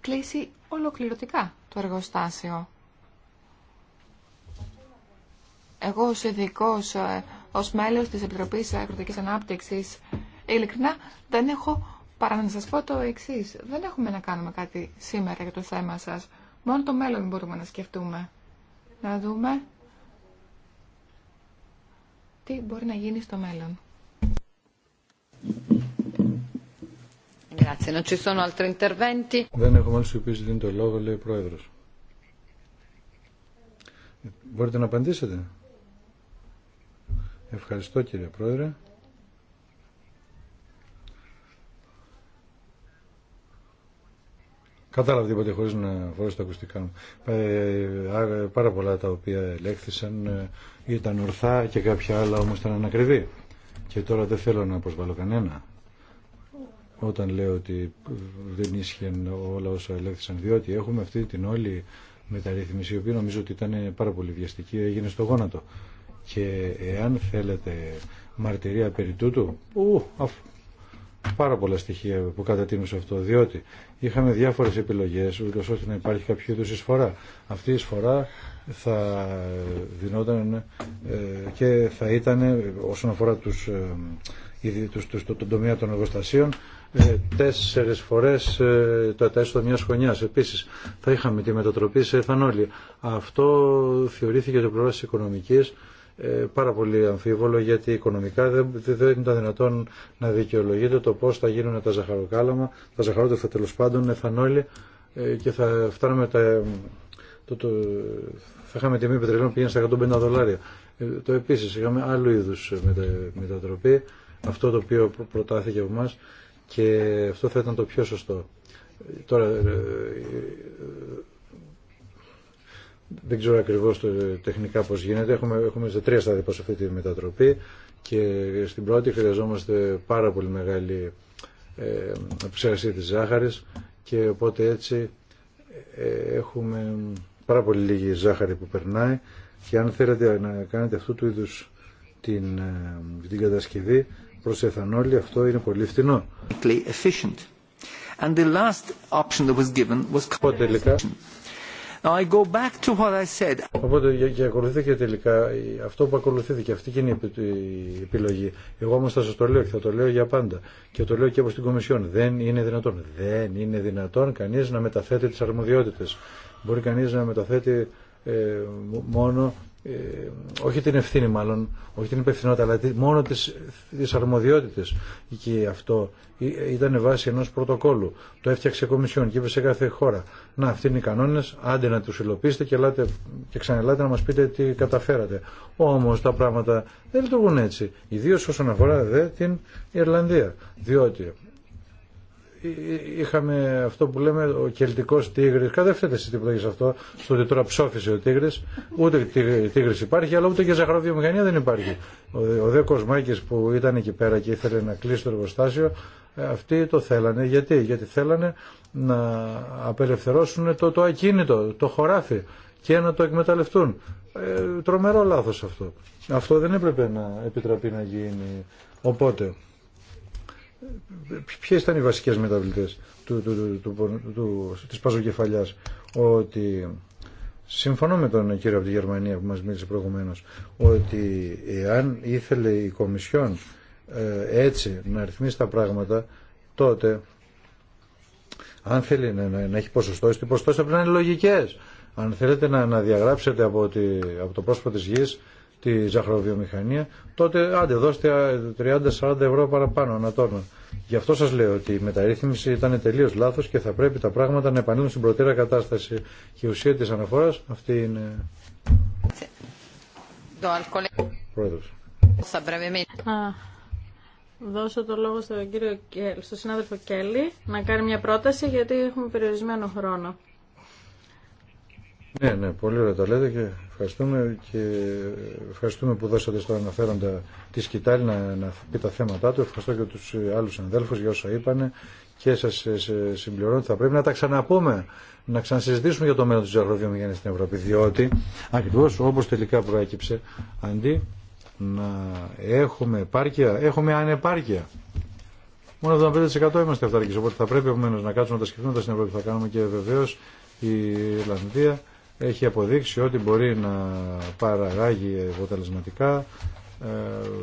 Speaker 5: κλείσει ολοκληρωτικά το εργοστάσιο. Εγώ ως ειδικό ε, ως μέλος της Επιτροπής Αγροτικής Ανάπτυξης, ειλικρινά δεν έχω παρά να σας πω το εξή. Δεν έχουμε να κάνουμε κάτι σήμερα για το θέμα σας. Μόνο το μέλλον μπορούμε να σκεφτούμε. Να δούμε τι μπορεί να γίνει στο μέλλον.
Speaker 1: Δεν έχουμε άλλους που οποίοι δίνει το λόγο, λέει ο Πρόεδρος. Ε, μπορείτε να απαντήσετε. Ευχαριστώ κύριε Πρόεδρε. Κατάλαβα τίποτε χωρί να φορέσω τα ακουστικά μου. Ε, πάρα πολλά τα οποία ελέγχθησαν ε, ήταν ορθά και κάποια άλλα όμως ήταν ανακριβή. Και τώρα δεν θέλω να προσβάλλω κανένα όταν λέω ότι δεν ίσχυαν όλα όσα ελέγχθησαν διότι έχουμε αυτή την όλη μεταρρύθμιση η οποία νομίζω ότι ήταν πάρα πολύ βιαστική έγινε στο γόνατο και εάν θέλετε μαρτυρία περί τούτου πάρα πολλά στοιχεία που κατατίμησε αυτό, διότι είχαμε διάφορες επιλογές ούτως ώστε να υπάρχει κάποιο είδους εισφορά. Αυτή η εισφορά θα δινόταν ε, και θα ήταν ε, όσον αφορά ε, τους, τους, το τον τομέα των εργοστασίων τέσσερις φορές το έσοδα μιας χρονιάς. Επίσης θα είχαμε τη μετατροπή σε εθανόλια. Αυτό θεωρήθηκε το πρόβλημα της οικονομικής ε, πάρα πολύ αμφίβολο γιατί οικονομικά δεν, δεν ήταν δυνατόν να δικαιολογείται το πώς θα γίνουν τα ζαχαροκάλαμα, τα ζαχαρότευτα τέλο πάντων, εθανόλοι ε, και θα φτάνουμε τα, το, το, θα είχαμε τιμή πετρελαίου που πήγαινε στα 150 δολάρια. Ε, το επίσης είχαμε άλλου είδους μετα, μετατροπή, αυτό το οποίο προτάθηκε από εμά και αυτό θα ήταν το πιο σωστό. Τώρα δεν ξέρω ακριβώ ε, τεχνικά πώ γίνεται. Έχουμε, έχουμε σε τρία στάδια προς αυτή τη μετατροπή και στην πρώτη χρειαζόμαστε πάρα πολύ μεγάλη ε, επεξεργασία τη ζάχαρη και οπότε έτσι ε, έχουμε πάρα πολύ λίγη ζάχαρη που περνάει και αν θέλετε να κάνετε αυτού του είδου την, την κατασκευή προς εθανόλη αυτό είναι πολύ φθηνό. Οπότε, I go back Οπότε και ακολουθήθηκε τελικά αυτό που ακολουθήθηκε, αυτή και είναι η επιλογή. Εγώ όμως θα σας το λέω και θα το λέω για πάντα και το λέω και από την Κομισιόν. Δεν είναι δυνατόν, δεν είναι δυνατόν κανείς να μεταθέτει τις αρμοδιότητες. Μπορεί κανείς να μεταθέτει ε, μόνο ε, όχι την ευθύνη μάλλον, όχι την υπευθυνότητα, αλλά μόνο τις, τις αρμοδιότητες. Και αυτό ήταν βάση ενός πρωτοκόλου. Το έφτιαξε η Κομισιόν και είπε σε κάθε χώρα. Να, αυτοί είναι οι κανόνες, άντε να τους υλοποιήσετε και, ελάτε, και ξανελάτε να μας πείτε τι καταφέρατε. Όμως τα πράγματα δεν λειτουργούν έτσι. Ιδίω όσον αφορά την Ιρλανδία. Διότι είχαμε αυτό που λέμε ο κελτικό τίγρης. Κάτι δεν την τίποτα για αυτό, στο ότι τώρα ο τίγρης. Ούτε τίγρης υπάρχει, αλλά ούτε και ζαχαροβιομηχανία δεν υπάρχει. Ο δε Κοσμάκης που ήταν εκεί πέρα και ήθελε να κλείσει το εργοστάσιο, ε, αυτοί το θέλανε. Γιατί, Γιατί θέλανε να απελευθερώσουν το, το ακίνητο, το χωράφι και να το εκμεταλλευτούν. Ε, τρομερό λάθος αυτό. Αυτό δεν έπρεπε να επιτραπεί να γίνει. Οπότε, Ποιε ήταν οι βασικέ μεταβλητέ του, του, του, τη παζοκεφαλιά, ότι συμφωνώ με τον κύριο από τη Γερμανία που μα μίλησε προηγουμένω, ότι εάν ήθελε η Κομισιόν ε, έτσι να ρυθμίσει τα πράγματα, τότε αν θέλει να, έχει ποσοστό, οι ποσοστό θα πρέπει να είναι λογικέ. Αν θέλετε να, να διαγράψετε από, τη, από το πρόσωπο τη γη τη ζαχαροβιομηχανία, τότε άντε δώστε 30-40 ευρώ παραπάνω ένα τόνο. Γι' αυτό σας λέω ότι η μεταρρύθμιση ήταν τελείω λάθος και θα πρέπει τα πράγματα να επανέλθουν στην προτέρα κατάσταση. Και η ουσία της αναφοράς αυτή είναι...
Speaker 2: δώσω το λόγο
Speaker 3: στον κύριο Κέλ, στον συνάδελφο Κέλλη να κάνει μια πρόταση γιατί έχουμε περιορισμένο χρόνο.
Speaker 1: Ναι, ναι, πολύ ωραία τα λέτε και ευχαριστούμε, και ευχαριστούμε που δώσατε στο αναφέροντα τη Σκητάλη να, να πει τα θέματα του. Ευχαριστώ και τους άλλους συναδέλφους για όσα είπανε και σας συμπληρώνω ότι θα πρέπει να τα ξαναπούμε, να ξανασυζητήσουμε για το μέλλον της αγροβιομηχανίας στην Ευρώπη, διότι ακριβώς όπως τελικά προέκυψε, αντί να έχουμε επάρκεια, έχουμε ανεπάρκεια. Μόνο 75% είμαστε αυταρχικοί, οπότε θα πρέπει επομένω να κάτσουμε να τα σκεφτούμε τα στην Ευρώπη θα κάνουμε και βεβαίω η Ιρλανδία έχει αποδείξει ότι μπορεί να παραγάγει αποτελεσματικά ε,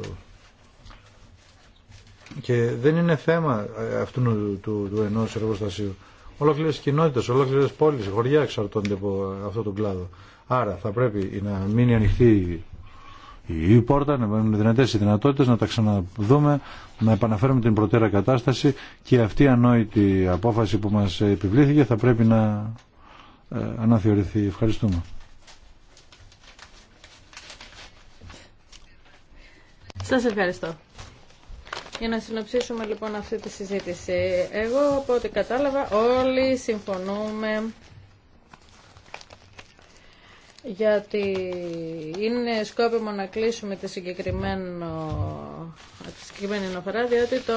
Speaker 1: και δεν είναι θέμα αυτού του, του, του ενός εργοστασίου. Ολόκληρες κοινότητες, ολόκληρες πόλεις, χωριά εξαρτώνται από αυτόν τον κλάδο. Άρα θα πρέπει να μείνει ανοιχτή η πόρτα, να μείνουν δυνατέ οι δυνατότητε, να τα ξαναδούμε, να επαναφέρουμε την προτέρα κατάσταση και αυτή η ανόητη απόφαση που μα επιβλήθηκε θα πρέπει να ε, αναθεωρηθεί. Ευχαριστούμε.
Speaker 3: Σας ευχαριστώ. Για να συνοψίσουμε λοιπόν αυτή τη συζήτηση. Εγώ από ό,τι κατάλαβα όλοι συμφωνούμε γιατί είναι σκόπιμο να κλείσουμε τη συγκεκριμένο συγκεκριμένη αναφορά, διότι το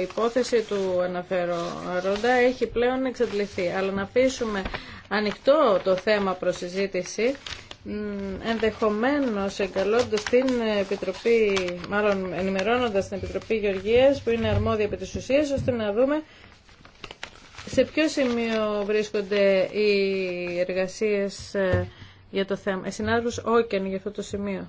Speaker 3: υπόθεση του αναφέροντα έχει πλέον εξαντληθεί. Αλλά να αφήσουμε ανοιχτό το θέμα προς συζήτηση, ενδεχομένως εγκαλώντας την Επιτροπή, μάλλον ενημερώνοντας την Επιτροπή Γεωργίας που είναι αρμόδια επί της ουσίας, ώστε να δούμε σε ποιο σημείο βρίσκονται οι εργασίες ε, για το θέμα. Ε, συνάδελφος Όκεν για αυτό το σημείο.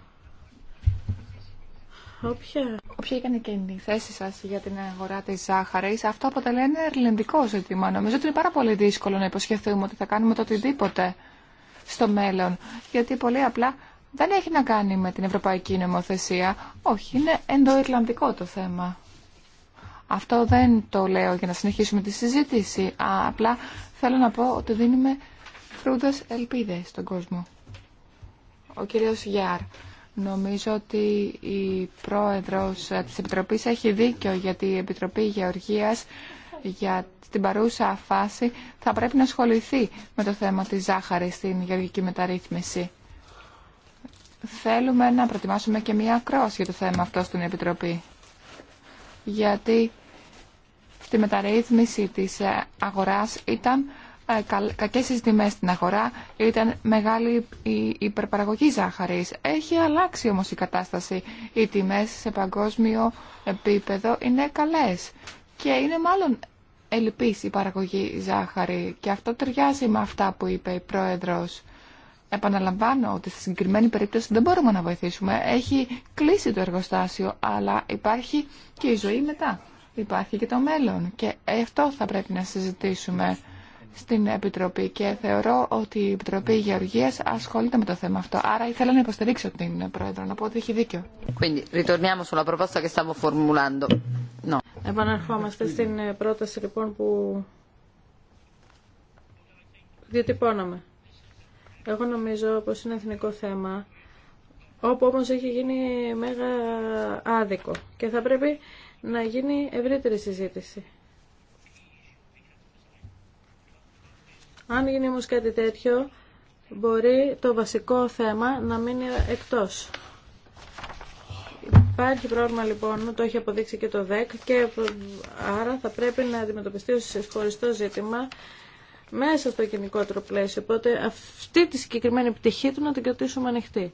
Speaker 5: Όποια... Όποια ήταν και η θέση σα για την αγορά τη ζάχαρης, αυτό αποτελεί ένα ελληνικό ζήτημα. Νομίζω ότι είναι πάρα πολύ δύσκολο να υποσχεθούμε ότι θα κάνουμε το οτιδήποτε στο μέλλον. Γιατί πολύ απλά δεν έχει να κάνει με την ευρωπαϊκή νομοθεσία. Όχι, είναι εντοιρλανδικό το θέμα. Αυτό δεν το λέω για να συνεχίσουμε τη συζήτηση. Α, απλά θέλω να πω ότι δίνουμε φρούδες ελπίδες στον κόσμο. Ο κύριος Γιάρ. Νομίζω ότι η πρόεδρος της Επιτροπής έχει δίκιο γιατί η Επιτροπή Γεωργίας για την παρούσα φάση θα πρέπει να ασχοληθεί με το θέμα της ζάχαρης στην γεωργική μεταρρύθμιση. Θέλουμε να προετοιμάσουμε και μία ακρόαση για το θέμα αυτό στην Επιτροπή. Γιατί στη μεταρρύθμιση της ε, αγοράς ήταν ε, κακές οι τιμές στην αγορά, ήταν μεγάλη η υπερπαραγωγή ζάχαρης. Έχει αλλάξει όμως η κατάσταση. Οι τιμές σε παγκόσμιο επίπεδο είναι καλές και είναι μάλλον ελπίς η παραγωγή ζάχαρη και αυτό ταιριάζει με αυτά που είπε η Πρόεδρος. Επαναλαμβάνω ότι στη συγκεκριμένη περίπτωση δεν μπορούμε να βοηθήσουμε. Έχει κλείσει το εργοστάσιο, αλλά υπάρχει και η ζωή μετά. Υπάρχει και το μέλλον και αυτό θα πρέπει να συζητήσουμε στην Επιτροπή και θεωρώ ότι η Επιτροπή Γεωργίας ασχολείται με το θέμα αυτό. Άρα ήθελα να υποστηρίξω την Πρόεδρο, να πω ότι έχει δίκιο.
Speaker 1: Επαναρχόμαστε
Speaker 3: στην ε, πρόταση λοιπόν που διατυπώναμε. Εγώ νομίζω πως είναι εθνικό θέμα, όπου όμως έχει γίνει μέγα άδικο και θα πρέπει να γίνει ευρύτερη συζήτηση. Αν γίνει όμως κάτι τέτοιο, μπορεί το βασικό θέμα να μείνει εκτός. Υπάρχει πρόβλημα λοιπόν, το έχει αποδείξει και το ΔΕΚ και άρα θα πρέπει να αντιμετωπιστεί ως χωριστό ζήτημα μέσα στο κοινικό πλαίσιο, Οπότε αυτή τη συγκεκριμένη πτυχή του να την κρατήσουμε ανοιχτή.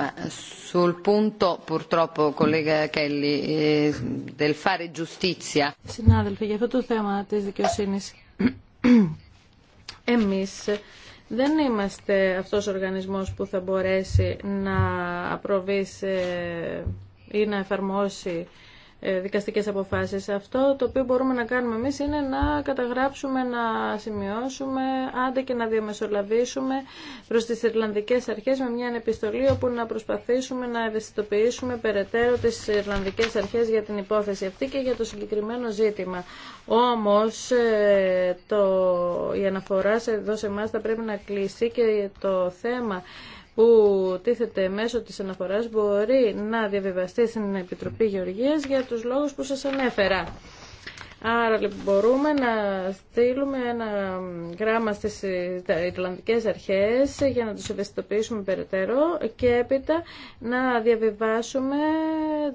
Speaker 2: Eh, sul punto, purtroppo, collega Kelly, eh, del fare giustizia. Συνάδελφοι, για αυτό το θέμα της
Speaker 3: δικαιοσύνης, <clears throat> εμείς δεν είμαστε αυτός ο οργανισμός που θα μπορέσει να προβεί σε ή να εφαρμόσει ε, δικαστικές αποφάσεις. Αυτό το οποίο μπορούμε να κάνουμε εμείς είναι να καταγράψουμε, να σημειώσουμε, άντε και να διαμεσολαβήσουμε προς τις Ιρλανδικές αρχές με μια επιστολή όπου να προσπαθήσουμε να ευαισθητοποιήσουμε περαιτέρω τις Ιρλανδικές αρχές για την υπόθεση αυτή και για το συγκεκριμένο ζήτημα. Όμως ε, το, η αναφορά σε, εδώ σε εμάς θα πρέπει να κλείσει και το θέμα που τίθεται μέσω της αναφοράς μπορεί να διαβιβαστεί στην Επιτροπή Γεωργίας για τους λόγους που σας ανέφερα. Άρα λοιπόν μπορούμε να στείλουμε ένα γράμμα στις Ιρλανδικές αρχές για να τους ευαισθητοποιήσουμε περαιτέρω και έπειτα να διαβιβάσουμε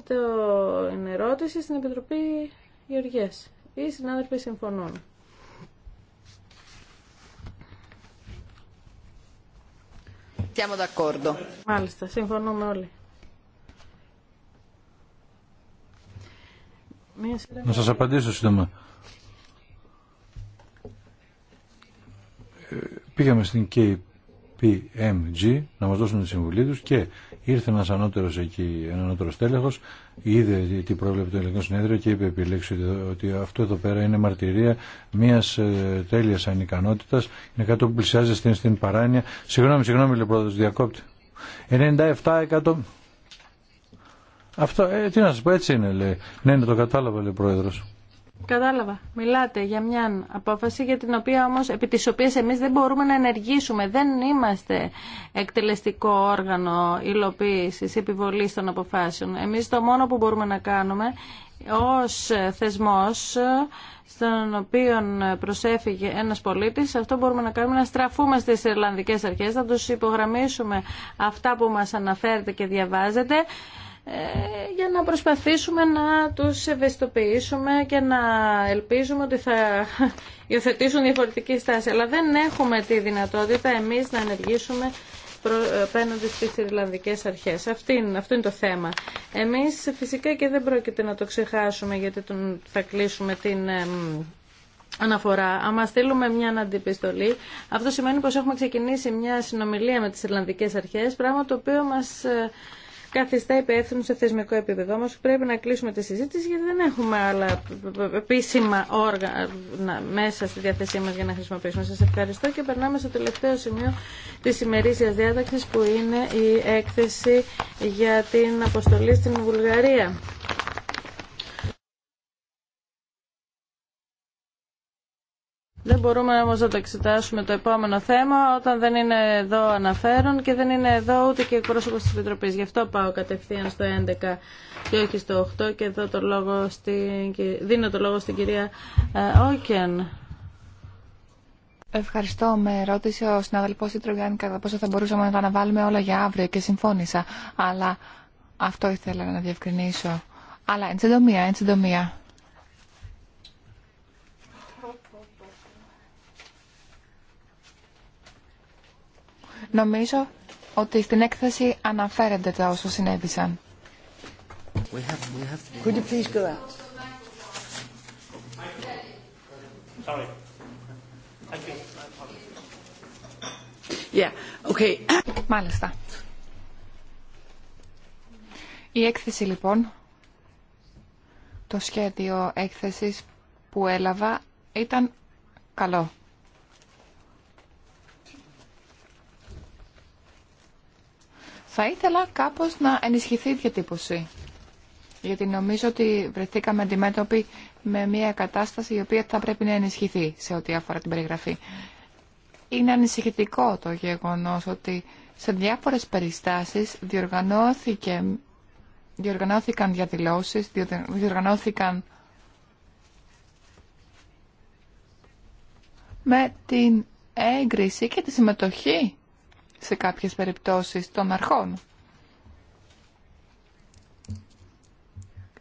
Speaker 3: την ερώτηση στην Επιτροπή Γεωργίας. Οι συνάδελφοι συμφωνούν.
Speaker 2: Siamo d'accordo.
Speaker 3: Μάλιστα, συμφωνούμε όλοι.
Speaker 2: Να σας απαντήσω σύντομα.
Speaker 1: Ε, πήγαμε στην Κέιπ PMG να μας δώσουν τη συμβουλή τους και ήρθε ένας ανώτερος εκεί, ένα ανώτερος τέλεχος, είδε τι πρόβλεπε το ελληνικό συνέδριο και είπε επιλέξει ότι αυτό εδώ πέρα είναι μαρτυρία μιας ε, τέλειας ανικανότητας, είναι κάτι που πλησιάζει στην, στην παράνοια. Συγγνώμη, συγγνώμη λέει διακόπτη. 97% αυτό, ε, τι να σας πω, έτσι είναι λέει. Ναι, ναι, το κατάλαβα λέει πρόεδρος.
Speaker 3: Κατάλαβα. Μιλάτε για μια απόφαση για την οποία όμως, επί της οποίας εμείς δεν μπορούμε να ενεργήσουμε. Δεν είμαστε εκτελεστικό όργανο υλοποίησης, επιβολής των αποφάσεων. Εμείς το μόνο που μπορούμε να κάνουμε ως θεσμός στον οποίο προσέφηκε ένας πολίτης, αυτό μπορούμε να κάνουμε να στραφούμε στις Ιρλανδικές αρχές, να τους υπογραμμίσουμε αυτά που μας αναφέρετε και διαβάζετε ε, για να προσπαθήσουμε να τους ευαισθητοποιήσουμε και να ελπίζουμε ότι θα <laughs> υιοθετήσουν διαφορετική στάση. Αλλά δεν έχουμε τη δυνατότητα εμείς να ενεργήσουμε απέναντι στις Ιρλανδικές αρχές. Αυτό είναι, το θέμα. Εμείς φυσικά και δεν πρόκειται να το ξεχάσουμε γιατί τον, θα κλείσουμε την αναφορά. Άμα στείλουμε μια αντιπιστολή, αυτό σημαίνει πως έχουμε ξεκινήσει μια συνομιλία με τις Ιρλανδικές αρχές, πράγμα το οποίο μας ε, καθιστά υπεύθυνο σε θεσμικό επίπεδο. Όμω πρέπει να κλείσουμε τη συζήτηση γιατί δεν έχουμε άλλα επίσημα όργανα μέσα στη διάθεσή μα για να χρησιμοποιήσουμε. Σα ευχαριστώ και περνάμε στο τελευταίο σημείο τη ημερήσια διάταξη που είναι η έκθεση για την αποστολή στην Βουλγαρία. Δεν μπορούμε όμω να το εξετάσουμε το επόμενο θέμα όταν δεν είναι εδώ αναφέρον και δεν είναι εδώ ούτε και εκπρόσωπο τη Επιτροπή. Γι' αυτό πάω κατευθείαν στο 11 και όχι στο 8 και εδώ το λόγο στην... δίνω το λόγο στην κυρία ε, Όκεν.
Speaker 5: Ευχαριστώ. Με ρώτησε ο συνάδελφο Ιτρογιάννη κατά πόσο θα μπορούσαμε να τα αναβάλουμε όλα για αύριο και συμφώνησα. Αλλά αυτό ήθελα να διευκρινίσω. Αλλά εν συντομία, εν συντομία. Νομίζω ότι στην έκθεση αναφέρεται τα όσα συνέβησαν. Μάλιστα. Η έκθεση λοιπόν, το σχέδιο έκθεσης που έλαβα ήταν καλό. Θα ήθελα κάπως να ενισχυθεί η διατύπωση. Γιατί νομίζω ότι βρεθήκαμε αντιμέτωποι με μια κατάσταση η οποία θα πρέπει να ενισχυθεί σε ό,τι αφορά την περιγραφή. Είναι ανησυχητικό το γεγονός ότι σε διάφορες περιστάσεις διοργανώθηκε, διοργανώθηκαν διαδηλώσεις, διοργανώθηκαν με την έγκριση και τη συμμετοχή σε κάποιες περιπτώσεις των αρχών.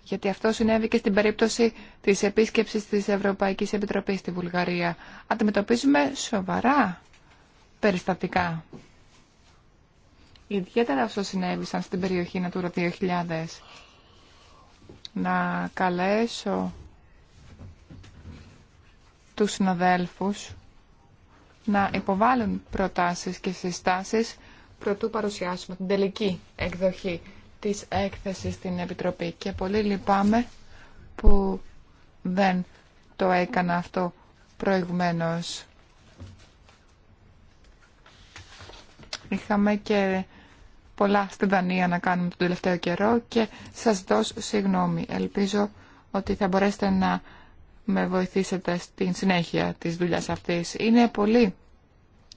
Speaker 5: Γιατί αυτό συνέβη και στην περίπτωση της επίσκεψης της Ευρωπαϊκής Επιτροπής στη Βουλγαρία. Αντιμετωπίζουμε σοβαρά περιστατικά. Ιδιαίτερα αυτό συνέβησαν στην περιοχή Natura 2000. Να καλέσω τους συναδέλφους να υποβάλουν προτάσεις και συστάσεις προτού παρουσιάσουμε την τελική εκδοχή της έκθεσης στην Επιτροπή. Και πολύ λυπάμαι που δεν το έκανα αυτό προηγουμένως. Είχαμε και πολλά στην Δανία να κάνουμε τον τελευταίο καιρό και σας δώσω συγγνώμη. Ελπίζω ότι θα μπορέσετε να με βοηθήσετε στην συνέχεια της δουλειάς αυτής. Είναι πολύ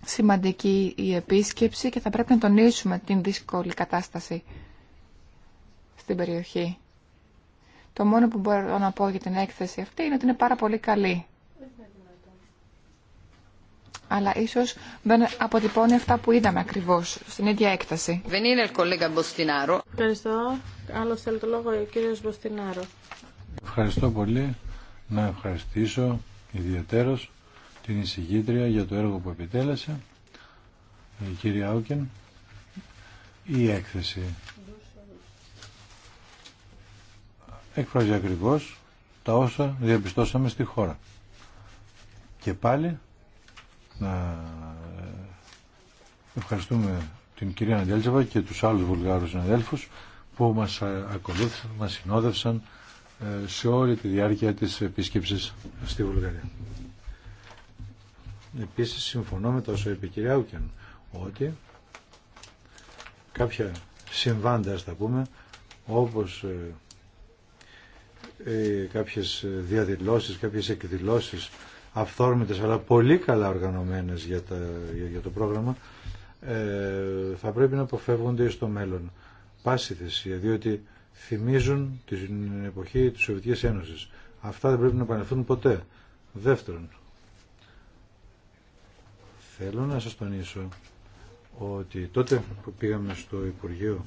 Speaker 5: σημαντική η επίσκεψη και θα πρέπει να τονίσουμε την δύσκολη κατάσταση στην περιοχή. Το μόνο που μπορώ να πω για την έκθεση αυτή είναι ότι είναι πάρα πολύ καλή. Αλλά ίσω δεν αποτυπώνει αυτά που είδαμε ακριβώ. στην ίδια έκταση.
Speaker 2: Δεν είναι Μποστινάρο. Ευχαριστώ. Άλλο θέλει το λόγο ο κύριο Μποστινάρο.
Speaker 1: Ευχαριστώ πολύ να ευχαριστήσω ιδιαίτερος την εισηγήτρια για το έργο που επιτέλεσε η κυρία Άουκεν η έκθεση εκφράζει ακριβώς τα όσα διαπιστώσαμε στη χώρα και πάλι να ευχαριστούμε την κυρία Αντέλτσεβα και τους άλλους βουλγάρους συναδέλφους που μας ακολούθησαν, μας συνόδευσαν σε όλη τη διάρκεια της επίσκεψης στη Βουλγαρία. Επίσης συμφωνώ με το όσο είπε η κυρία Ούκεν, ότι κάποια συμβάντα, ας τα πούμε, όπως ε, ε κάποιες διαδηλώσεις, κάποιες εκδηλώσεις αυθόρμητες αλλά πολύ καλά οργανωμένες για, για, το πρόγραμμα ε, θα πρέπει να αποφεύγονται στο μέλλον. Πάση θυσία, διότι θυμίζουν την εποχή της Σοβιετικής Ένωσης. Αυτά δεν πρέπει να επανελθούν ποτέ. Δεύτερον, θέλω να σας τονίσω ότι τότε που πήγαμε στο Υπουργείο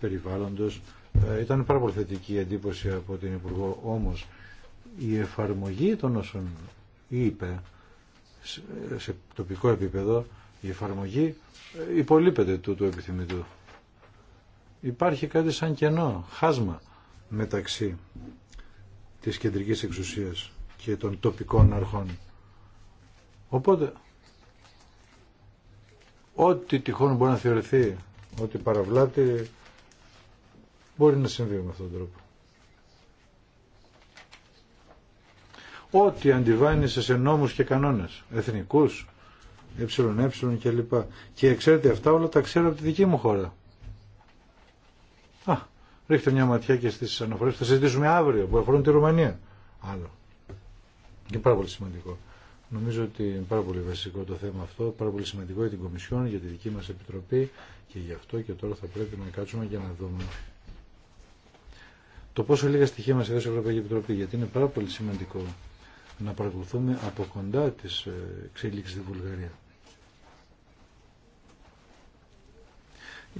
Speaker 1: Περιβάλλοντος ε, ήταν πάρα πολύ θετική η εντύπωση από την Υπουργό, όμως η εφαρμογή των όσων είπε σε τοπικό επίπεδο η εφαρμογή ε, υπολείπεται του, του επιθυμητού υπάρχει κάτι σαν κενό, χάσμα μεταξύ της κεντρικής εξουσίας και των τοπικών αρχών. Οπότε, ό,τι τυχόν μπορεί να θεωρηθεί ότι παραβλάτη μπορεί να συμβεί με αυτόν τον τρόπο. Ό,τι αντιβάνησε σε νόμους και κανόνες, εθνικούς, ε, ε λοιπά Και ξέρετε αυτά όλα τα ξέρω από τη δική μου χώρα. Α, ρίχτε μια ματιά και στι αναφορέ που θα συζητήσουμε αύριο που αφορούν τη Ρουμανία. Άλλο. Είναι πάρα πολύ σημαντικό. Νομίζω ότι είναι πάρα πολύ βασικό το θέμα αυτό, πάρα πολύ σημαντικό για την Κομισιόν, για τη δική μας Επιτροπή και γι' αυτό και τώρα θα πρέπει να κάτσουμε για να δούμε το πόσο λίγα στοιχεία μας έδωσε η Ευρωπαϊκή Επιτροπή, γιατί είναι πάρα πολύ σημαντικό να παρακολουθούμε από κοντά τις ε, εξελίξεις στη Βουλγαρία.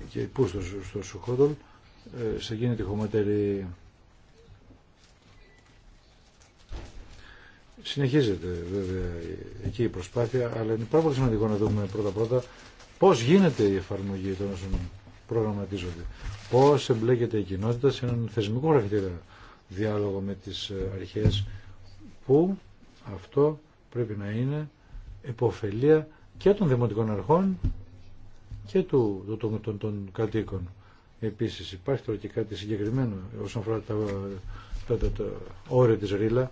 Speaker 1: Και πού στο, στο ε, σε εκείνη τη χωματερή. Συνεχίζεται βέβαια εκεί η προσπάθεια, αλλά είναι πάρα πολύ σημαντικό να δούμε πρώτα-πρώτα πώς γίνεται η εφαρμογή των όσων προγραμματίζονται. Πώς εμπλέκεται η κοινότητα σε έναν θεσμικό χαρακτήρα διάλογο με τις ε, αρχές που αυτό πρέπει να είναι υποφελία και των δημοτικών αρχών και του, των, των κατοίκων. Επίσης υπάρχει τώρα και κάτι συγκεκριμένο όσον αφορά τα, τα, όρια της Ρίλα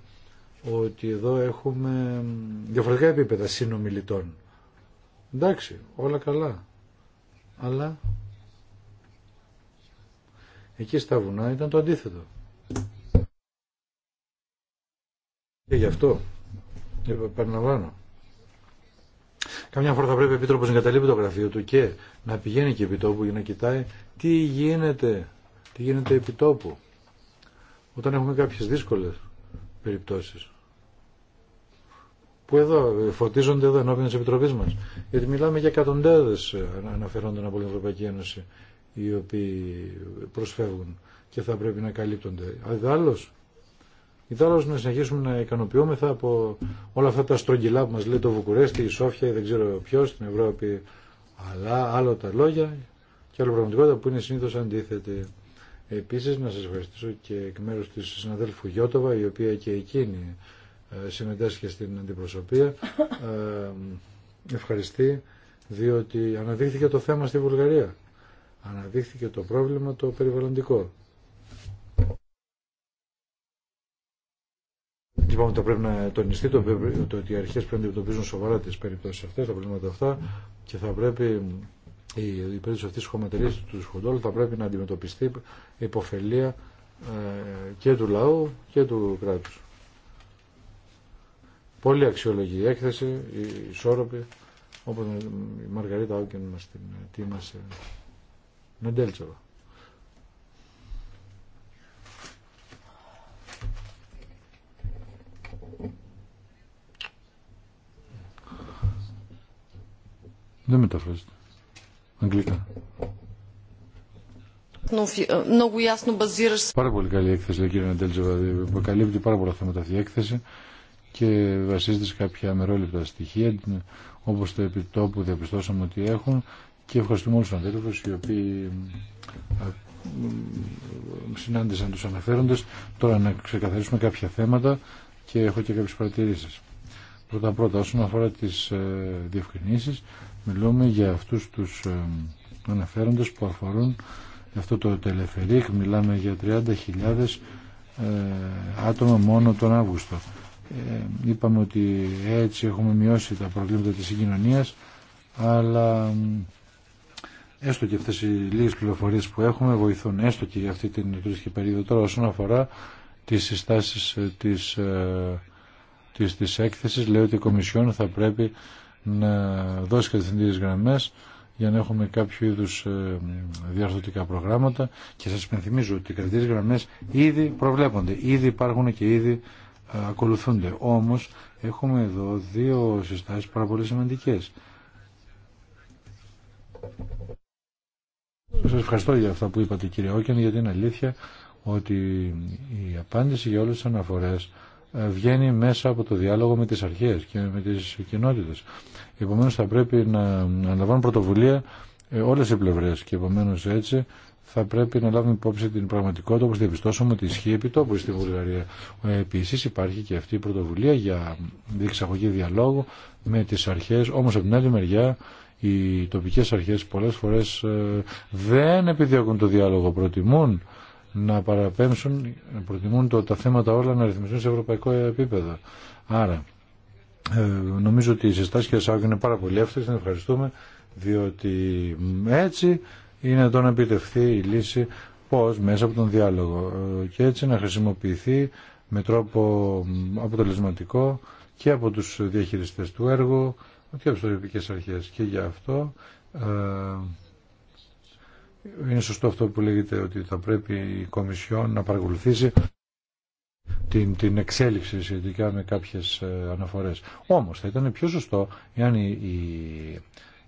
Speaker 1: ότι εδώ έχουμε διαφορετικά επίπεδα συνομιλητών. Εντάξει, όλα καλά. Αλλά εκεί στα βουνά ήταν το αντίθετο. Και γι' αυτό επαναλαμβάνω Καμιά φορά θα πρέπει ο Επίτροπος να καταλείπει το γραφείο του και να πηγαίνει και επιτόπου για να κοιτάει τι γίνεται, τι γίνεται επί Όταν έχουμε κάποιες δύσκολες περιπτώσεις που εδώ φωτίζονται εδώ ενώπιον της Επιτροπής μας. Γιατί μιλάμε για εκατοντάδες ε, αναφερόντων από την Ευρωπαϊκή Ένωση οι οποίοι προσφεύγουν και θα πρέπει να καλύπτονται. άλλος. Ιδάλλως να συνεχίσουμε να ικανοποιούμεθα από όλα αυτά τα στρογγυλά που μας λέει το Βουκουρέστι, η Σόφια, δεν ξέρω ποιο στην Ευρώπη, αλλά άλλο τα λόγια και άλλο πραγματικότητα που είναι συνήθως αντίθετη. Επίσης να σας ευχαριστήσω και εκ μέρους της συναδέλφου Γιώτοβα, η οποία και εκείνη ε, συμμετέσχε στην αντιπροσωπεία, ε, ευχαριστεί διότι αναδείχθηκε το θέμα στη Βουλγαρία. Αναδείχθηκε το πρόβλημα το περιβαλλοντικό. Λοιπόν το θα πρέπει να τονιστεί το, το ότι οι αρχέ πρέπει να αντιμετωπίζουν σοβαρά τι περιπτώσει αυτέ, τα προβλήματα αυτά και θα πρέπει η, η περίπτωση αυτή τη χωματερή του σχοντόλου θα πρέπει να αντιμετωπιστεί υποφελία ε, και του λαού και του κράτου. Πολύ αξιολογή η έκθεση, η ισόρροπη, όπως η Μαργαρίτα Όκεν μας την τίμασε με Δεν μεταφράζεται. Αγγλικά. Πάρα πολύ καλή έκθεση, λέει κύριε Ναντέλτζεβα. Καλύπτει πάρα πολλά θέματα αυτή η έκθεση και βασίζεται σε κάποια μερόληπτα στοιχεία, όπως το επιτόπου διαπιστώσαμε ότι έχουν και ευχαριστούμε όλους τους ανθρώπους οι οποίοι συνάντησαν τους αναφέροντες. Τώρα να ξεκαθαρίσουμε κάποια θέματα και έχω και κάποιες παρατηρήσεις. Πρώτα-πρώτα, όσον αφορά τις ε, διευκρινήσεις, Μιλούμε για αυτούς τους ε, αναφέροντες που αφορούν αυτό το τελεφερίκ. Μιλάμε για 30.000 ε, άτομα μόνο τον Αύγουστο. Ε, είπαμε ότι έτσι έχουμε μειώσει τα προβλήματα της συγκοινωνίας, αλλά έστω και αυτές οι λίγες πληροφορίες που έχουμε βοηθούν έστω και για αυτή την τουριστική περίοδο. Τώρα όσον αφορά τις συστάσεις της, της, της έκθεσης, λέει ότι η Κομισιόν θα πρέπει να δώσει κατευθυντήριες γραμμές για να έχουμε κάποιο είδους ε, διαρθωτικά προγράμματα και σας υπενθυμίζω ότι οι κατευθυντήριες γραμμές ήδη προβλέπονται, ήδη υπάρχουν και ήδη ε, ακολουθούνται. Όμως έχουμε εδώ δύο συστάσεις πάρα πολύ σημαντικές. Σας ευχαριστώ για αυτά που είπατε κύριε Όκεν γιατί είναι αλήθεια ότι η απάντηση για όλες τις αναφορές βγαίνει μέσα από το διάλογο με τις αρχές και με τις κοινότητες. Επομένως θα πρέπει να αναλαμβάνουν πρωτοβουλία ε, όλες οι πλευρές και επομένως έτσι θα πρέπει να λάβουμε υπόψη την πραγματικότητα όπως διαπιστώσαμε ότι ισχύει τόπου στη Βουλγαρία. Ε, επίσης υπάρχει και αυτή η πρωτοβουλία για διεξαγωγή διαλόγου με τις αρχές, όμως από την άλλη μεριά οι τοπικές αρχές πολλές φορές ε, δεν επιδιώκουν το διάλογο, προτιμούν να παραπέμψουν, να προτιμούν το, τα θέματα όλα να ρυθμιστούν σε ευρωπαϊκό επίπεδο. Άρα, ε, νομίζω ότι η συστάση και Σάκη είναι πάρα πολύ εύστοχες, να ευχαριστούμε, διότι έτσι είναι εδώ να επιτευχθεί η λύση πώς μέσα από τον διάλογο ε, και έτσι να χρησιμοποιηθεί με τρόπο αποτελεσματικό και από τους διαχειριστές του έργου και από τις αρχές. Και γι' αυτό ε, είναι σωστό αυτό που λέγεται ότι θα πρέπει η Κομισιόν να παρακολουθήσει την, την εξέλιξη σχετικά με κάποιες ε, αναφορές. Όμως θα ήταν πιο σωστό εάν η,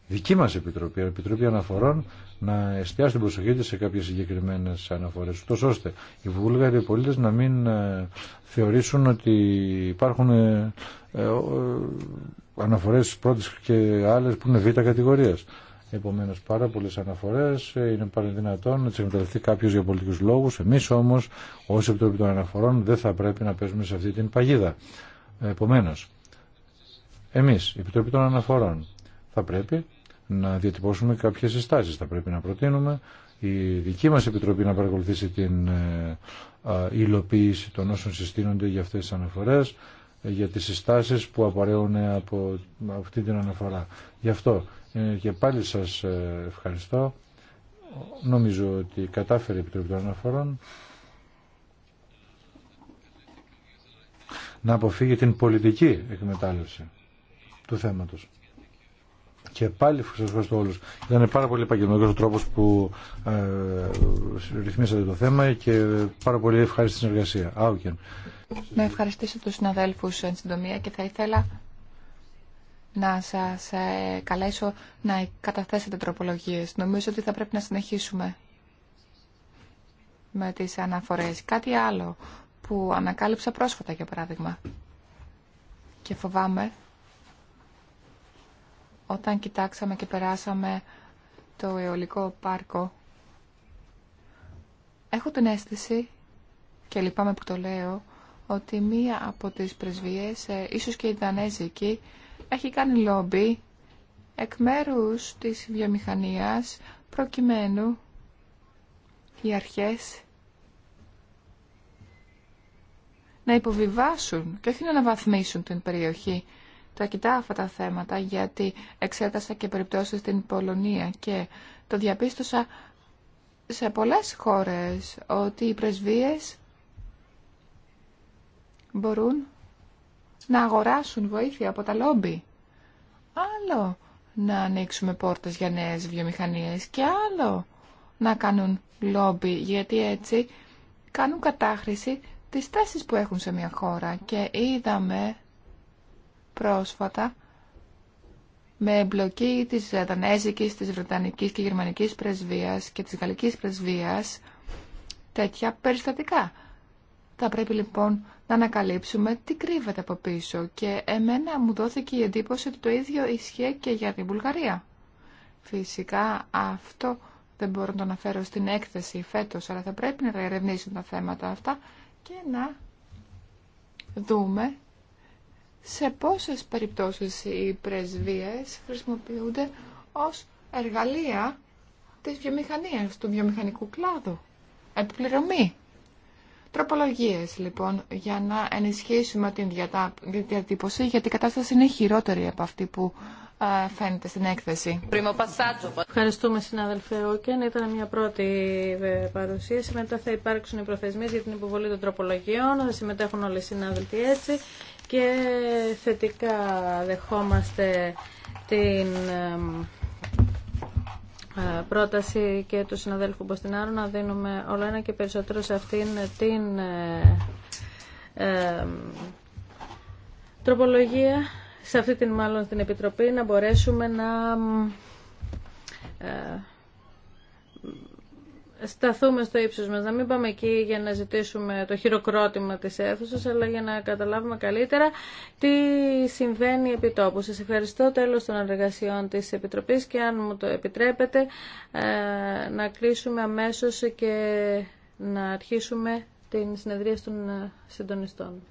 Speaker 1: δική μας Επιτροπή, η Επιτροπή Αναφορών, να εστιάσει την προσοχή της σε κάποιες συγκεκριμένες αναφορές, ούτως ώστε οι Βούλγαροι πολίτες να μην ε, θεωρήσουν ότι υπάρχουν ε, αναφορές πρώτης και άλλες που είναι β' κατηγορίας. Επομένω, πάρα πολλέ αναφορέ ε, είναι πάρα δυνατόν να τι εκμεταλλευτεί κάποιο για πολιτικού λόγου. Εμεί όμω, ω Επιτροπή των Αναφορών, δεν θα πρέπει να παίζουμε σε αυτή την παγίδα. Επομένω, εμεί, η Επιτροπή των Αναφορών, θα πρέπει να διατυπώσουμε κάποιε συστάσει. Θα πρέπει να προτείνουμε η δική μα Επιτροπή να παρακολουθήσει την ε, υλοποίηση των όσων συστήνονται για αυτέ τι αναφορέ ε, για τις συστάσεις που απαραίουν από αυτή την αναφορά. Γι' αυτό ε, και πάλι σας ε, ευχαριστώ. Νομίζω ότι κατάφερε η Επιτροπή των Αναφορών να αποφύγει την πολιτική εκμετάλλευση του θέματος. Και πάλι σας ευχαριστώ όλους. Ήταν πάρα πολύ επαγγελματικός ο τρόπος που ε, ρυθμίσατε το θέμα και πάρα πολύ ευχάριστη συνεργασία.
Speaker 5: Να ευχαριστήσω τους συναδέλφους εν συντομία και θα ήθελα να σας ε, καλέσω να καταθέσετε τροπολογίες. Νομίζω ότι θα πρέπει να συνεχίσουμε με τις αναφορές. Κάτι άλλο που ανακάλυψα πρόσφατα, για παράδειγμα. Και φοβάμαι όταν κοιτάξαμε και περάσαμε το αιωλικό πάρκο έχω την αίσθηση και λυπάμαι που το λέω ότι μία από τις πρεσβείες, ε, ίσως και η Δανέζικη, έχει κάνει λόμπι εκ μέρους της βιομηχανίας προκειμένου οι αρχές να υποβιβάσουν και όχι να αναβαθμίσουν την περιοχή. Τα κοιτάω αυτά τα θέματα γιατί εξέτασα και περιπτώσεις στην Πολωνία και το διαπίστωσα σε πολλές χώρες ότι οι πρεσβείες μπορούν να αγοράσουν βοήθεια από τα λόμπι. Άλλο να ανοίξουμε πόρτες για νέες βιομηχανίες και άλλο να κάνουν λόμπι, γιατί έτσι κάνουν κατάχρηση της τάσης που έχουν σε μια χώρα. Και είδαμε πρόσφατα με εμπλοκή της Δανέζικης, της Βρετανικής και Γερμανικής πρεσβείας και της Γαλλικής πρεσβείας τέτοια περιστατικά. Θα πρέπει λοιπόν να ανακαλύψουμε τι κρύβεται από πίσω και εμένα μου δόθηκε η εντύπωση ότι το ίδιο ισχύει και για την Βουλγαρία. Φυσικά αυτό δεν μπορώ να το αναφέρω στην έκθεση φέτος, αλλά θα πρέπει να ερευνήσουν τα θέματα αυτά και να δούμε σε πόσες περιπτώσεις οι πρεσβείες χρησιμοποιούνται ως εργαλεία της βιομηχανίας, του βιομηχανικού κλάδου. Επιπληρωμή Τροπολογίες λοιπόν για να ενισχύσουμε την διατύπωση γιατί η κατάσταση είναι χειρότερη από αυτή που φαίνεται στην έκθεση.
Speaker 2: Ευχαριστούμε
Speaker 3: συνάδελφε Όκεν. Ήταν μια πρώτη ε, παρουσίαση. Μετά θα υπάρξουν οι προθεσμίες για την υποβολή των τροπολογιών. Θα συμμετέχουν όλοι οι συνάδελφοι έτσι και θετικά δεχόμαστε την ε, πρόταση και του συναδέλφου Μποστινάρου να δίνουμε όλο ένα και περισσότερο σε αυτήν την ε, ε, τροπολογία, σε αυτή την μάλλον την Επιτροπή, να μπορέσουμε να ε, σταθούμε στο ύψος μας, να μην πάμε εκεί για να ζητήσουμε το χειροκρότημα της αίθουσας, αλλά για να καταλάβουμε καλύτερα τι συμβαίνει επί τόπου. Σας ευχαριστώ τέλος των εργασιών της Επιτροπής και αν μου το επιτρέπετε ε, να κλείσουμε αμέσως και να αρχίσουμε την συνεδρία των συντονιστών.